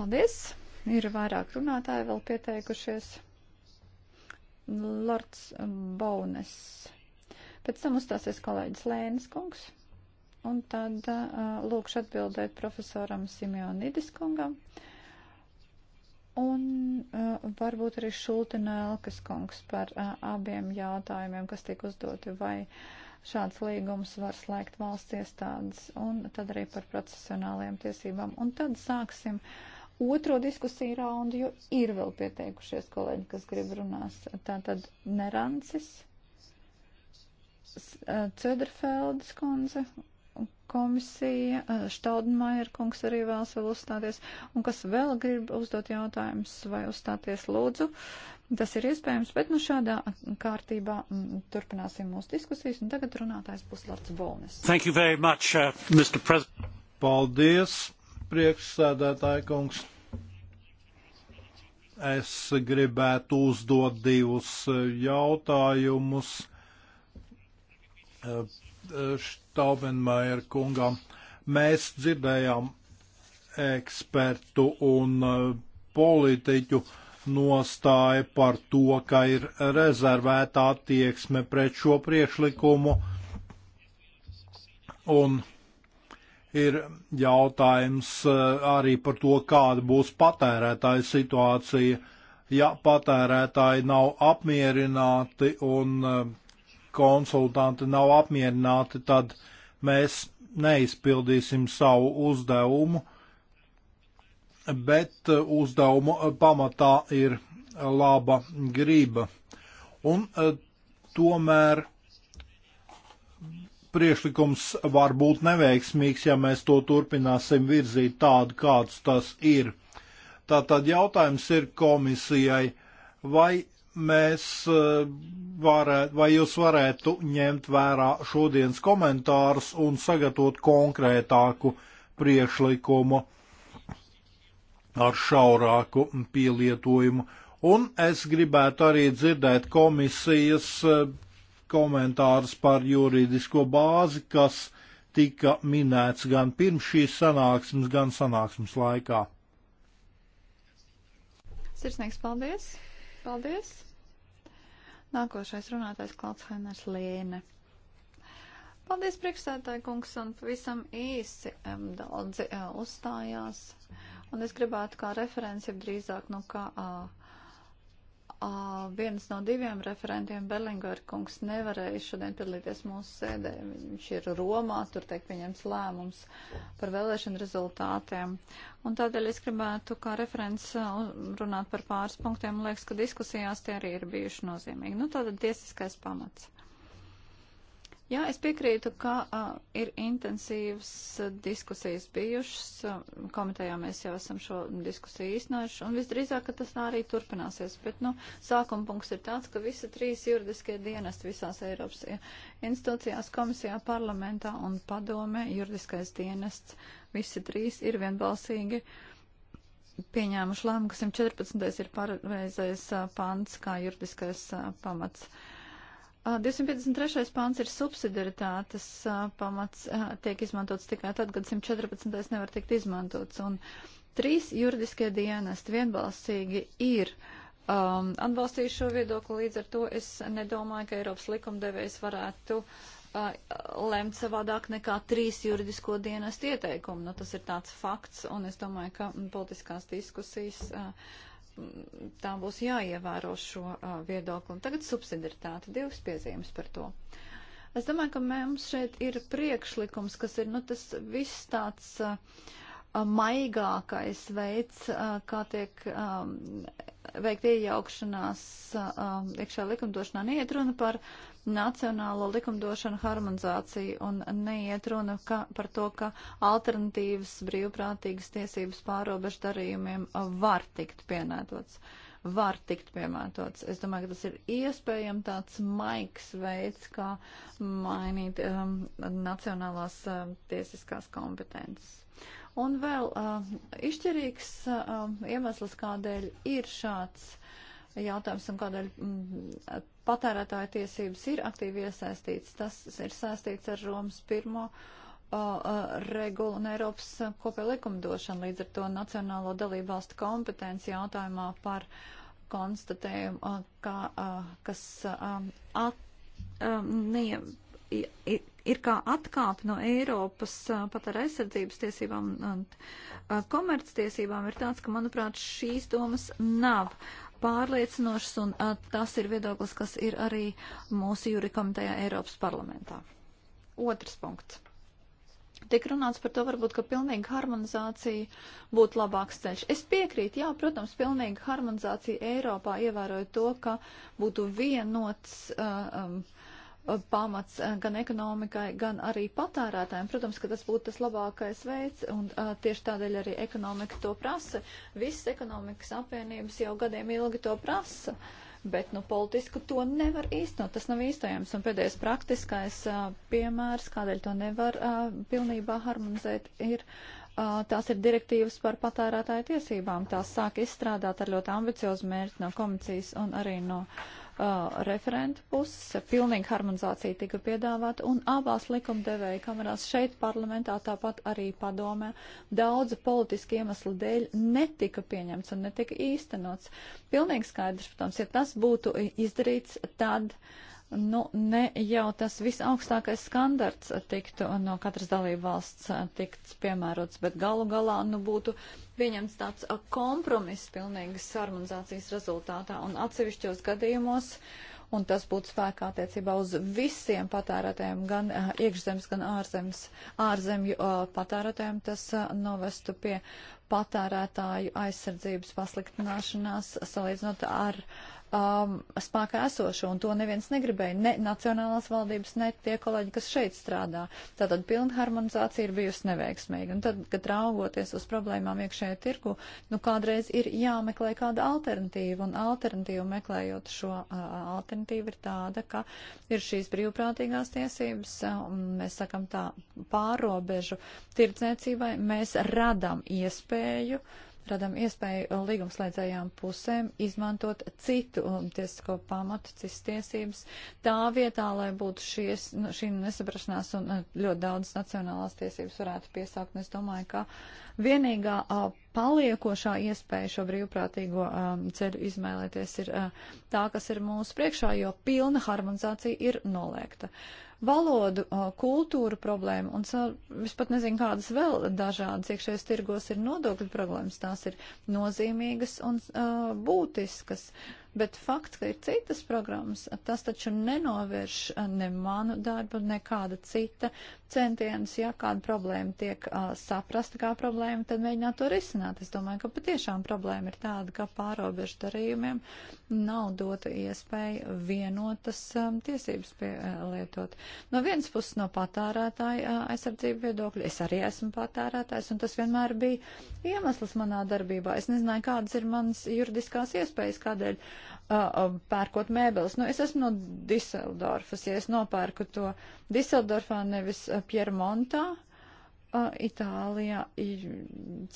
Paldies! Ir vairāk runātāji vēl pieteikušies. Lords Baunes. Pēc tam uzstāsies kolēģis Lēnis kungs. Un tad uh, lūkšu atbildēt profesoram Simeonidis kungam. Un uh, varbūt arī Šultenēlkas kungs par uh, abiem jautājumiem, kas tiek uzdoti, vai šāds līgums var slēgt valsts iestādes, un tad arī par procesionālajām tiesībām. Un tad sāksim uh, otro diskusiju raundu, jo ir vēl pieteikušies kolēģi, kas grib runās. Tātad Nerancis, Cederfeldes konze, komisija, Štaudenmajer kungs arī vēlas vēl uzstāties, un kas vēl grib uzdot jautājumus vai uzstāties lūdzu, tas ir iespējams, bet nu šādā kārtībā turpināsim mūsu diskusijas, un tagad runātājs būs Lārts Bolnis. Thank you very much, uh, Mr. President. Paldies, priekšsēdētāja kungs. Es gribētu uzdot divus jautājumus Štaubenmajer eh, kungam. Mēs dzirdējām ekspertu un eh, politiķu nostāja par to, ka ir rezervēta attieksme pret šo priekšlikumu. Un uh, ir jautājums eh, arī par to, kāda būs patērētāja situācija. Ja patērētāji nav apmierināti un eh, konsultanti nav apmierināti, tad mēs neizpildīsim savu uzdevumu, bet eh, uzdevumu pamatā ir laba grība. Un tomēr priekšlikums var būt neveiksmīgs, ja mēs to turpināsim virzīt tādu, kāds tas ir. Tātad jautājums ir komisijai, vai mēs eh, varētu, vai jūs varētu ņemt vērā šodienas komentārus un sagatavot konkrētāku priekšlikumu ar šaurāku pielietojumu. Un es gribētu arī dzirdēt komisijas eh, komentārus par juridisko bāzi, kas tika minēts gan pirms šīs sanāksmes, gan sanāksmes laikā. Sirsnīgs paldies! Paldies! Nākošais runātājs Klauds Hainers Liene. Paldies, priekšstādāji kungs, un pavisam īsi um, daudzi uh, uzstājās. Un es gribētu kā referenci, drīzāk, nu kā uh, uh, viens no diviem referentiem, Berlingori kungs, nevarēja šodien piedalīties mūsu sēdē. Viņš ir Romā, tur tiek pieņems lēmums par vēlēšanu rezultātiem. Un tādēļ es gribētu kā referents runāt par pāris punktiem. Man liekas, ka diskusijās tie arī ir bijuši nozīmīgi. Nu, tātad tiesiskais pamats. Jā, es piekrītu, ka uh, ir intensīvas diskusijas bijušas. Komitejā mēs jau esam šo diskusiju īstenojuši, un visdrīzāk, ka tas arī turpināsies. Bet, nu, sākuma punkts ir tāds, ka visi trīs juridiskie dienesti visās Eiropas institūcijās, komisijā, parlamentā un padome, juridiskais dienests, visi trīs ir vienbalsīgi pieņēmuši lēmumu, ka 114. ir pareizais pants kā juridiskais pamats. Uh, 253. pāns ir subsidiaritātes pamats, tiek izmantots tikai tad, kad 114. nevar tikt izmantots. Un trīs juridiskie dienesti vienbalsīgi ir um, atbalstījuši šo viedokli, līdz ar to es nedomāju, ka Eiropas likumdevējs varētu uh, lemt savādāk nekā trīs juridisko dienestu ieteikumu. Nu, tas ir tāds fakts, un es domāju, ka politiskās diskusijas. Uh, tām būs jāievēro šo uh, viedokli. Un tagad subsidiritāte, divas piezīmes par to. Es domāju, ka mums šeit ir priekšlikums, kas ir, nu, tas viss tāds uh, maigākais veids, uh, kā tiek um, veikt iejaukšanās uh, iekšā likumdošanā. Neiet runa par uh, nacionālo likumdošanu harmonizāciju un neiet runa ka, par to, ka alternatīvas brīvprātīgas tiesības pārobežu darījumiem var tikt pienētots. Var tikt piemērots. Es domāju, ka tas ir iespējams tāds maigs veids, kā mainīt um, nacionālās um, tiesiskās kompetences. Un vēl uh, izšķirīgs uh, um, iemesls, kādēļ ir šāds jautājums un kādēļ mm, patērētāja tiesības ir aktīvi iesaistīts. Tas ir saistīts ar Romas pirmo regulu un Eiropas kopē likumdošanu, līdz ar to Nacionālo dalību valstu kompetenci jautājumā par konstatējumu, ka, kas at, ne, ir kā atkāp no Eiropas patara aizsardzības tiesībām un komerctiesībām, ir tāds, ka, manuprāt, šīs domas nav pārliecinošas, un a, tas ir viedoklis, kas ir arī mūsu jūri komitejā Eiropas parlamentā. Otrs punkts. Tik runāts par to, varbūt, ka pilnīga harmonizācija būtu labāks ceļš. Es piekrītu, jā, protams, pilnīga harmonizācija Eiropā ievēroja to, ka būtu vienots uh, um, pamats eh, gan ekonomikai, gan arī patērētājiem. Protams, ka tas būtu tas labākais veids, un uh, tieši tādēļ arī ekonomika to prasa. Visas ekonomikas apvienības jau gadiem ilgi to prasa. Bet nu, politisku to nevar īstenot. Tas nav īstenojams. Un pēdējais praktiskais uh, piemērs, kādēļ to nevar uh, pilnībā harmonizēt, ir uh, tās ir direktīvas par patērētāju tiesībām. Tās sāk izstrādāt ar ļoti ambiciozu mērķi no komisijas un arī no uh, uh, referentu puses. Pilnīga harmonizācija tika piedāvāta un abās likumdevēja kamerās šeit parlamentā, tāpat arī padomē, daudzu politiski iemeslu dēļ netika pieņemts un netika īstenots. Pilnīgi skaidrs, protams, ja tas būtu izdarīts, tad. Uh, nu, ne jau tas visaugstākais standarts tiktu no katras dalību valsts eh, tikts piemērots, bet galu galā nu, būtu pieņemts tāds eh, kompromiss pilnīgas harmonizācijas rezultātā un atsevišķos gadījumos. Un tas būtu spēkā attiecībā uz visiem patērētājiem, gan uh, iekšzemes, gan ārzemes, ārzemju uh, patērētājiem. Tas uh, novestu pie patērētāju aizsardzības pasliktināšanās salīdzinot ar uh, um, spēkā esošo, un to neviens negribēja. Ne nacionālās valdības, ne tie kolēģi, kas šeit strādā. Tātad pilna harmonizācija ir bijusi neveiksmīga. Un tad, kad raugoties uz problēmām iekšējā tirgu, nu kādreiz ir jāmeklē kāda alternatīva, un alternatīva meklējot šo uh, alternatīvu ir tāda, ka ir šīs brīvprātīgās tiesības, uh, un mēs sakam tā pārobežu tirdzniecībai, mēs radam iespēju, uh, radām iespēju uh, līgumslēdzējām pusēm izmantot citu um, tiesisko pamatu, citas tiesības, tā vietā, lai būtu šies, nu, šī nesaprašanās un uh, ļoti daudz nacionālās tiesības varētu piesākt. Un es domāju, ka vienīgā a, uh, paliekošā iespēja šo brīvprātīgo a, um, ceļu izmēlēties ir a, tā, kas ir mūsu priekšā, jo pilna harmonizācija ir noliekta. Uh, valodu, kultūru problēmu, un es pat nezinu, kādas vēl dažādas iekšējos tirgos ir nodokļu problēmas. Tās ir nozīmīgas un būtiskas. Bet fakts, ka ir citas programmas, tas taču nenovērš eh, ne manu darbu, ne kāda cita centienus. Ja kāda problēma tiek uh, eh, saprasta kā problēma, tad mēģināt to risināt. Es domāju, ka patiešām problēma ir tāda, ka pārobežu darījumiem nav dota iespēja vienotas um, tiesības pielietot. No vienas puses no patārētāja uh, aizsardzību viedokļa, es arī esmu patērētājs, un tas vienmēr bija iemesls manā darbībā. Es nezināju, kādas ir manas juridiskās iespējas, kādēļ Uh, uh, pērkot mēbeles. Nu, es esmu no Diseldorfas, ja es nopērku to Diseldorfā, nevis uh, Piermontā. Uh, Itālijā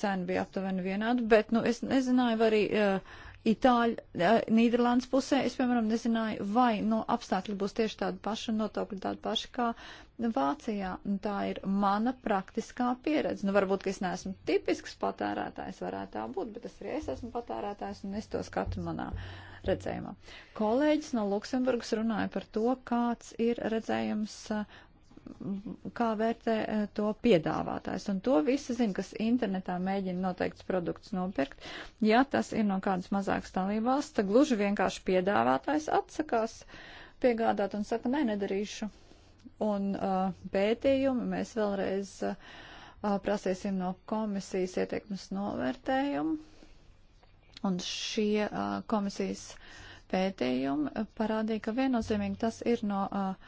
cena bija aptuveni vienāda, bet, nu, es nezināju, vai arī uh, Itāļu, uh, Nīderlandes pusē, es, piemēram, nezināju, vai no apstākļi būs tieši tādi paši un notokļi tādi paši kā Vācijā. Un tā ir mana praktiskā pieredze. Nu, varbūt, ka es neesmu tipisks patērētājs, varētu tā būt, bet es arī es esmu patērētājs un es to skatu manā uh, redzējumā. Kolēģis no Luksemburgas runāja par to, kāds ir redzējums, kā vērtē e, to piedāvātājs. Un to visi zina, kas internetā mēģina noteikts produkts nopirkt. Ja tas ir no kādas mazākas dalībvalsts, tad gluži vienkārši piedāvātājs atsakās piegādāt un saka, nē, nedarīšu. Un uh, pētījumi mēs vēlreiz uh, prasīsim no komisijas ieteikumus novērtējumu Un šie uh, komisijas pētījumi parādīja, ka viennozīmīgi tas ir no uh,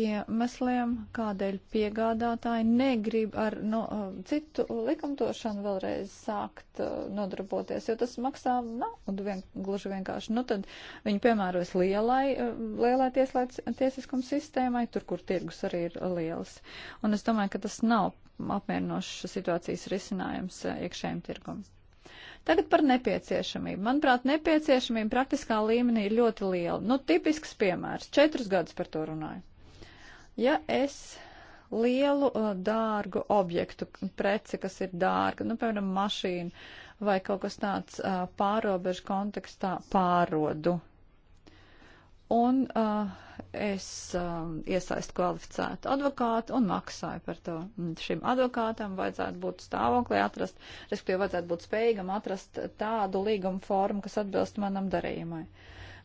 iemesliem, kādēļ piegādātāji negrib ar no, nu, uh, citu likumdošanu vēlreiz sākt uh, nodarboties, jo tas maksā naudu vien, gluži vienkārši. Nu tad viņi piemērojas lielai, uh, lielai tieslēts, tiesiskuma sistēmai, tur, kur tirgus arī ir liels. Un es domāju, ka tas nav apmierinošs situācijas risinājums iekšējiem tirgumam. Tagad par nepieciešamību. Manuprāt, nepieciešamība praktiskā līmenī ir ļoti liela. Nu, tipisks piemērs. Četrus gadus par to runāju. Ja es lielu uh, dārgu objektu, preci, kas ir dārga, nu, piemēram, mašīna vai kaut kas tāds uh, pārobežu kontekstā pārodu Un uh, es uh, iesaistu kvalificētu advokātu un maksāju par to. Un šim advokātam vajadzētu būt stāvoklī atrast, respektīvi vajadzētu būt spējīgam atrast tādu līgumu formu, kas atbilst manam darījumai.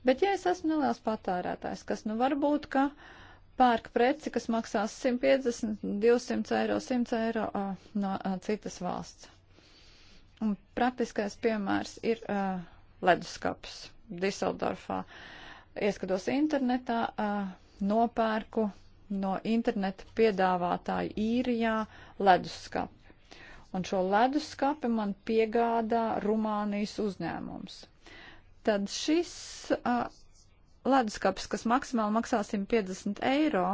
Bet ja es esmu neliels patērētājs, kas nu varbūt, ka uh, pērk preci, kas maksās 150, 200 eiro, 100 eiro uh, no uh, citas valsts. Un praktiskais piemērs ir uh, leduskaps Diseldorfā. Uh, Ieskatos internetā, nopērku no interneta piedāvātāju īrijā leduskapi. Un šo leduskapi man piegādā Rumānijas uzņēmums. Tad šis uh, leduskapis, kas maksimāli maksā 150 eiro,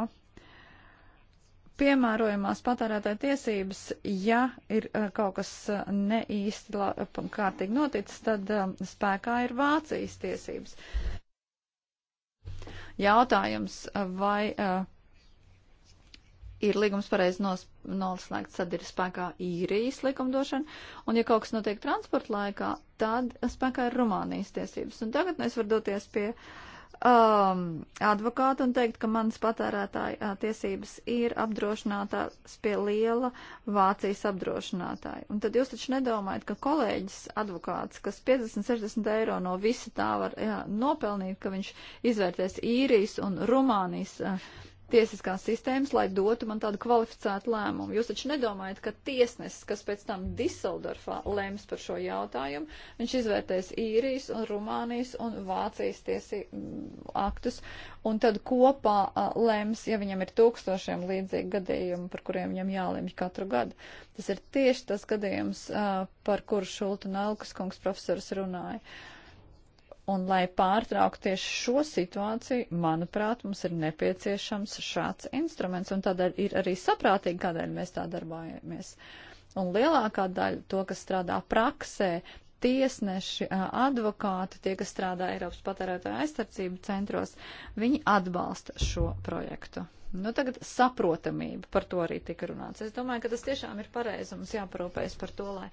piemērojumās patērētāja tiesības, ja ir uh, kaut kas uh, neīsti kārtīgi noticis, tad uh, spēkā ir Vācijas tiesības. Jautājums, vai uh, ir līgums pareizi noslēgts, tad ir spēkā īrijas likumdošana, un ja kaut kas notiek transporta laikā, tad spēkā ir Rumānijas tiesības. Un tagad mēs var doties pie uh, um, advokātu un teikt, ka manas patērētāja uh, tiesības ir apdrošinātās pie liela Vācijas apdrošinātāja. Un tad jūs taču nedomājat, ka kolēģis advokāts, kas 50-60 eiro no visa tā var jā, nopelnīt, ka viņš izvērties īrijas un Rumānijas uh, tiesiskās sistēmas, lai dotu man tādu kvalificētu lēmumu. Jūs taču nedomājat, ka tiesnesis, kas pēc tam Diseldorfā lems par šo jautājumu, viņš izvērtēs īrijas un Rumānijas un Vācijas tiesi mm, aktus un tad kopā uh, lems, ja viņam ir tūkstošiem līdzīgi gadījumi, par kuriem viņam jālemj katru gadu. Tas ir tieši tas gadījums, uh, par kuru Šulta Nelkas kungs profesors runāja. Uh, Un, lai pārtrauktu tieši šo situāciju, manuprāt, mums ir nepieciešams šāds instruments, un tādēļ ir arī saprātīgi, kādēļ mēs tā darbojamies. Un lielākā daļa to, kas strādā praksē, tiesneši, advokāti, tie, kas strādā Eiropas patērētāju aizsardzību centros, viņi atbalsta šo projektu. Nu, tagad saprotamība, par to arī tika runāts. Es domāju, ka tas tiešām ir pareizi, mums jāparūpējas par to, lai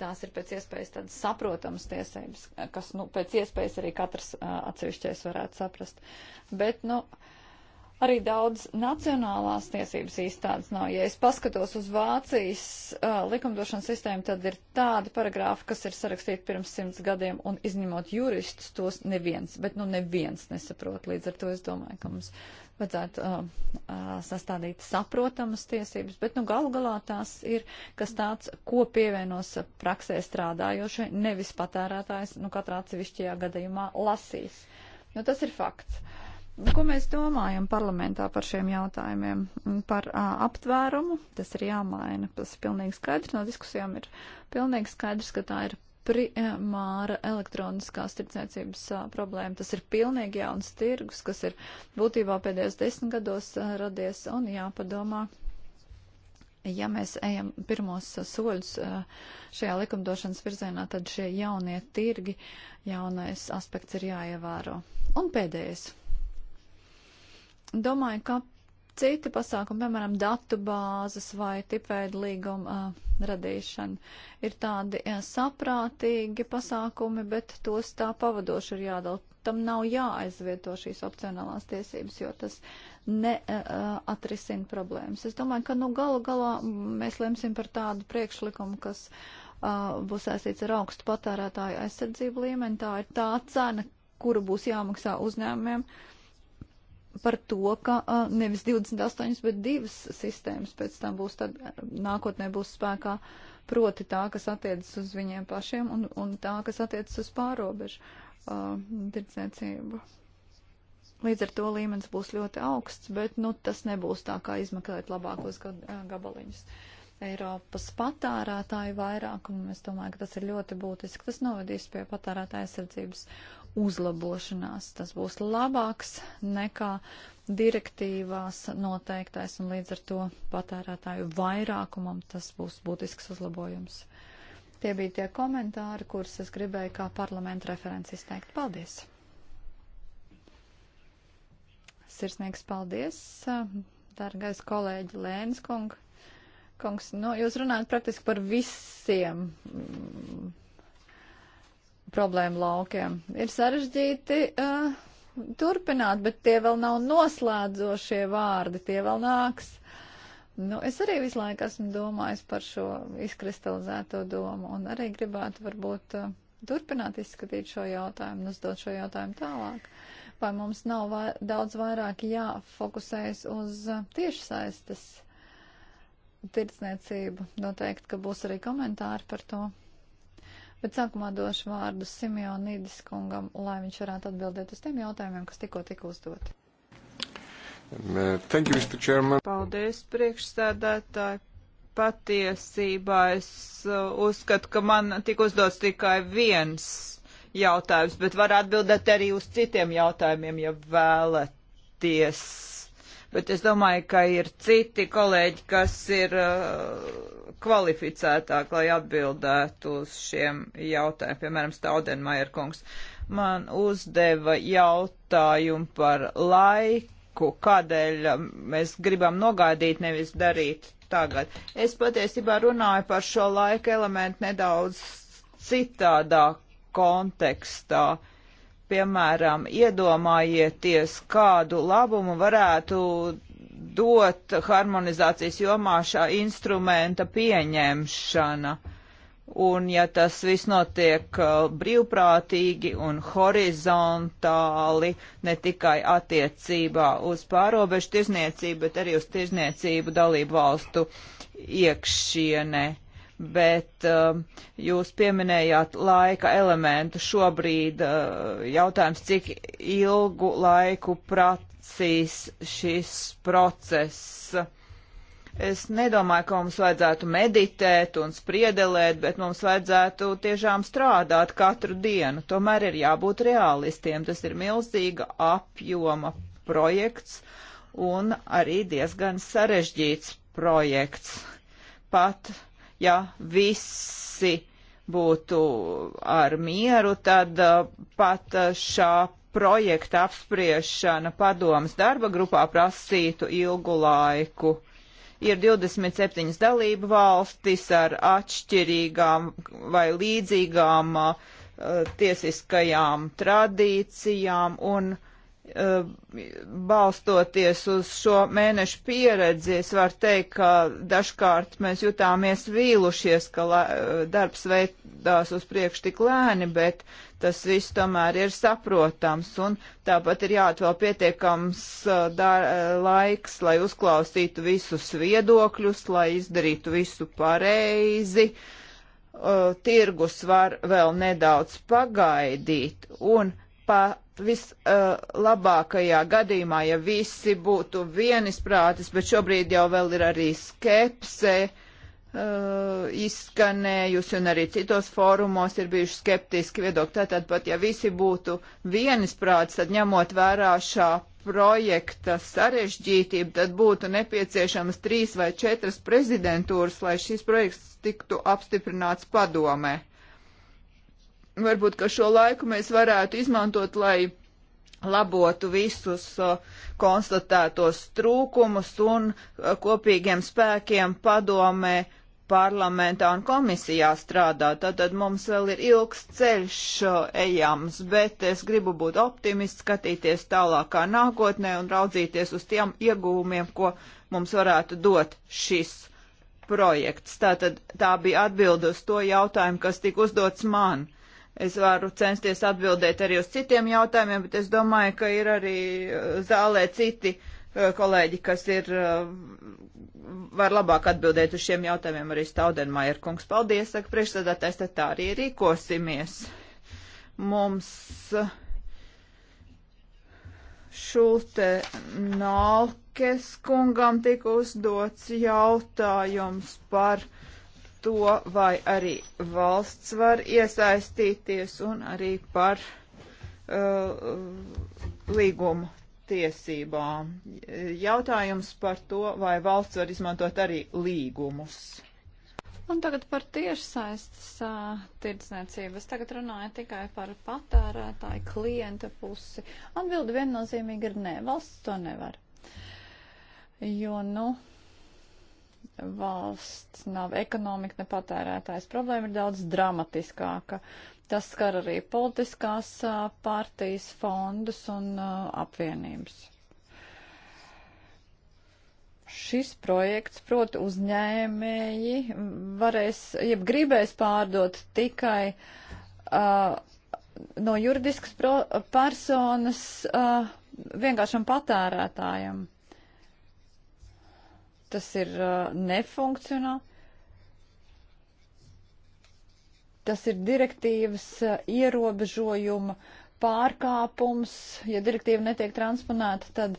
tās ir pēc iespējas tādas saprotamas tiesības, kas, nu, pēc iespējas arī katrs uh, atsevišķais varētu saprast. Bet, nu, arī daudz nacionālās tiesības īstādas nav. Ja es paskatos uz Vācijas uh, likumdošanas sistēmu, tad ir tādi paragrāfi, kas ir sarakstīti pirms simts gadiem, un izņemot juristus, tos neviens, bet nu neviens nesaprot. Līdz ar to es domāju, ka mums vajadzētu uh, sastādīt saprotamas tiesības, bet nu galu galā tās ir kas tāds, ko pievienos praksē strādājošie, nevis patērētājs, nu katrā atsevišķajā gadījumā lasīs. Nu tas ir fakts. Ko mēs domājam parlamentā par šiem jautājumiem? Par a, aptvērumu tas ir jāmaina. Tas ir pilnīgi skaidrs. No diskusijām ir pilnīgi skaidrs, ka tā ir primāra elektroniskās tirdzniecības problēma. Tas ir pilnīgi jauns tirgus, kas ir būtībā pēdējos desmit gados a, radies un jāpadomā. Ja mēs ejam pirmos a, soļus a, šajā likumdošanas virzienā, tad šie jaunie tirgi, jaunais aspekts ir jāievēro. Un pēdējais. Domāju, ka citi pasākumi, piemēram, datu bāzes vai tipveida līguma uh, radīšana, ir tādi uh, saprātīgi pasākumi, bet tos tā pavadoši ir jādala. Tam nav jāaizvieto šīs opcionālās tiesības, jo tas neatrisina uh, problēmas. Es domāju, ka nu galu galā mēs lemsim par tādu priekšlikumu, kas uh, būs saistīts ar augstu patērētāju aizsardzību līmeni. Tā ir tā cena, kuru būs jāmaksā uzņēmumiem. Uh, par to, ka nevis 28, bet divas sistēmas pēc tam būs tad nākotnē būs spēkā, proti tā, kas attiecas uz viņiem pašiem un, un tā, kas attiecas uz pārobežu uh, tirdzniecību. Līdz ar to līmenis būs ļoti augsts, bet nu, tas nebūs tā, kā izmeklēt labākos gabaliņus. Eiropas patērētāju vairākumu. Es domāju, ka tas ir ļoti būtiski. Tas novedīs pie patērētāja aizsardzības uzlabošanās. Tas būs labāks nekā direktīvās noteiktais, un līdz ar to patērētāju vairākumam tas būs būtisks uzlabojums. Tie bija tie komentāri, kurus es gribēju kā parlamenta referents izteikt. Paldies! Sirsnīgs paldies, dargais kolēģi Lēns kung. kungs. Nu, jūs runājat praktiski par visiem problēmu laukiem. Ir sarežģīti uh, turpināt, bet tie vēl nav noslēdzošie vārdi, tie vēl nāks. Nu, es arī visu laiku esmu domājis par šo izkristalizēto domu un arī gribētu varbūt uh, turpināt izskatīt šo jautājumu un uzdot šo jautājumu tālāk. Vai mums nav vai, daudz vairāk jāfokusējas uz uh, tiešsaistes tirdzniecību? Noteikti, ka būs arī komentāri par to. Bet sākumā došu vārdu Simeonīdis kungam, lai viņš varētu atbildēt uz tiem jautājumiem, kas tikko tika uzdot. Um, uh, thank you, Mr. Chairman. Paldies, priekšsēdētāji. Patiesībā es uh, uzskatu, ka man tika uzdots tikai viens jautājums, bet var atbildēt arī uz citiem jautājumiem, ja vēlaties bet es domāju, ka ir citi kolēģi, kas ir uh, kvalificētāk, lai atbildētu uz šiem jautājumiem, piemēram, Staudenmajer kungs. Man uzdeva jautājumu par laiku, kādēļ mēs gribam nogaidīt, nevis darīt tagad. Es patiesībā runāju par šo laika elementu nedaudz citādā kontekstā. Uh, Piemēram, iedomājieties, kādu labumu varētu dot harmonizācijas jomā šā instrumenta pieņemšana. Un ja tas viss notiek uh, brīvprātīgi un horizontāli, ne tikai attiecībā uz pārobežu tirzniecību, bet arī uz tirzniecību dalību valstu iekšienē bet um, jūs pieminējāt laika elementu. Šobrīd uh, jautājums, cik ilgu laiku pracīs šis process. Es nedomāju, ka mums vajadzētu meditēt un spriedelēt, bet mums vajadzētu tiešām strādāt katru dienu. Tomēr ir jābūt realistiem. Tas ir milzīga apjoma projekts un arī diezgan sarežģīts projekts. Pat ja visi būtu ar mieru, tad uh, pat uh, šā projekta apspriešana padomas darba grupā prasītu ilgu laiku. Ir 27 dalību valstis ar atšķirīgām vai līdzīgām uh, tiesiskajām tradīcijām un uh, Uh, balstoties uz šo mēnešu pieredzi, es varu teikt, ka dažkārt mēs jutāmies vīlušies, ka uh, darbs veidās uz priekšu tik lēni, bet tas viss tomēr ir saprotams. Un tāpat ir jāatvēl pietiekams uh, laiks, lai uzklausītu visus viedokļus, lai izdarītu visu pareizi. Uh, tirgus var vēl nedaudz pagaidīt un pa vislabākajā uh, gadījumā, ja visi būtu vienisprātis, bet šobrīd jau vēl ir arī skepse uh, izskanējusi un arī citos fórumos ir bijuši skeptiski viedokļi. Tātad pat ja visi būtu vienisprātis, tad ņemot vērā šā projekta sarežģītību, tad būtu nepieciešamas trīs vai četras prezidentūras, lai šis projekts tiktu apstiprināts padomē varbūt, ka šo laiku mēs varētu izmantot, lai labotu visus uh, konstatētos trūkumus un uh, kopīgiem spēkiem padomē, parlamentā un komisijā strādā. Tātad mums vēl ir ilgs ceļš uh, ejams, bet es gribu būt optimists, skatīties tālākā nākotnē un raudzīties uz tiem iegūmiem, ko mums varētu dot šis projekts. Tātad tā bija atbilde uz to jautājumu, kas tika uzdots man. Uh, Es varu censties atbildēt arī uz citiem jautājumiem, bet es domāju, ka ir arī uh, zālē citi uh, kolēģi, kas ir, uh, var labāk atbildēt uz šiem jautājumiem arī Staudenmajer kungs. Paldies, saka priekšsēdētājs, tad tā arī rīkosimies. Mums Šulte Nalkes kungam tika uzdots jautājums par to, vai arī valsts var iesaistīties un arī par uh, līgumu tiesībām. Jautājums par to, vai valsts var izmantot arī līgumus. Un tagad par tiešsaistes uh, tirdzniecības. Tagad runāju tikai par patērētāju klienta pusi. Atbildi viennozīmīgi ir nē, valsts to nevar. Jo, nu, valsts nav ekonomika, ne patērētājs. Problēma ir daudz dramatiskāka. Tas skar arī politiskās partijas fondus un apvienības. Šis projekts, proti, uzņēmēji varēs, jeb gribēs pārdot tikai uh, no juridiskas pro, personas uh, vienkāršam patērētājam tas ir uh, nefunkcionāli. Tas ir direktīvas uh, ierobežojuma pārkāpums. Ja direktīva netiek transponēta, tad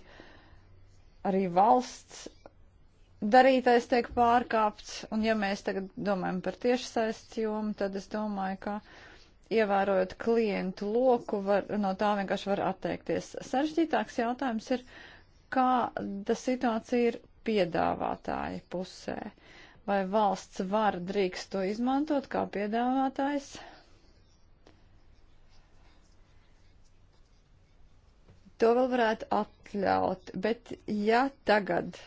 arī valsts darītais tiek pārkāpts. Un ja mēs tagad domājam par tiešsaistes jomu, tad es domāju, ka ievērojot klientu loku, var, no tā vienkārši var atteikties. Saržģītāks jautājums ir, kāda situācija ir piedāvātāja pusē. Vai valsts var drīkst to izmantot kā piedāvātājs? To vēl varētu atļaut, bet ja tagad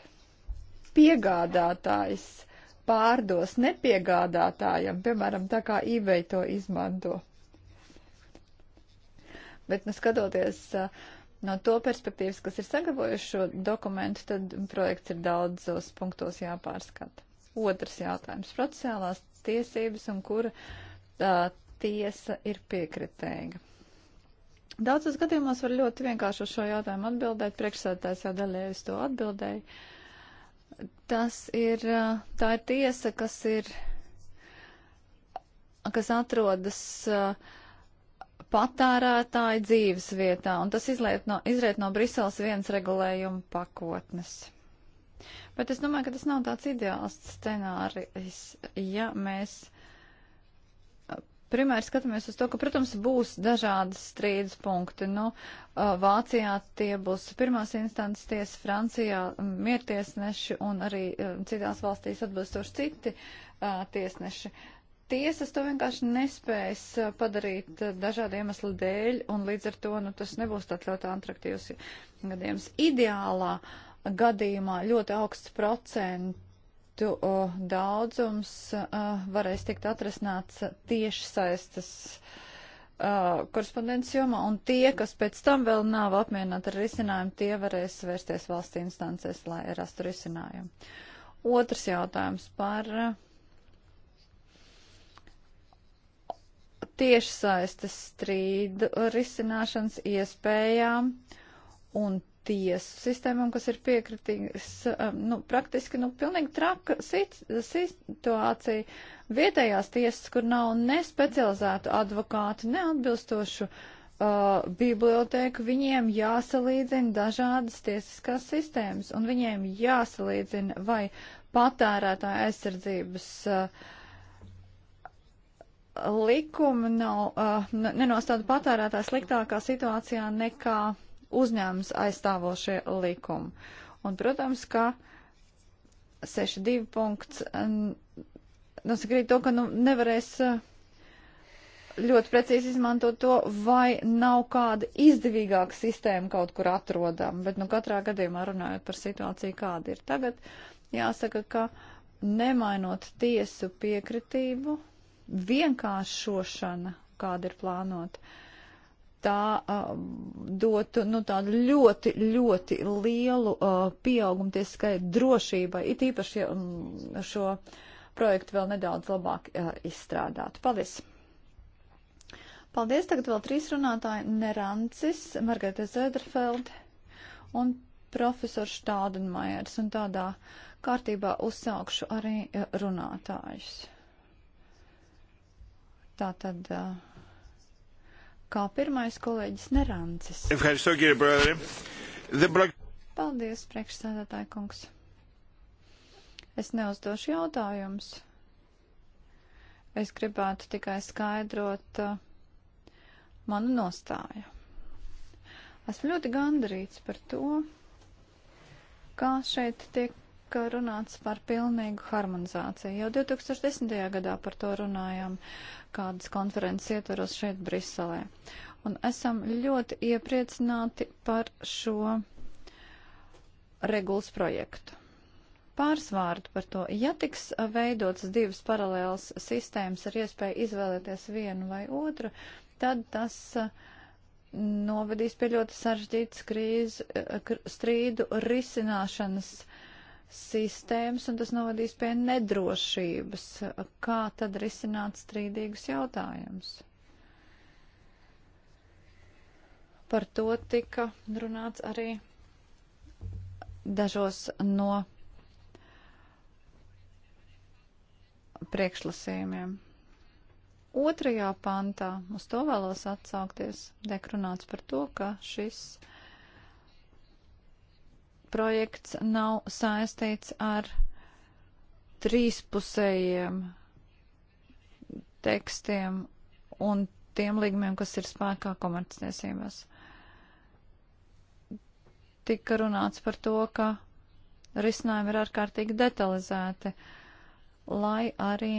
piegādātājs pārdos nepiegādātājam, piemēram, tā kā eBay to izmanto. Bet, nu, skatoties uh, no to perspektīvas, kas ir sagatavojuši šo dokumentu, tad projekts ir daudzos punktos jāpārskata. Otrs jautājums - procesuālās tiesības un kura tā, tiesa ir piekritēga. Daudzos gadījumos var ļoti vienkārši uz šo jautājumu atbildēt, priekšsētājs jau daļēji uz to atbildēja. Tas ir, tā ir tiesa, kas ir, kas atrodas uh, patērētāja dzīves vietā, un tas izliet no, izriet no Briseles viens regulējuma pakotnes. Bet es domāju, ka tas nav tāds ideāls scenārijs, ja mēs uh, primēri skatāmies uz to, ka, protams, būs dažādas strīdus punkti. Nu, uh, Vācijā tie būs pirmās instances tiesa, Francijā mm, miertiesneši un arī uh, citās valstīs atbilstoši citi uh, tiesneši. Uh, tiesas to vienkārši nespējas padarīt dažādu iemeslu dēļ, un līdz ar to nu, tas nebūs tāds ļoti atraktīvs gadījums. Ideālā gadījumā ļoti augsts procentu uh, daudzums uh, varēs tikt atrasināts tieši saistas uh, korespondences jomā, un tie, kas pēc tam vēl nav apmierināti ar risinājumu, tie varēs vērsties valsts instancēs, lai rastu risinājumu. Otrs jautājums par uh, tiešsaistes strīdu risināšanas iespējām un tiesu sistēmām, kas ir piekritīgas, um, nu, praktiski, nu, pilnīgi traka situācija vietējās tiesas, kur nav ne specializētu advokātu, ne atbilstošu uh, bibliotēku, viņiem jāsalīdzina dažādas tiesiskās sistēmas, un viņiem jāsalīdzina, vai patērētāja aizsardzības uh, likumi nav, uh, nenostāda patērētā sliktākā situācijā nekā uzņēmums aizstāvošie likumi. Un, protams, ka 6.2 punkts nosakrīt nu, to, ka nu, nevarēs uh, ļoti precīzi izmantot to, vai nav kāda izdevīgāka sistēma kaut kur atrodama, bet nu katrā gadījumā runājot par situāciju, kāda ir tagad, jāsaka, ka nemainot tiesu piekritību, vienkāršošana, kāda ir plānota, tā uh, dotu nu, tādu ļoti, ļoti lielu uh, pieaugumu tieskai drošībai, it īpaši ja, um, šo projektu vēl nedaudz labāk uh, izstrādātu. Paldies! Paldies! Tagad vēl trīs runātāji - Nerancis, Margarita Zederfeld un profesors Štādenmajers. Un tādā kārtībā uzsākšu arī runātājus. Tā tad, kā pirmais kolēģis Nerancis. Paldies, priekšsēdētāji kungs. Es neuzdošu jautājumus. Es gribētu tikai skaidrot uh, manu nostāju. Esmu ļoti gandarīts par to, kā šeit tiek tiek runāts par pilnīgu harmonizāciju. Jau 2010. gadā par to runājām kādas konferences ietvaros šeit Briselē. Un esam ļoti iepriecināti par šo regulas projektu. Pāris vārdu par to. Ja tiks veidotas divas paralēlas sistēmas ar iespēju izvēlēties vienu vai otru, tad tas uh, novedīs pie ļoti sarežģītas krīzes, uh, strīdu risināšanas uh, sistēmas, un tas novadīs pie nedrošības. Kā tad risināt strīdīgus jautājumus? Par to tika runāts arī dažos no priekšlasījumiem. Otrajā pantā, uz to vēlos atsaukties, tiek runāts par to, ka šis uh, projekts nav saistīts ar trīspusējiem tekstiem un tiem līgumiem, kas ir spēkā komerctiesībās. Tika runāts par to, ka risinājumi ir ārkārtīgi detalizēti, lai arī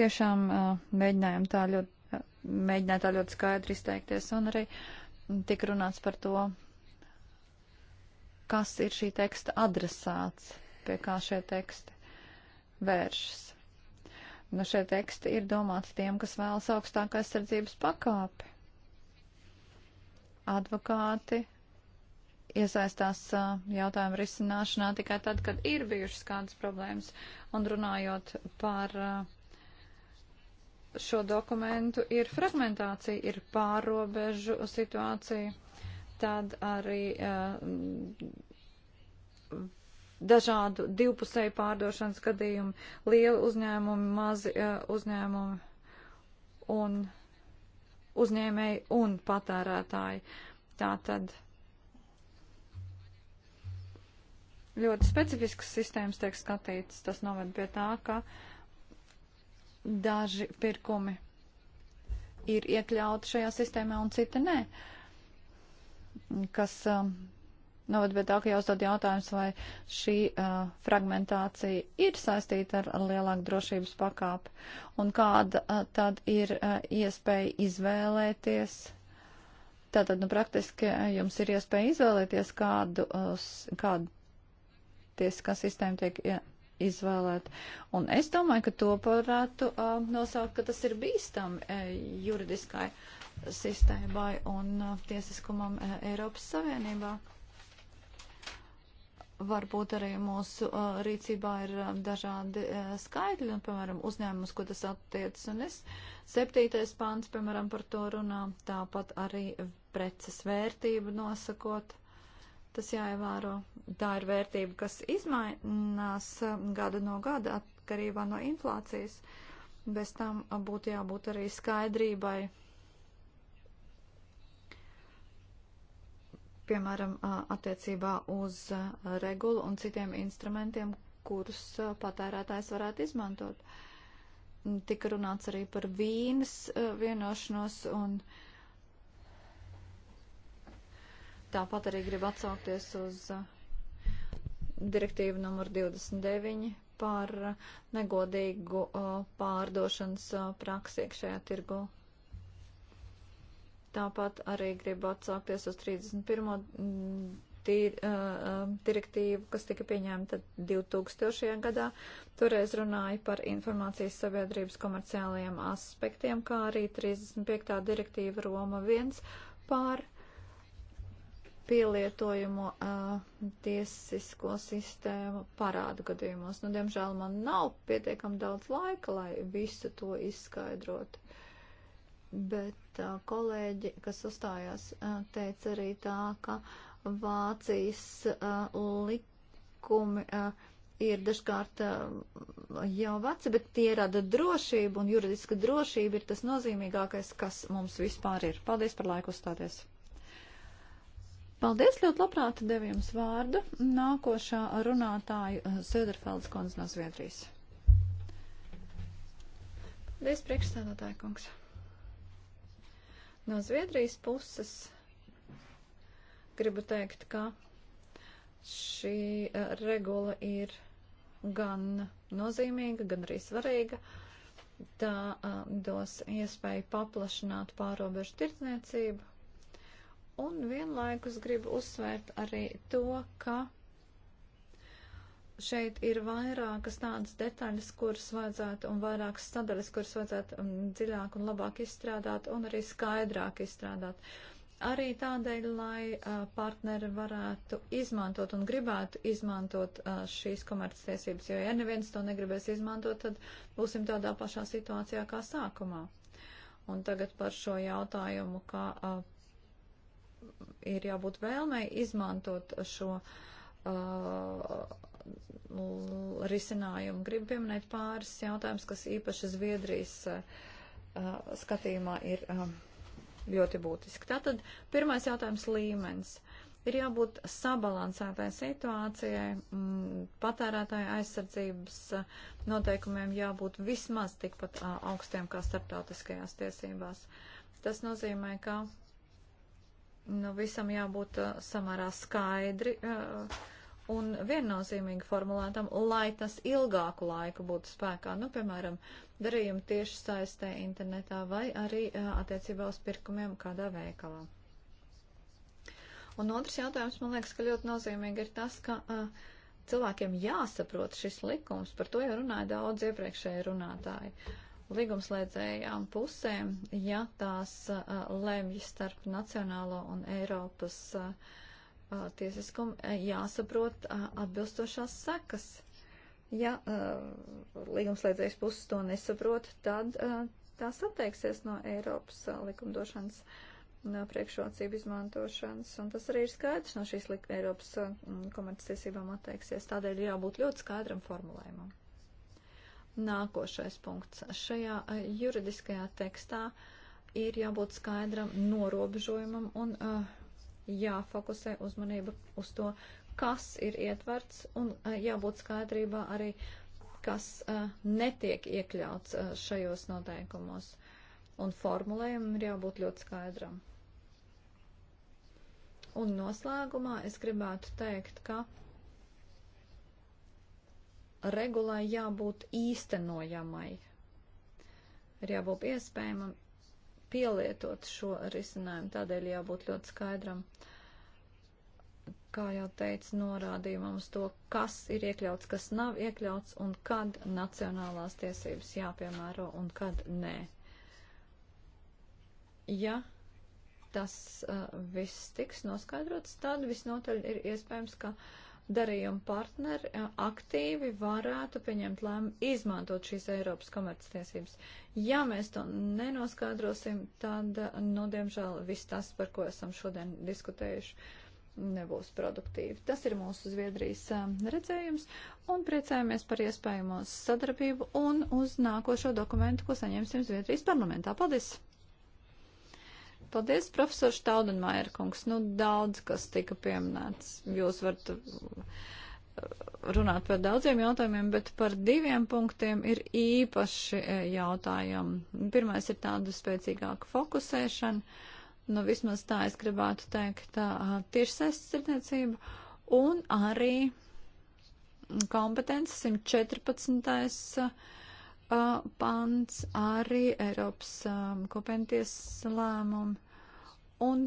tiešām uh, mēģinājām tā ļoti mēģināju tā ļoti skaidri izteikties, un arī tik runāts par to, kas ir šī teksta adresāts, pie kā šie teksti vēršas. Nu, šie teksti ir domāti tiem, kas vēlas augstāku aizsardzības pakāpi. Advokāti iesaistās jautājumu risināšanā tikai tad, kad ir bijušas kādas problēmas. Un runājot par uh, šo dokumentu ir fragmentācija, ir pārobežu situācija, tad arī uh, dažādu divpusēju pārdošanas gadījumi, lieli uzņēmumi, mazi uh, uzņēmumi un uzņēmēji un patērētāji. Tā tad ļoti specifisks sistēmas tiek skatīts, tas noved pie tā, ka uh, daži pirkumi ir iekļauti šajā sistēmā un citi nē. Kas um, novad nu, pie tā, ka jāuzdod jautājums, vai šī uh, fragmentācija ir saistīta ar, ar lielāku drošības pakāpi un kāda uh, tad ir uh, iespēja izvēlēties. Tātad, nu, praktiski uh, jums ir iespēja izvēlēties kādu, uh, kādu tiesiskā sistēma tiek. Ja, izvēlēt. Un es domāju, ka to varētu uh, nosaukt, ka tas ir bīstami uh, juridiskai sistēmai un uh, tiesiskumam uh, Eiropas Savienībā. Varbūt arī mūsu uh, rīcībā ir uh, dažādi uh, skaitļi, un, piemēram, uzņēmums, ko tas attiecas, un es septītais pāns, piemēram, par to runā, tāpat arī preces vērtību nosakot Tas jāievēro. Tā ir vērtība, kas izmainās eh, gada no gada atkarībā no inflācijas. Bez tam eh, būtu jābūt arī skaidrībai. Piemēram, eh, attiecībā uz regulu un citiem instrumentiem, kurus patērētājs varētu izmantot. Tika runāts arī par vīnas vienošanos un uh, Tāpat arī gribu atsaukties uz uh, direktīvu numur 29 par uh, negodīgu uh, pārdošanas praksi iekšējā tirgu. Tāpat arī gribu atsaukties uz 31. Mm, tīr, uh, direktīvu, kas tika pieņemta 2000. gadā. Toreiz runāja par informācijas sabiedrības komerciālajiem aspektiem, kā arī 35. direktīva Roma 1 par pielietojumu uh, tiesisko sistēmu parādu gadījumos. Nu, diemžēl man nav pietiekam daudz laika, lai visu to izskaidrotu. Bet uh, kolēģi, kas uzstājās, uh, teica arī tā, ka Vācijas uh, likumi uh, ir dažkārt uh, jau veci, bet tie rada drošību, un juridiska drošība ir tas nozīmīgākais, kas mums vispār ir. Paldies par laiku uzstāties! Paldies, ļoti labprāt devu jums vārdu. Nākošā runātāja eh, Söderfelds kundze no Zviedrijas. Paldies, priekšstādātāja kungs. No Zviedrijas puses gribu teikt, ka šī eh, regula ir gan nozīmīga, gan arī svarīga. Tā a, eh, dos iespēju paplašināt pārobežu tirdzniecību. Un vienlaikus gribu uzsvērt arī to, ka šeit ir vairākas tādas detaļas, kuras vajadzētu, un vairākas sadaļas, kuras vajadzētu um, dziļāk un labāk izstrādāt, un arī skaidrāk izstrādāt. Arī tādēļ, lai uh, partneri varētu izmantot un gribētu izmantot uh, šīs komerctiesības, jo ja neviens to negribēs izmantot, tad būsim tādā pašā situācijā kā sākumā. Un tagad par šo jautājumu, kā uh, ir jābūt vēlmei izmantot šo uh, risinājumu. Gribu pieminēt pāris jautājumus, kas īpaši Zviedrijas uh, skatījumā ir uh, ļoti būtiski. Tātad pirmais jautājums - līmenis. Ir jābūt sabalansētai situācijai, m, mm, patērētāja aizsardzības uh, noteikumiem jābūt vismaz tikpat uh, augstiem kā starptautiskajās tiesībās. Tas nozīmē, ka nu, visam jābūt uh, samērā skaidri uh, un viennozīmīgi formulētam, lai tas ilgāku laiku būtu spēkā. Nu, piemēram, darījumi tieši saistē internetā vai arī uh, attiecībā uz pirkumiem kādā veikalā. Un otrs jautājums, man liekas, ka ļoti nozīmīgi ir tas, ka uh, cilvēkiem jāsaprot šis likums, par to jau runāja daudz iepriekšēji runātāji. Uh, līgumslēdzējām pusēm, ja tās lemj starp nacionālo un Eiropas tiesiskumu, jāsaprot atbilstošās sekas. Ja līgumslēdzējas puses to nesaprot, tad tās atteiksies no Eiropas likumdošanas priekšrocību izmantošanas, un tas arī ir skaidrs no šīs Eiropas komerctiesībām atteiksies. Tādēļ jābūt ļoti skaidram formulējumam. Nākošais punkts. Šajā eh, juridiskajā tekstā ir jābūt skaidram norobežojumam un uh, jāfokusē uzmanība uz to, kas ir ietverts un uh, jābūt skaidrībā arī, kas uh, netiek iekļauts uh, šajos noteikumos. Un formulējumam ir jābūt ļoti skaidram. Un noslēgumā es gribētu teikt, ka regulai jābūt īstenojamai. Ir jābūt iespējamam pielietot šo risinājumu, tādēļ jābūt ļoti skaidram, kā jau teicu, norādījumam uz to, kas ir iekļauts, kas nav iekļauts un kad nacionālās tiesības jāpiemēro un kad nē. Ja tas uh, viss tiks noskaidrots, tad visnotaļ ir iespējams, ka uh, darījuma partneri aktīvi varētu pieņemt lēmumu izmantot šīs Eiropas komerctiesības. Ja mēs to nenoskaidrosim, tad, nu, diemžēl, viss tas, par ko esam šodien diskutējuši, nebūs produktīvi. Tas ir mūsu Zviedrijas redzējums un priecājamies par iespējamo sadarbību un uz nākošo dokumentu, ko saņemsim Zviedrijas parlamentā. Paldies! Paldies, profesor Štaudenmaier kungs. Nu, daudz, kas tika pieminēts. Jūs varat uh, runāt par daudziem jautājumiem, bet par diviem punktiem ir īpaši uh, jautājumi. Pirmais ir tāda spēcīgāka fokusēšana, nu vismaz tā es gribētu teikt, uh, tieši saistsardniecība un arī kompetences 114 uh, pants, arī Eiropas um, kopienties lēmumu. Un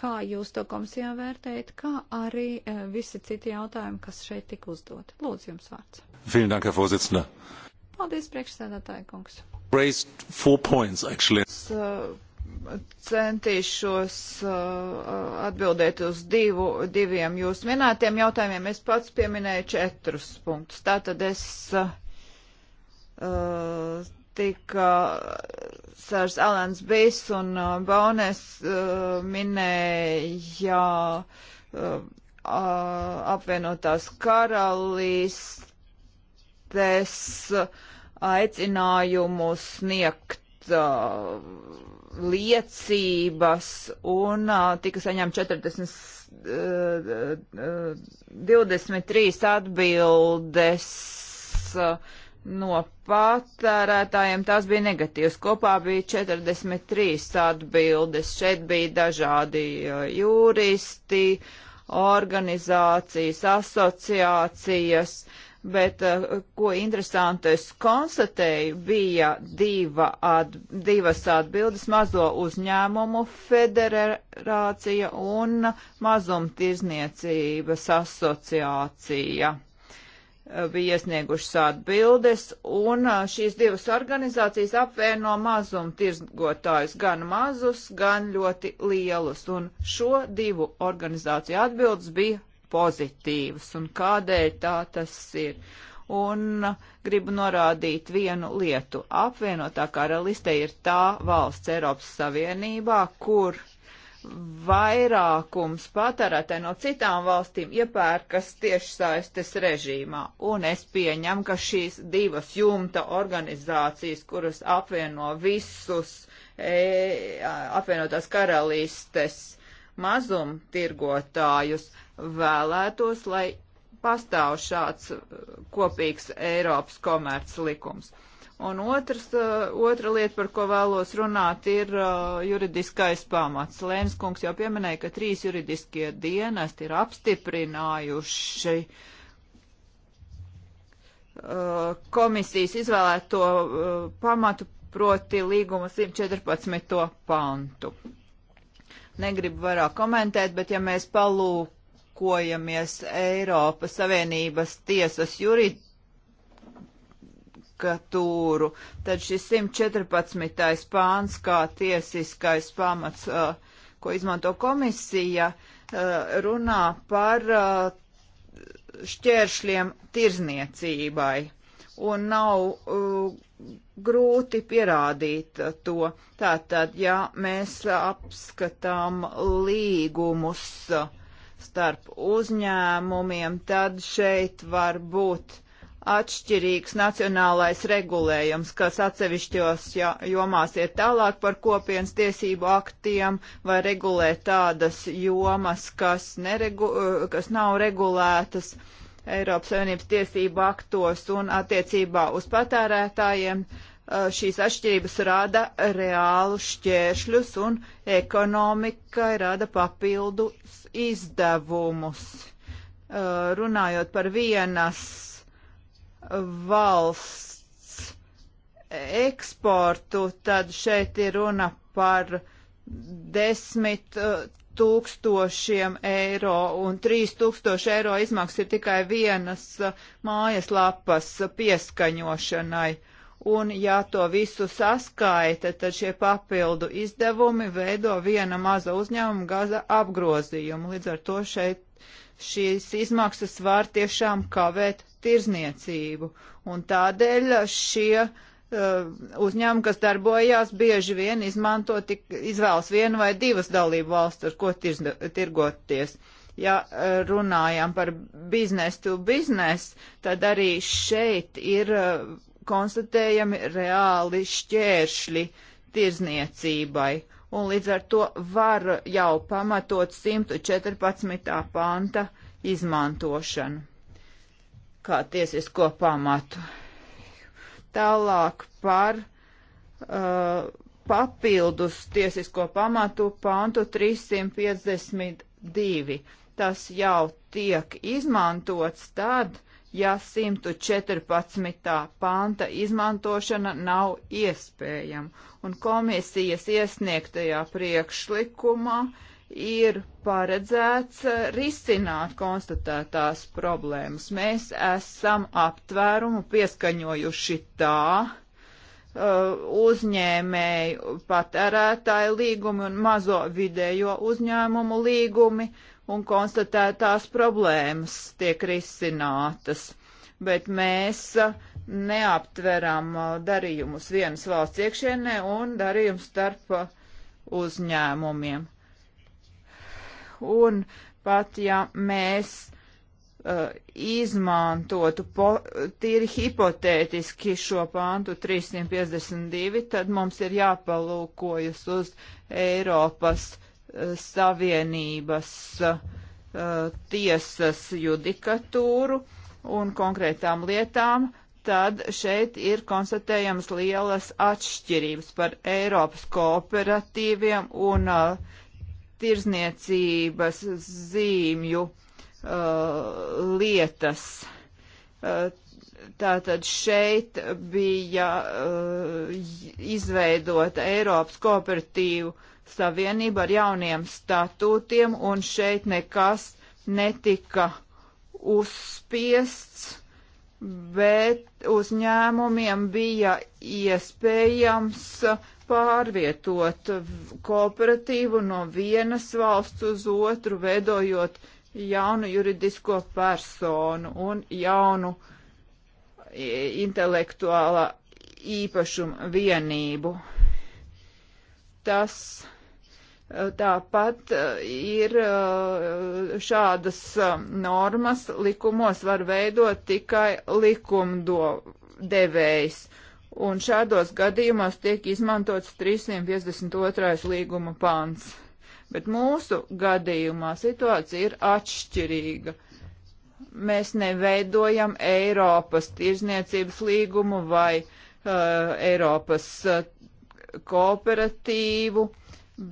kā jūs to komisijā vērtējat, kā arī uh, visi citi jautājumi, kas šeit tika uzdoti. Lūdzu, jums vārds. Vielen Dank, Herr Vorsitzender. Paldies, priekšsēdētāja kungs. Raised four points, actually. Es, uh, centīšos uh, atbildēt uz divu, diviem jūs minētiem jautājumiem. Es pats pieminēju četrus punktus. Tātad es uh, Eh, tika eh, Sārs Alans Bīs un eh, Baunes minēja apvienotās karalistes aicinājumu sniegt liecības un tika saņemt 40, 23 atbildes no patērētājiem tās bija negatīvas. Kopā bija 43 atbildes. Šeit bija dažādi juristi, organizācijas, asociācijas, bet ko interesanti es konstatēju, bija diva at, divas atbildes - mazo uzņēmumu federācija un mazumtirzniecības asociācija Eh, bija iesniegušas atbildes, un eh, šīs divas organizācijas apvieno mazumtirgotājus gan mazus, gan ļoti lielus, un šo divu organizāciju atbildes bija pozitīvas, un kādēļ tā tas ir. Un eh, gribu norādīt vienu lietu. Apvienotā karaliste ir tā valsts Eiropas Savienībā, kur vairākums patērētāji no citām valstīm iepērkas tiešsaistes režīmā. Un es pieņemu, ka šīs divas jumta organizācijas, kuras apvieno visus e, apvienotās karalistes mazumtirgotājus, vēlētos, lai pastāv šāds e, kopīgs Eiropas komerc likums. Un otrs, eh, otra lieta, par ko vēlos runāt, ir eh, juridiskais pamats. Lēns kungs jau pieminēja, ka trīs juridiskie dienesti ir apstiprinājuši eh, komisijas izvēlēto pamatu proti līguma 114. pantu. Negribu vairāk komentēt, bet ja mēs palūkojamies Eiropas Savienības tiesas jurid judikatūru, tad šis 114. pāns kā tiesiskais pamats, ko izmanto komisija, runā par šķēršļiem tirzniecībai. Un nav grūti pierādīt to. Tātad, ja mēs apskatām līgumus starp uzņēmumiem, tad šeit var būt atšķirīgs nacionālais regulējums, kas atsevišķos jomās iet tālāk par kopienas tiesību aktiem vai regulē tādas jomas, kas, neregu, kas nav regulētas Eiropas Savienības tiesību aktos un attiecībā uz patērētājiem. Šīs atšķirības rada reālus šķēršļus un ekonomikai rada papildus izdevumus. Runājot par vienas valsts eksportu, tad šeit ir runa par desmit uh, tūkstošiem eiro un trīs tūkstoši eiro izmaksas ir tikai vienas uh, mājaslapas pieskaņošanai. Un ja to visu saskaita, tad šie papildu izdevumi veido viena maza uzņēmuma gaza apgrozījumu. Līdz ar to šeit šīs izmaksas var tiešām kavēt tirzniecību. Un tādēļ šie uh, uzņēmumi, kas darbojās, bieži vien izmanto tik, izvēlas vienu vai divas dalību valstu, ar ko tirzda, tirgoties. Ja uh, runājam par biznesu to biznesu, tad arī šeit ir uh, konstatējami reāli šķēršļi tirzniecībai. Un līdz ar to var jau pamatot 114. panta izmantošanu kā tiesisko pamatu. Tālāk par uh, papildus tiesisko pamatu pantu 352. Tas jau tiek izmantots tad, ja 114. panta izmantošana nav iespējama. Un komisijas iesniegtajā priekšlikumā uh, ir paredzēts eh, risināt konstatētās problēmas. Mēs esam aptvērumu pieskaņojuši tā, eh, uzņēmēju patērētāju līgumi un mazo vidējo uzņēmumu līgumi un konstatētās problēmas tiek risinātas. Bet mēs eh, neaptveram darījumus vienas valsts iekšienē un darījumus starp uzņēmumiem un pat ja mēs uh, izmantotu po, tīri hipotētiski šo pāntu 352, tad mums ir jāpalūkojas uz Eiropas uh, Savienības uh, tiesas judikatūru un konkrētām lietām, tad šeit ir konstatējams lielas atšķirības par Eiropas kooperatīviem un uh, tirzniecības zīmju uh, lietas. Uh, Tātad šeit bija uh, izveidota Eiropas kooperatīvu savienība ar jauniem statūtiem, un šeit nekas netika uzspiests, bet uzņēmumiem bija iespējams uh, pārvietot kooperatīvu no vienas valsts uz otru, veidojot jaunu juridisko personu un jaunu intelektuālā īpašuma vienību. Tas e, Tāpat e, ir e, šādas normas likumos var veidot tikai likumdevējs un šādos gadījumos tiek izmantots 352. līguma pants. Bet mūsu gadījumā situācija ir atšķirīga. Mēs neveidojam Eiropas tirzniecības līgumu vai uh, Eiropas uh, kooperatīvu,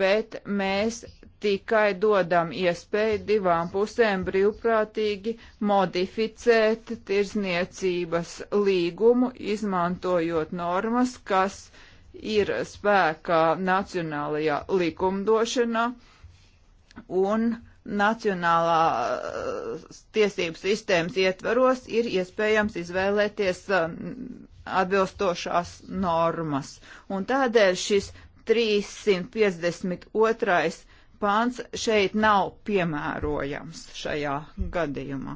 bet mēs tikai dodam iespēju divām pusēm brīvprātīgi modificēt tirzniecības līgumu, izmantojot normas, kas ir spēkā nacionālajā likumdošanā un nacionālā uh, tiesību sistēmas ietvaros ir iespējams izvēlēties um, atbilstošās normas. Un tādēļ šis 352 pāns šeit nav piemērojams šajā gadījumā.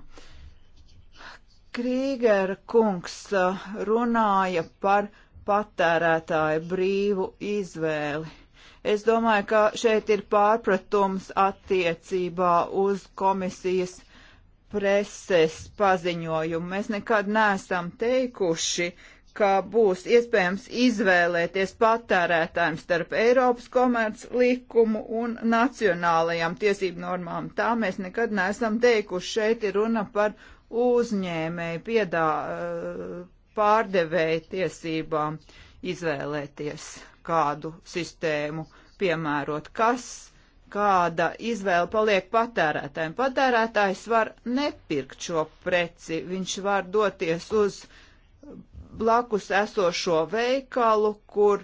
Krīgera kungs uh, runāja par patērētāju brīvu izvēli. Es domāju, ka šeit ir pārpratums attiecībā uz komisijas preses paziņojumu. Mēs nekad neesam teikuši, uh, ka būs iespējams izvēlēties patērētājiem starp Eiropas komerc likumu un nacionālajām tiesību normām. Tā mēs nekad neesam teikuši. Šeit ir runa par uzņēmēju piedā eh, pārdevēju tiesībām izvēlēties kādu sistēmu piemērot. Kas kāda izvēle paliek patērētājiem. Patērētājs var nepirkt šo preci, viņš var doties uz blakus esošo veikalu, kur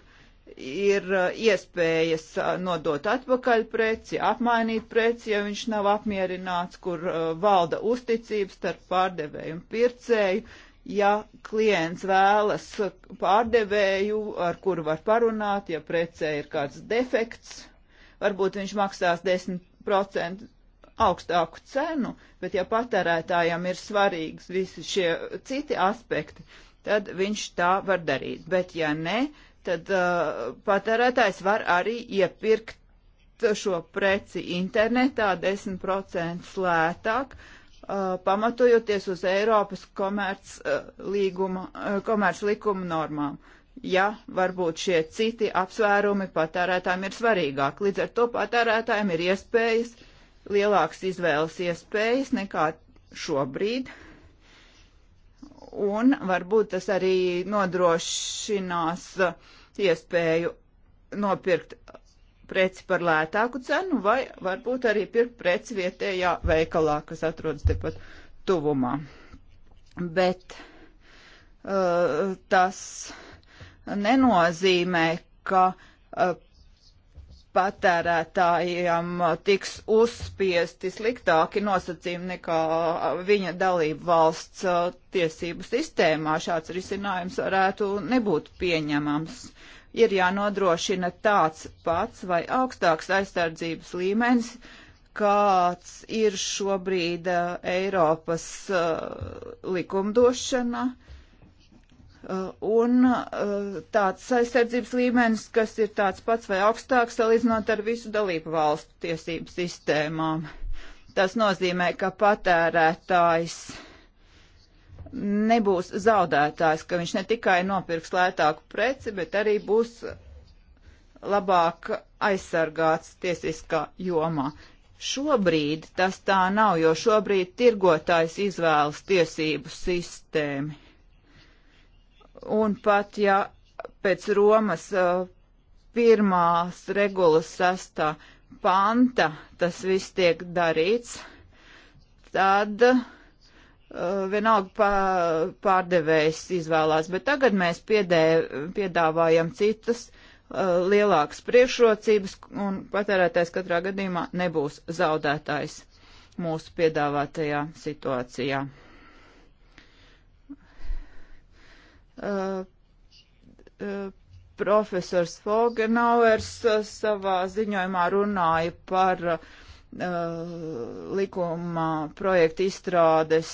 ir uh, iespējas uh, nodot atpakaļ preci, apmainīt preci, ja viņš nav apmierināts, kur uh, valda uzticības starp pārdevēju un pircēju. Ja klients vēlas pārdevēju, ar kuru var parunāt, ja precē ir kāds defekts, varbūt viņš maksās 10% augstāku cenu, bet ja patērētājam ir svarīgs visi šie citi aspekti, tad viņš tā var darīt. Bet ja ne, tad uh, patērētājs var arī iepirkt šo preci internetā 10% lētāk, uh, pamatojoties uz Eiropas komerc, uh, līguma, uh, komerc likuma normām. Ja varbūt šie citi apsvērumi patērētājiem ir svarīgāk, līdz ar to patērētājiem ir iespējas, lielāks izvēles iespējas nekā šobrīd, uh, un varbūt tas arī nodrošinās iespēju nopirkt preci par lētāku cenu, vai varbūt arī pirkt preci vietējā veikalā, kas atrodas tepat tuvumā. Bet uh, tas nenozīmē, ka uh, patērētājiem tiks uzspiesti sliktāki nosacījumi nekā viņa dalību valsts uh, tiesību sistēmā. Šāds risinājums varētu nebūt pieņemams. Ir jānodrošina tāds pats vai augstāks aizsardzības līmenis, kāds ir šobrīd uh, Eiropas uh, likumdošana Uh, un uh, tāds aizsardzības līmenis, kas ir tāds pats vai augstāks salīdzinot ar visu dalību valstu tiesību sistēmām. Tas nozīmē, ka patērētājs nebūs zaudētājs, ka viņš ne tikai nopirks lētāku preci, bet arī būs labāk aizsargāts tiesiskā jomā. Šobrīd tas tā nav, jo šobrīd tirgotājs izvēlas tiesību sistēmu un pat ja pēc Romas uh, pirmās regulas sastā panta tas viss tiek darīts, tad uh, vienalga pārdevējs izvēlās, bet tagad mēs piedē, piedāvājam citas uh, lielākas priekšrocības un patērētājs katrā gadījumā nebūs zaudētājs mūsu piedāvātajā situācijā. Uh, uh, profesors Fogenauers uh, savā ziņojumā runāja par likuma projekta izstrādes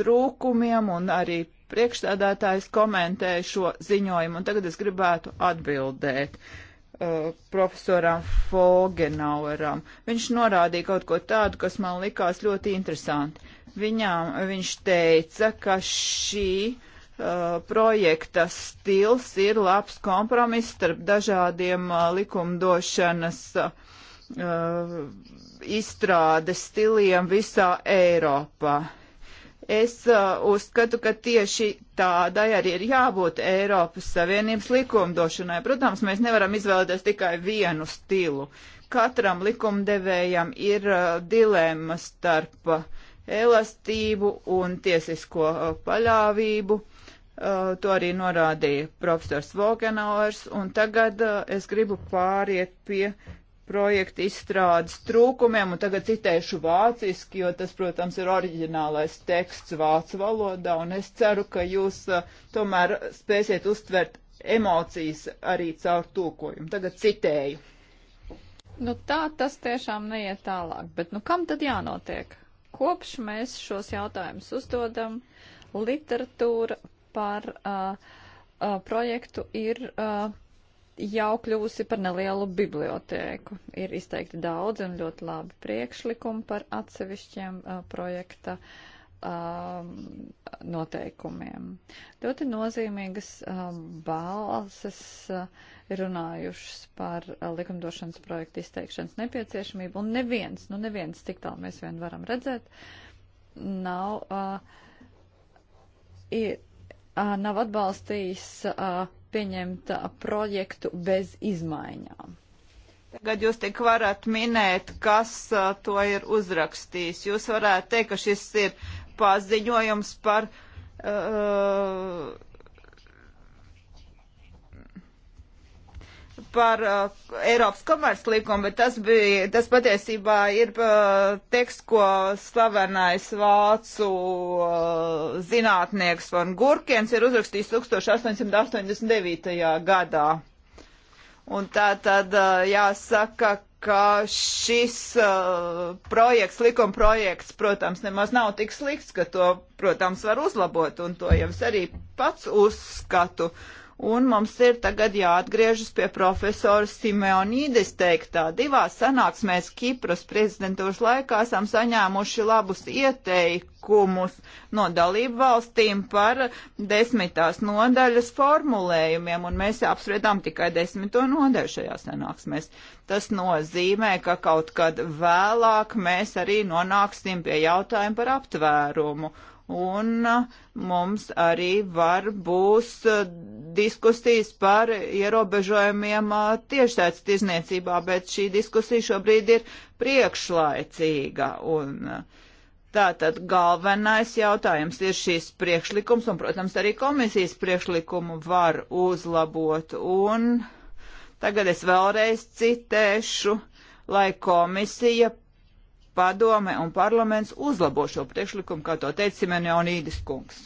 trūkumiem un arī priekšstādātājs komentēja šo ziņojumu. Un tagad es gribētu atbildēt uh, profesoram Fogenaueram. Viņš norādīja kaut ko tādu, kas man likās ļoti interesanti. Viņām, viņš teica, ka šī uh, Uh, projekta stils ir labs kompromiss starp dažādiem uh, likumdošanas uh, izstrādes stiliem visā Eiropā. Es uh, uzskatu, ka tieši tādai arī ir jābūt Eiropas Savienības likumdošanai. Protams, mēs nevaram izvēlēties tikai vienu stilu. Katram likumdevējam ir uh, dilemma starp elastību un tiesisko uh, paļāvību Uh, to arī norādīja profesors Vogenauers, un tagad uh, es gribu pāriet pie projekta izstrādes trūkumiem, un tagad citēšu vāciski, jo tas, protams, ir oriģinālais teksts vācu valodā, un es ceru, ka jūs uh, tomēr spēsiet uztvert emocijas arī caur tūkojumu. Tagad citēju. Nu tā tas tiešām neiet tālāk, bet nu kam tad jānotiek? Kopš mēs šos jautājumus uzdodam, literatūra par uh, uh, projektu ir uh, jau kļūsi par nelielu bibliotēku. Ir izteikti daudz un ļoti labi priekšlikumi par atsevišķiem uh, projekta um, noteikumiem. Ļoti nozīmīgas um, uh, balses uh, runājušas par uh, likumdošanas projektu izteikšanas nepieciešamību, un neviens, nu neviens, tik tālu mēs vien varam redzēt, nav uh, ir nav atbalstījis pieņemt projektu bez izmaiņām. Tagad jūs tik varat minēt, kas to ir uzrakstījis. Jūs varētu teikt, ka šis ir paziņojums par uh, par uh, Eiropas komerclikumu, bet tas bija, tas patiesībā ir uh, teksts, ko slavenais vācu uh, zinātnieks von Gurkens ir uzrakstījis 1889. gadā. Un tā tad uh, jāsaka, ka šis uh, projekts, likuma projekts, protams, nemaz nav tik slikts, ka to, protams, var uzlabot, un to jau es arī pats uzskatu. Uh, un mums ir tagad jāatgriežas pie profesora Simeonīdis teiktā. Divās sanāksmēs Kipras prezidentūras laikā esam saņēmuši labus ieteikumus no dalību valstīm par desmitās nodaļas formulējumiem, un mēs apspriedām tikai desmito nodaļu šajā sanāksmēs. Tas nozīmē, ka kaut kad vēlāk mēs arī nonāksim pie jautājuma par aptvērumu un uh, mums arī var būs uh, diskusijas par ierobežojumiem uh, tiešsaistes tirzniecībā, bet šī diskusija šobrīd ir priekšlaicīga. Un, Tātad galvenais jautājums ir šīs priekšlikums, un, protams, arī komisijas priekšlikumu var uzlabot. Un tagad es vēlreiz citēšu, lai komisija padome un parlaments uzlabo šo priekšlikumu, kā to teica Simenionīdis kungs.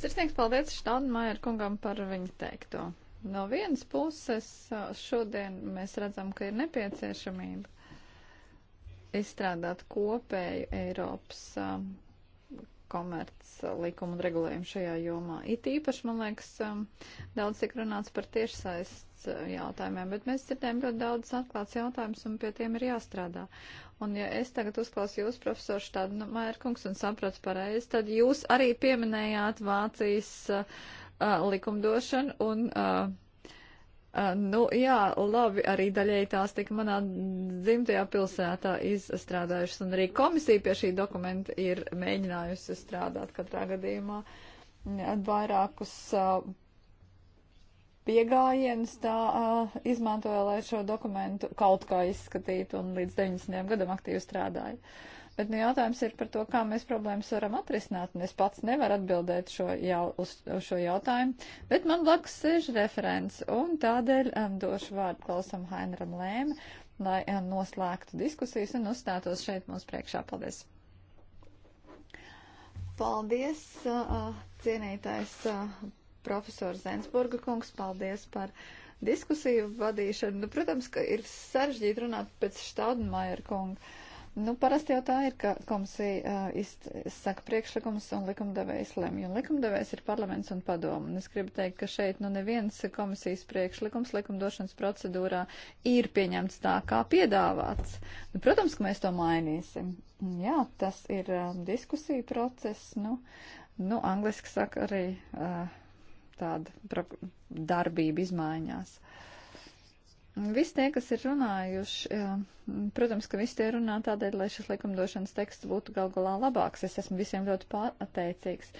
Sirsnīgs paldies Štādmaier kungam par viņu teikto. No vienas puses šodien mēs redzam, ka ir nepieciešamība izstrādāt kopēju Eiropas um, komerc uh, likumu un regulējumu šajā jomā. It īpaši, man liekas, um, daudz tik runāts par tiešsaists uh, jautājumiem, bet mēs dzirdējam ļoti daudz atklāts jautājumus un pie tiem ir jāstrādā. Un ja es tagad uzklausu jūs, profesors Štādmērkungs, un sapratu pareizi, tad jūs arī pieminējāt Vācijas uh, uh, likumdošanu un. Uh, Uh, nu, jā, labi, arī daļēji tās tika manā dzimtajā pilsētā izstrādājušas, un arī komisija pie šī dokumenta ir mēģinājusi strādāt katrā gadījumā vairākus uh, piegājiens tā uh, izmantoja, lai šo dokumentu kaut kā izskatītu un līdz 90. gadam aktīvi strādāja. Bet nu, jautājums ir par to, kā mēs problēmas varam atrisināt, un es pats nevaru atbildēt šo jau, uz, uz šo jautājumu, bet man blakus sēž referents, un tādēļ um, došu vārdu klausam Hainram Lēm, lai um, noslēgtu diskusijas un uzstātos šeit mums priekšā. Paldies! Paldies, uh, cienītais uh, profesora Zensburga kungs, paldies par diskusiju vadīšanu. Nu, protams, ka ir sarežģīti runāt pēc Štaudenmaier kunga. Nu, parasti jau tā ir, ka komisija uh, izsaka priekšlikumus un likumdevējs lemj. Un likumdevējs ir parlaments un padomu. Un es gribu teikt, ka šeit nu neviens komisijas priekšlikums likumdošanas procedūrā ir pieņemts tā, kā piedāvāts. Nu, protams, ka mēs to mainīsim. Jā, tas ir uh, diskusija process. Nu, nu angliski saka arī. Uh, tāda darbība izmaiņās. Visi tie, kas ir runājuši, protams, ka visi tie runā tādēļ, lai šis likumdošanas teksts būtu gal galā labāks. Es esmu visiem ļoti pateicīgs.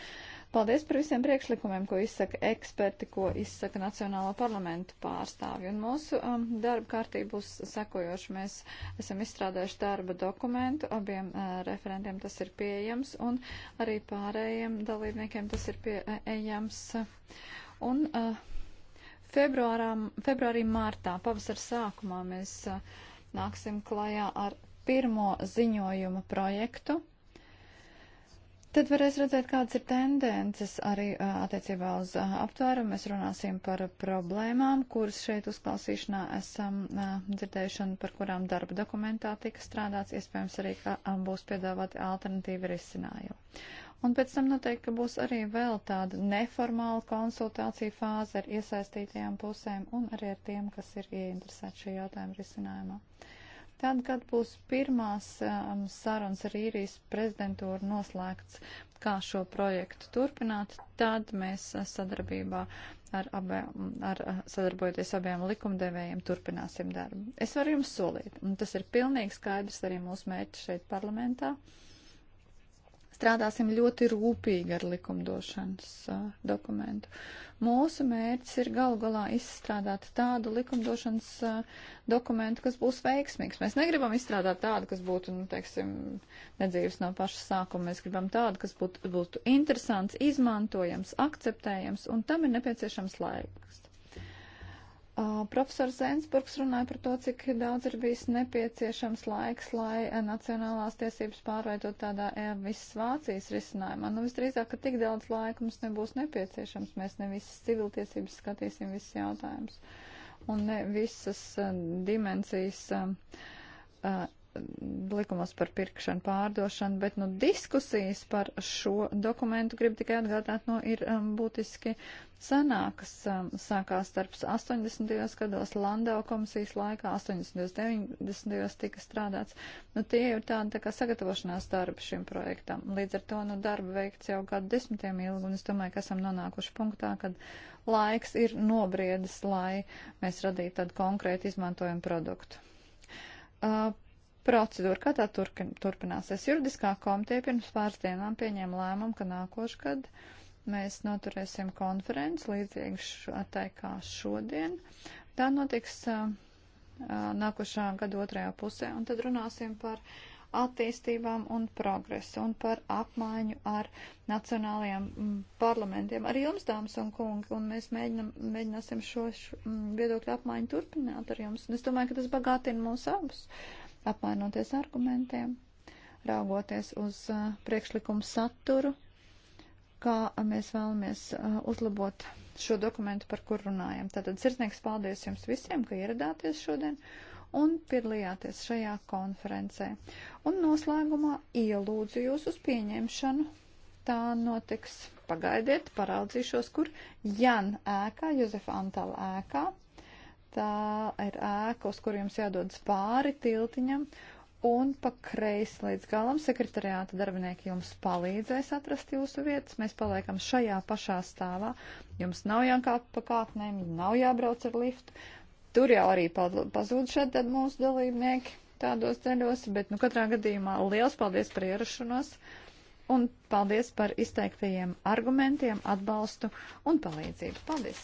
Paldies par visiem priekšlikumiem, ko izsaka eksperti, ko izsaka Nacionālo parlamentu pārstāvju. Un mūsu um, darba kārtība būs sekojoša. Mēs esam izstrādājuši darba dokumentu, abiem uh, referentiem tas ir pieejams, un arī pārējiem dalībniekiem tas ir pieejams. Uh, un uh, februārā, februārī, martā, pavasara sākumā mēs uh, nāksim klajā ar pirmo ziņojuma projektu Tad varēs redzēt, kādas ir tendences arī attiecībā uz aptvērumu. Mēs runāsim par problēmām, kuras šeit uzklausīšanā esam dzirdējuši un par kurām darba dokumentā tika strādāts. Iespējams arī, ka būs piedāvāti alternatīvi risinājumi. Un pēc tam noteikti, ka būs arī vēl tāda neformāla konsultācija fāze ar iesaistītajām pusēm un arī ar tiem, kas ir ieinteresēti šī jautājuma risinājumā. Uh, Tad, kad būs pirmās um, sarunas ar īrijas prezidentūru noslēgts, kā šo projektu turpināt, tad mēs uh, sadarbībā ar, abē, mm, ar uh, sadarbojoties abiem likumdevējiem turpināsim darbu. Es varu jums solīt, un tas ir pilnīgi skaidrs arī mūsu mērķis šeit parlamentā. Uh, strādāsim ļoti rūpīgi ar likumdošanas uh, dokumentu. Mūsu mērķis ir galu galā izstrādāt tādu likumdošanas uh, dokumentu, kas būs veiksmīgs. Mēs negribam izstrādāt tādu, kas būtu, nu, teiksim, nedzīves no paša sākuma. Mēs gribam tādu, kas būtu, būtu interesants, izmantojams, akceptējams, un tam ir nepieciešams laiks. Uh, profesors Zensburgs runāja par to, cik daudz ir bijis nepieciešams laiks, lai nacionālās tiesības pārveidot tādā e, visas Vācijas risinājumā. Nu, visdrīzāk, ka tik daudz laika mums nebūs nepieciešams. Mēs ne visas civiltiesības skatīsim visus jautājumus un ne visas uh, dimensijas uh, likumos par pirkšanu, pārdošanu, bet nu, diskusijas par šo dokumentu, gribu tikai atgādināt, nu, ir um, būtiski senākas. Um, sākās starp 80. gados, Landau komisijas laikā, 80. 90. tika strādāts. Nu, tie ir tādi tā kā sagatavošanās darbi šim projektam. Līdz ar to nu, darba veikts jau gadu desmitiem ilgi, un es domāju, ka esam nonākuši punktā, kad laiks ir nobriedis, lai mēs radītu tādu konkrētu izmantojumu produktu. Uh, procedūra, kā tā turpin, turpināsies. Juridiskā komiteja pirms pāris dienām pieņēma lēmumu, ka nākošgad mēs noturēsim konferenci līdzīgi tai kā šodien. Tā notiks uh, nākošā gada otrajā pusē, un tad runāsim par attīstībām un progresu un par apmaiņu ar nacionālajiem parlamentiem. Ar jums, dāmas un kungi, un mēs mēģinam, mēģināsim šo, šo viedokļu apmaiņu turpināt ar jums. Un es domāju, ka tas bagātina mūs abus. Uh, apmainoties argumentiem, raugoties uz uh, priekšlikumu saturu, kā mēs vēlamies uh, uzlabot šo dokumentu, par kur runājam. Tātad sirsnīgs paldies jums visiem, ka ieradāties šodien un piedalījāties šajā konferencē. Un noslēgumā ielūdzu jūs uz pieņemšanu. Tā notiks. Pagaidiet, paraudzīšos, kur Jan ēkā, Jozefa Antala ēkā. Tā ir ēka, uz kur jums jādodas pāri tiltiņam, un pa kreisi līdz galam sekretariāta darbinieki jums palīdzēs atrast jūsu vietas. Mēs paliekam šajā pašā stāvā. Jums nav jākāp pa kāpnēm, nav jābrauc ar liftu. Tur jau arī pazūd šeit mūsu dalībnieki tādos ceļos, bet nu katrā gadījumā liels paldies par ierašanos un paldies par izteiktajiem argumentiem, atbalstu un palīdzību. Paldies!